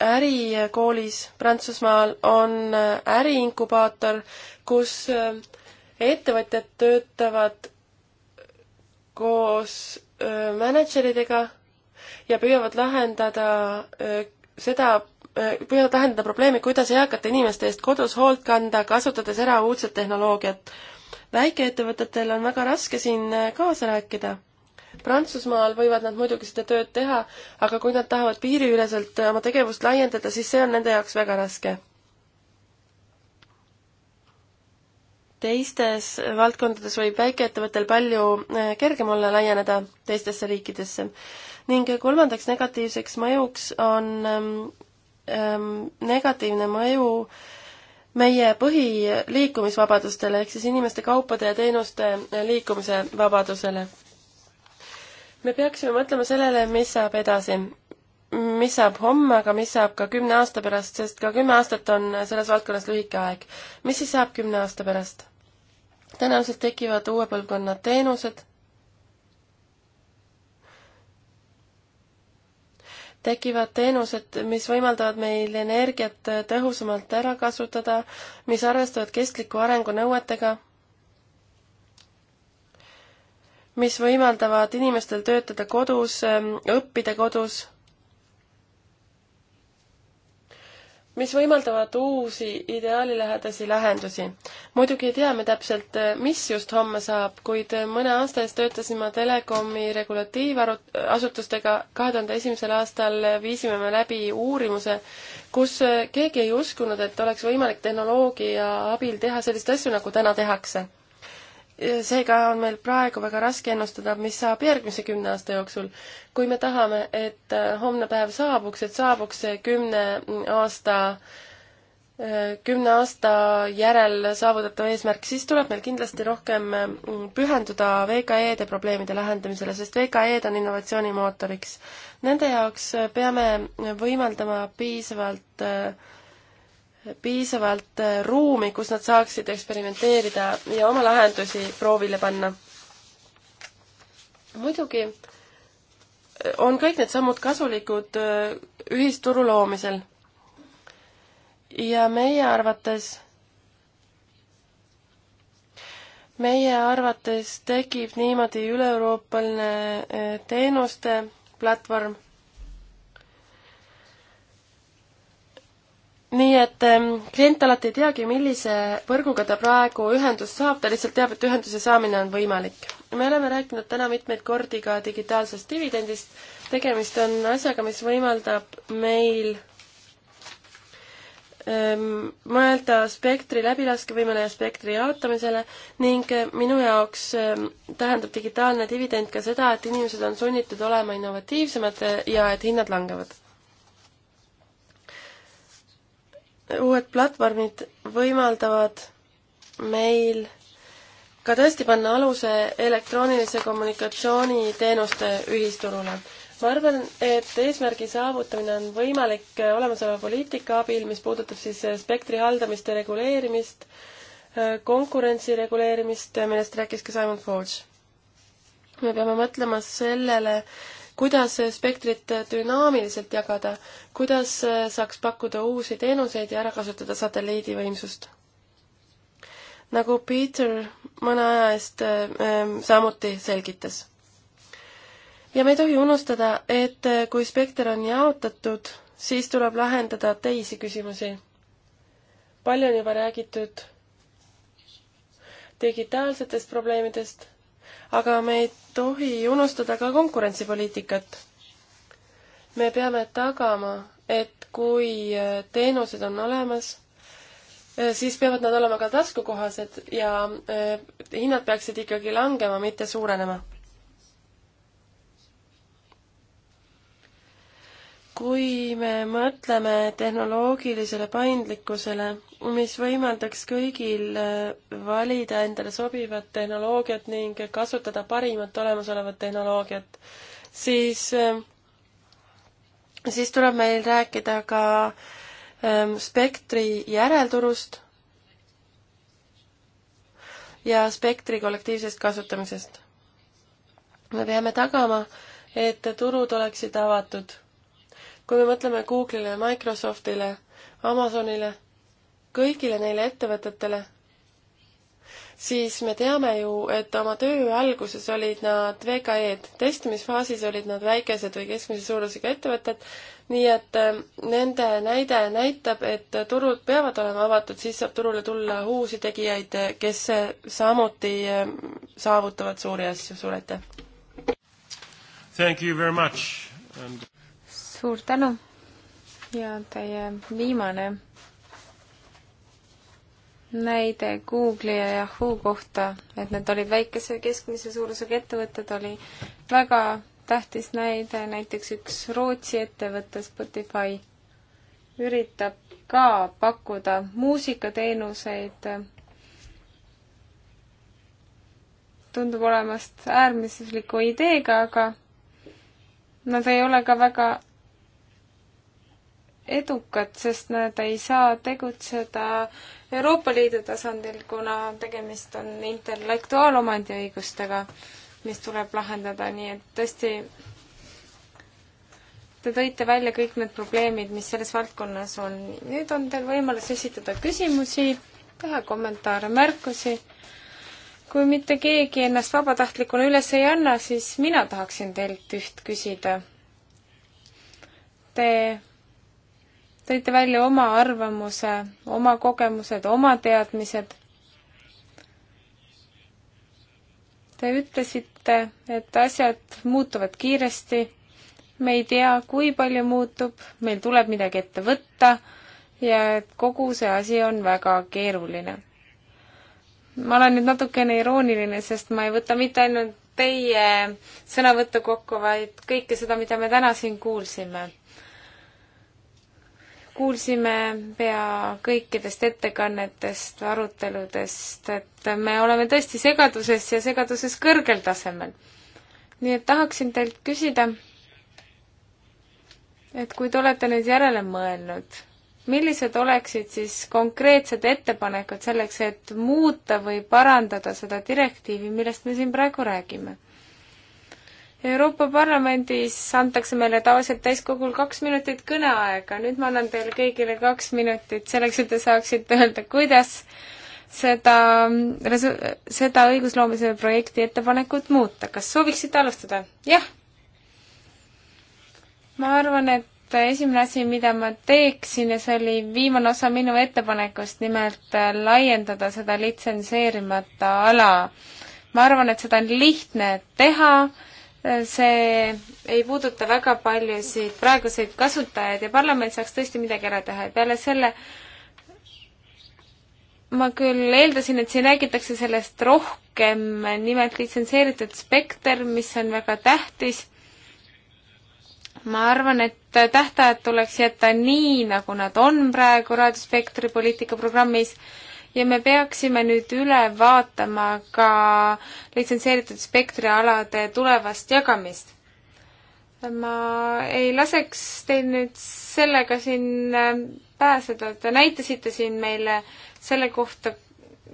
ärikoolis Prantsusmaal on äh, äriinkubaator, kus äh, ettevõtjad töötavad koos mänedžeridega ja püüavad lahendada seda püüavad lahendada probleemi, kuidas eakate inimeste eest kodus hoolt kanda, kasutades ära uudset tehnoloogiat. väikeettevõtetel on väga raske siin äh, kaasa rääkida. Prantsusmaal võivad nad muidugi seda tööd teha, aga kui nad tahavad piiriüleselt äh, oma tegevust laiendada, siis see on nende jaoks väga raske. teistes valdkondades võib väikeettevõttel palju äh, kergem olla laieneda teistesse riikidesse ning kolmandaks negatiivseks mõjuks on ähm, ähm, negatiivne mõju meie põhiliikumisvabadustele ehk siis inimeste kaupade ja teenuste liikumise vabadusele. me peaksime mõtlema sellele, mis saab edasi, mis saab homme, aga mis saab ka kümne aasta pärast, sest ka kümme aastat on selles valdkonnas lühike aeg. mis siis saab kümne aasta pärast? tõenäoliselt tekivad uue põlvkonna teenused tekivad teenused, mis võimaldavad meil energiat tõhusamalt ära kasutada, mis arvestavad kestliku arengu nõuetega, mis võimaldavad inimestel töötada kodus, õppida kodus mis võimaldavad uusi ideaalilähedasi lahendusi. muidugi ei tea me täpselt, eh, mis just homme saab, kuid eh, mõne aasta eest töötasin ma Telekomi regulatiivasutustega, kahe tuhande esimesel aastal eh, viisime me läbi uurimuse, kus keegi ei uskunud, et oleks võimalik tehnoloogia abil teha selliseid asju, nagu täna tehakse seega on meil praegu väga raske ennustada, mis saab järgmise kümne aasta jooksul. kui me tahame, et äh, homne päev saabuks, et saabuks see kümne aasta, äh, kümne aasta järel saavutatav eesmärk, siis tuleb meil kindlasti rohkem mm, pühenduda VKE-de probleemide lahendamisele, sest VKE-d on innovatsioonimootoriks. Nende jaoks peame võimaldama piisavalt äh, piisavalt äh, ruumi, kus nad saaksid eksperimenteerida ja oma lahendusi proovile panna. muidugi äh, on kõik need sammud kasulikud äh, ühisturu loomisel. ja meie arvates, meie arvates tekib niimoodi üle-euroopaline teenuste platvorm, nii et ehm, klient alati ei teagi, millise võrguga ta praegu ühendust saab, ta lihtsalt teab, et ühenduse saamine on võimalik. me oleme rääkinud täna mitmeid kordi ka digitaalsest dividendist, tegemist on asjaga, mis võimaldab meil ehm, mõelda spektri läbilaskevõimele ja spektri jaotamisele ning eh, minu jaoks ehm, tähendab digitaalne dividend ka seda, et inimesed on sunnitud olema innovatiivsemad eh, ja et hinnad langevad uued platvormid võimaldavad meil ka tõesti panna aluse elektroonilise kommunikatsiooni teenuste ühisturule. ma arvan, et eesmärgi saavutamine on võimalik olemasoleva poliitika abil, mis puudutab siis spektri haldamist ja reguleerimist, konkurentsi reguleerimist, millest rääkis ka Simon Forge. me peame mõtlema sellele, kuidas spektrit dünaamiliselt jagada, kuidas saaks pakkuda uusi teenuseid ja ära kasutada satelliidivõimsust. nagu Peter mõne aja eest äh, samuti selgitas. ja me ei tohi unustada, et kui spekter on jaotatud, siis tuleb lahendada teisi küsimusi. palju on juba räägitud digitaalsetest probleemidest aga me ei tohi unustada ka konkurentsipoliitikat. me peame tagama, et kui äh, teenused on olemas, äh, siis peavad nad olema ka taskukohased ja äh, hinnad peaksid ikkagi langema, mitte suurenema kui me mõtleme tehnoloogilisele paindlikkusele, mis võimaldaks kõigil äh, valida endale sobivat tehnoloogiat ning kasutada parimat olemasolevat tehnoloogiat, siis, äh, siis tuleb meil rääkida ka ähm, spektri järelturust ja spektri kollektiivsest kasutamisest. me peame tagama, et turud oleksid avatud kui me mõtleme Google'ile, Microsoftile, Amazonile, kõigile neile ettevõtetele, siis me teame ju, et oma töö alguses olid nad VKE-d, testimisfaasis olid nad väikesed või keskmise suurusega ettevõtted, nii et ähm, nende näide näitab, et turud peavad olema avatud, siis saab turule tulla uusi tegijaid, kes samuti ähm, saavutavad suuri asju, suur aitäh! Thank you very much and suur tänu ja teie viimane näide Google'i ja Yahoo kohta, et need olid väikese ja keskmise suurusega ettevõtted, oli väga tähtis näide, näiteks üks Rootsi ettevõte Spotify üritab ka pakkuda muusikateenuseid. tundub olemast äärmisliku ideega, aga nad ei ole ka väga edukad, sest nad ei saa tegutseda Euroopa Liidu tasandil, kuna tegemist on intellektuaalomandi õigustega, mis tuleb lahendada, nii et tõesti te tõite välja kõik need probleemid, mis selles valdkonnas on. nüüd on teil võimalus esitada küsimusi, teha kommentaare, märkusi. kui mitte keegi ennast vabatahtlikuna üles ei anna, siis mina tahaksin teilt üht küsida. Te tõite välja oma arvamuse, oma kogemused, oma teadmised. Te ütlesite, et asjad muutuvad kiiresti. me ei tea, kui palju muutub, meil tuleb midagi ette võtta ja et kogu see asi on väga keeruline. ma olen nüüd natukene irooniline, sest ma ei võta mitte ainult teie sõnavõttu kokku, vaid kõike seda, mida me täna siin kuulsime kuulsime pea kõikidest ettekannetest, aruteludest, et me oleme tõesti segaduses ja segaduses kõrgel tasemel. nii et tahaksin teilt küsida, et kui te olete nüüd järele mõelnud, millised oleksid siis konkreetsed ettepanekud selleks, et muuta või parandada seda direktiivi, millest me siin praegu räägime? Euroopa Parlamendis antakse meile tavaliselt täiskogul kaks minutit kõneaega, nüüd ma annan teile kõigile kaks minutit selleks, et te saaksite öelda, kuidas seda, seda õigusloomise projekti ettepanekut muuta. kas sooviksite alustada? jah? ma arvan, et esimene asi, mida ma teeksin ja see oli viimane osa minu ettepanekust, nimelt laiendada seda litsenseerimata ala. ma arvan, et seda on lihtne teha see ei puuduta väga paljusid praeguseid kasutajaid ja parlament saaks tõesti midagi ära teha ja peale selle ma küll eeldasin, et siin räägitakse sellest rohkem, nimelt litsenseeritud spekter, mis on väga tähtis. ma arvan, et tähtajad tuleks jätta nii, nagu nad on praegu raadiospektri poliitikaprogrammis ja me peaksime nüüd üle vaatama ka litsenseeritud spektrialade tulevast jagamist. ma ei laseks teil nüüd sellega siin äh, pääseda, te näitasite siin meile selle kohta,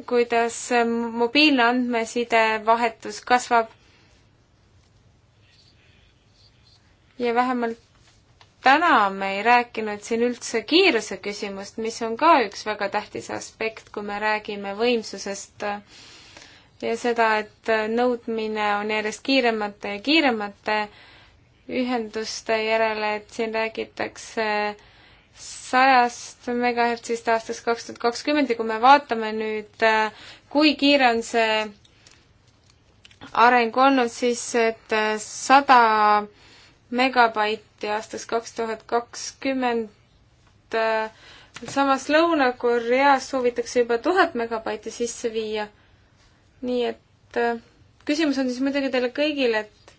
kuidas äh, mobiilne andmesidevahetus kasvab ja vähemalt täna me ei rääkinud siin üldse kiiruse küsimust, mis on ka üks väga tähtis aspekt, kui me räägime võimsusest ja seda, et nõudmine on järjest kiiremate ja kiiremate ühenduste järele, et siin räägitakse sajast megahertsist aastast kaks tuhat kakskümmend ja kui me vaatame nüüd, kui kiire on see areng olnud, siis et sada 100 megabaiti aastaks kaks tuhat kakskümmend. samas Lõuna-Koreas soovitakse juba tuhat megabaiti sisse viia. nii et äh, küsimus on siis muidugi teile kõigile, et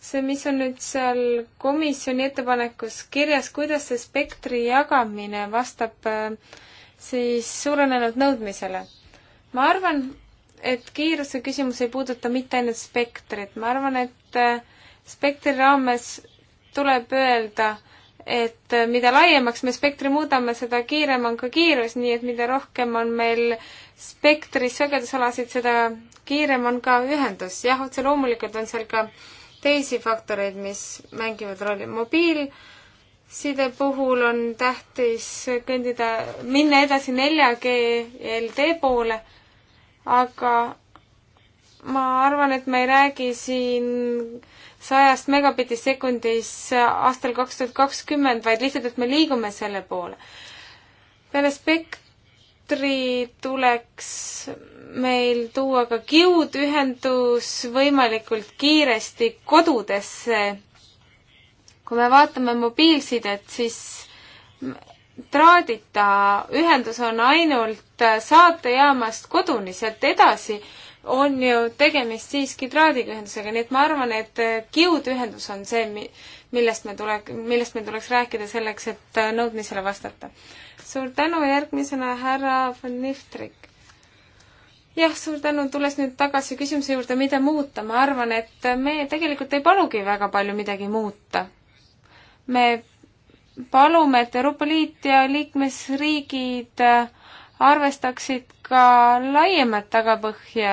see, mis on nüüd seal komisjoni ettepanekus kirjas, kuidas see spektri jagamine vastab äh, siis suurenenud nõudmisele? ma arvan, et kiiruse küsimus ei puuduta mitte ainult spektrit, ma arvan, et äh, spektri raames tuleb öelda, et äh, mida laiemaks me spektri muudame, seda kiirem on ka kiirus, nii et mida rohkem on meil spektris sagedusalasid, seda kiirem on ka ühendus. jah, otse loomulikult on seal ka teisi faktoreid, mis mängivad rolli. mobiilside puhul on tähtis kõndida, minna edasi 4G ja LD poole aga ma arvan, et me ei räägi siin sajast megabittist sekundis aastal kaks tuhat kakskümmend, vaid lihtsalt, et me liigume selle poole. peale spektri tuleks meil tuua ka kiudühendus võimalikult kiiresti kodudesse. kui me vaatame mobiilsidet, siis traadita ühendus on ainult saatejaamast koduni, sealt edasi on ju tegemist siiski traadiga ühendusega, nii et ma arvan, et kiudühendus on see, millest me tule, millest meil tuleks rääkida selleks, et nõudmisele vastata. suur tänu, järgmisena härra von Niftrik. jah, suur tänu, tulles nüüd tagasi küsimuse juurde, mida muuta, ma arvan, et me tegelikult ei palugi väga palju midagi muuta. me palume, et Euroopa Liit ja liikmesriigid äh, arvestaksid ka laiemat tagapõhja,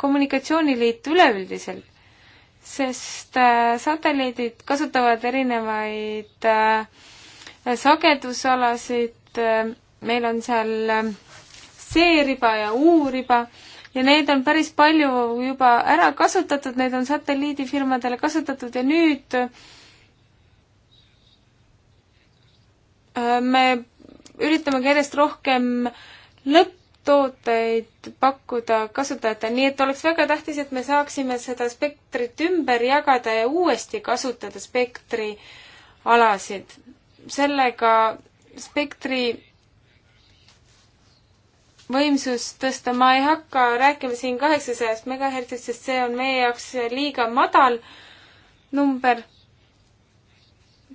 kommunikatsiooniliit üleüldiselt, sest äh, satelliidid kasutavad erinevaid äh, sagedusalasid, meil on seal C-riba ja U-riba ja neid on päris palju juba ära kasutatud, need on satelliidifirmadele kasutatud ja nüüd äh, me üritame ka järjest rohkem lõpptooteid pakkuda kasutajatele, nii et oleks väga tähtis, et me saaksime seda spektrit ümber jagada ja uuesti kasutada spektrialasid. sellega spektri võimsust tõsta ma ei hakka rääkima siin kaheksasajast megahertsist, sest see on meie jaoks liiga madal number.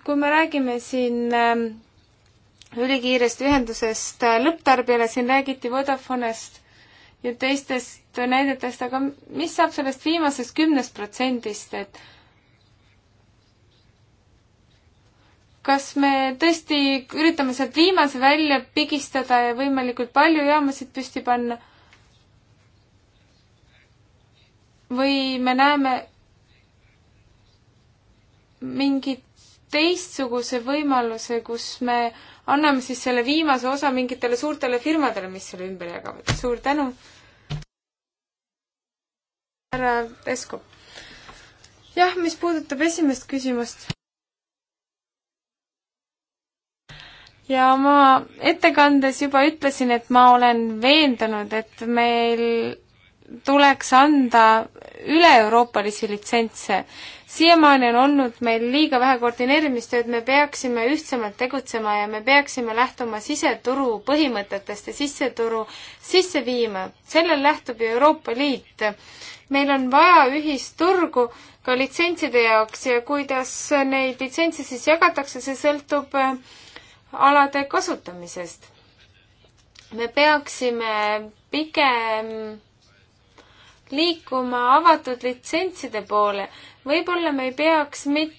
kui me räägime siin ähm, ülikiirest ühendusest lõpptarbijale, siin räägiti Vodafonest ja teistest näidetest, aga mis saab sellest viimasest kümnest protsendist, et kas me tõesti üritame sealt viimase välja pigistada ja võimalikult palju jaamasid püsti panna? või me näeme mingit teistsuguse võimaluse, kus me anname siis selle viimase osa mingitele suurtele firmadele, mis selle ümber jagavad. suur tänu. härra Esko. jah, mis puudutab esimest küsimust. ja ma ettekandes juba ütlesin, et ma olen veendunud, et meil tuleks anda üle-euroopalisi litsentse. siiamaani on olnud meil liiga vähe koordineerimistööd, me peaksime ühtsemalt tegutsema ja me peaksime lähtuma siseturu põhimõtetest ja sisseturu sisse viima. sellel lähtub ju Euroopa Liit. meil on vaja ühisturgu ka litsentside jaoks ja kuidas neid litsentse siis jagatakse, see sõltub äh, alade kasutamisest. me peaksime pigem liikuma avatud litsentside poole. võib-olla me ei peaks mitte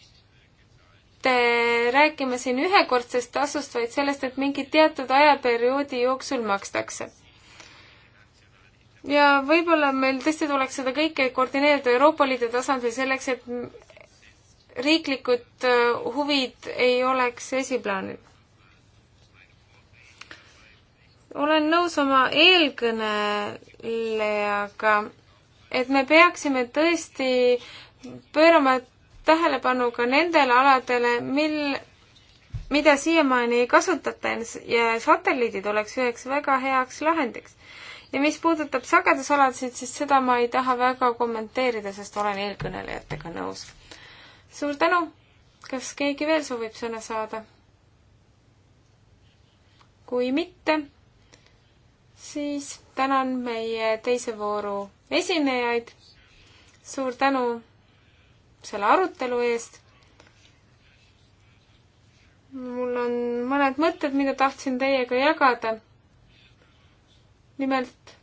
rääkima siin ühekordsest tasust, vaid sellest, et mingi teatud ajaperioodi jooksul makstakse. ja võib-olla meil tõesti tuleks seda kõike koordineerida Euroopa Liidu tasandil selleks, et riiklikud äh, huvid ei oleks esiplaanil. olen nõus oma eelkõnelejaga et me peaksime tõesti pöörama tähelepanu ka nendele aladele, mil, mida siiamaani ei kasutata ja satelliidid oleks üheks väga heaks lahendiks. ja mis puudutab sagedusalasid, siis seda ma ei taha väga kommenteerida, sest olen eelkõnelejatega nõus. suur tänu! kas keegi veel soovib sõna saada? kui mitte, siis tänan meie teise vooru esinejaid. suur tänu selle arutelu eest. mul on mõned mõtted, mida tahtsin teiega jagada. nimelt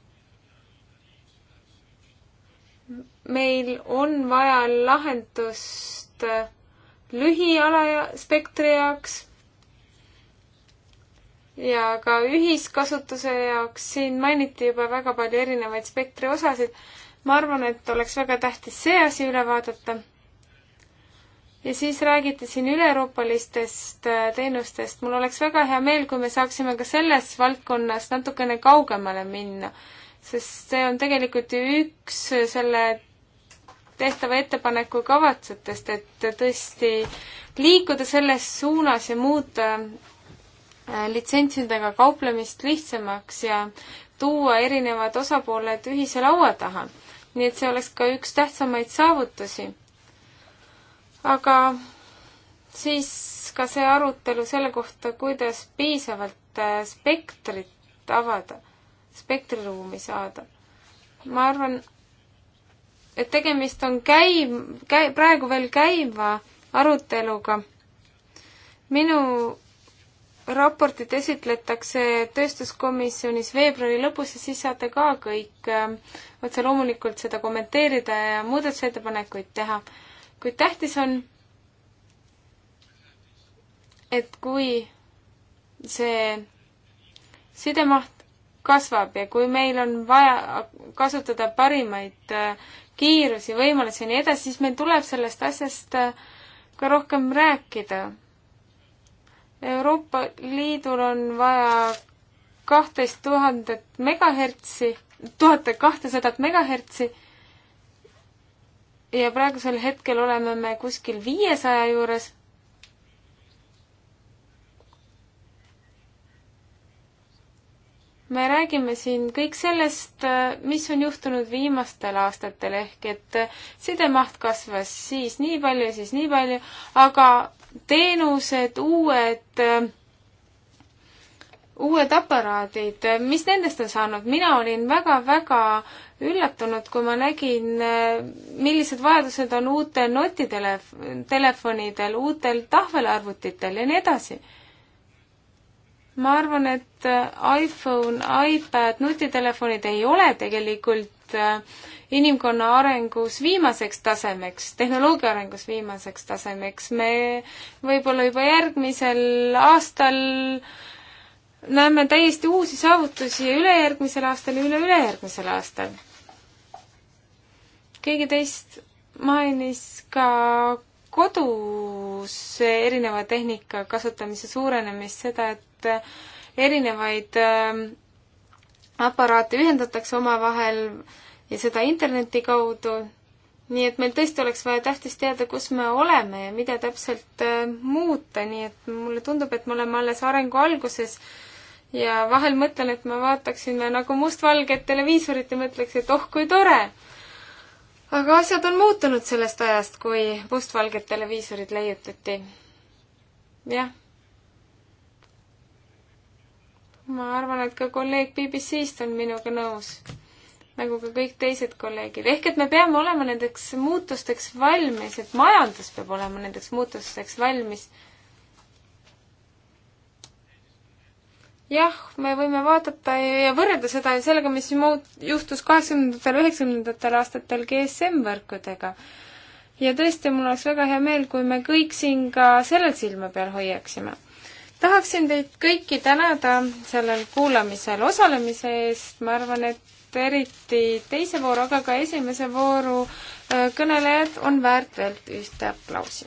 meil on vaja lahendust lühiala spektri jaoks ja ka ühiskasutuse jaoks, siin mainiti juba väga palju erinevaid spektri osasid. ma arvan, et oleks väga tähtis see asi üle vaadata. ja siis räägiti siin üleeuroopalistest äh, teenustest. mul oleks väga hea meel, kui me saaksime ka selles valdkonnas natukene kaugemale minna, sest see on tegelikult ju üks selle tehtava ettepaneku kavatsetest, et tõesti liikuda selles suunas ja muuta Äh, litsentsidega kauplemist lihtsamaks ja tuua erinevad osapooled ühise laua taha. nii et see oleks ka üks tähtsamaid saavutusi. aga siis ka see arutelu selle kohta, kuidas piisavalt äh, spektrit avada, spektriruumi saada. ma arvan, et tegemist on käim-, käi-, praegu veel käiva aruteluga. minu raportit esitletakse tööstuskomisjonis veebruari lõpus ja siis saate ka kõik ähm, otse loomulikult seda kommenteerida ja muudatusettepanekuid teha. kuid tähtis on, et kui see sidemaht kasvab ja kui meil on vaja kasutada parimaid äh, kiirusi, võimalusi ja nii edasi, siis meil tuleb sellest asjast äh, ka rohkem rääkida Euroopa Liidul on vaja kahteist tuhandet megahertsi, tuhat kahtesadat megahertsi ja praegusel hetkel oleme me kuskil viiesaja juures. me räägime siin kõik sellest, mis on juhtunud viimastel aastatel, ehk et sidemaht kasvas siis nii palju, siis nii palju, aga teenused, uued uued aparaadid, mis nendest on saanud? mina olin väga-väga üllatunud, kui ma nägin, millised vajadused on uutel notitelef-, telefonidel, uutel tahvelarvutitel ja nii edasi. ma arvan, et iPhone, iPad, nutitelefonid ei ole tegelikult inimkonna arengus viimaseks tasemeks, tehnoloogia arengus viimaseks tasemeks. me võib-olla juba järgmisel aastal näeme täiesti uusi saavutusi ülejärgmisel aastal ja üle-ülejärgmisel aastal. keegi teist mainis ka kodus erineva tehnika kasutamise suurenemist, seda, et erinevaid ähm, aparaate ühendatakse omavahel, ja seda interneti kaudu. nii et meil tõesti oleks vaja tähtis teada, kus me oleme ja mida täpselt äh, muuta, nii et mulle tundub, et me oleme alles arengu alguses ja vahel mõtlen, et ma vaataksin nagu mustvalget televiisorit ja mõtleks, et oh, kui tore aga asjad on muutunud sellest ajast, kui mustvalged televiisorid leiutati. jah. ma arvan, et ka kolleeg BBC-st on minuga nõus nagu ka kõik teised kolleegid. ehk et me peame olema nendeks muutusteks valmis, et majandus peab olema nendeks muutusteks valmis. jah, me võime vaadata ja võrrelda seda sellega, mis juhtus kaheksakümnendatel, üheksakümnendatel aastatel GSM-võrkudega. ja tõesti, mul oleks väga hea meel, kui me kõik siin ka sellel silma peal hoiaksime tahaksin teid kõiki tänada sellel kuulamisel osalemise eest, ma arvan, et sest eriti teise vooru, aga ka esimese vooru äh, kõnelejad on väärt veel ühte aplausi.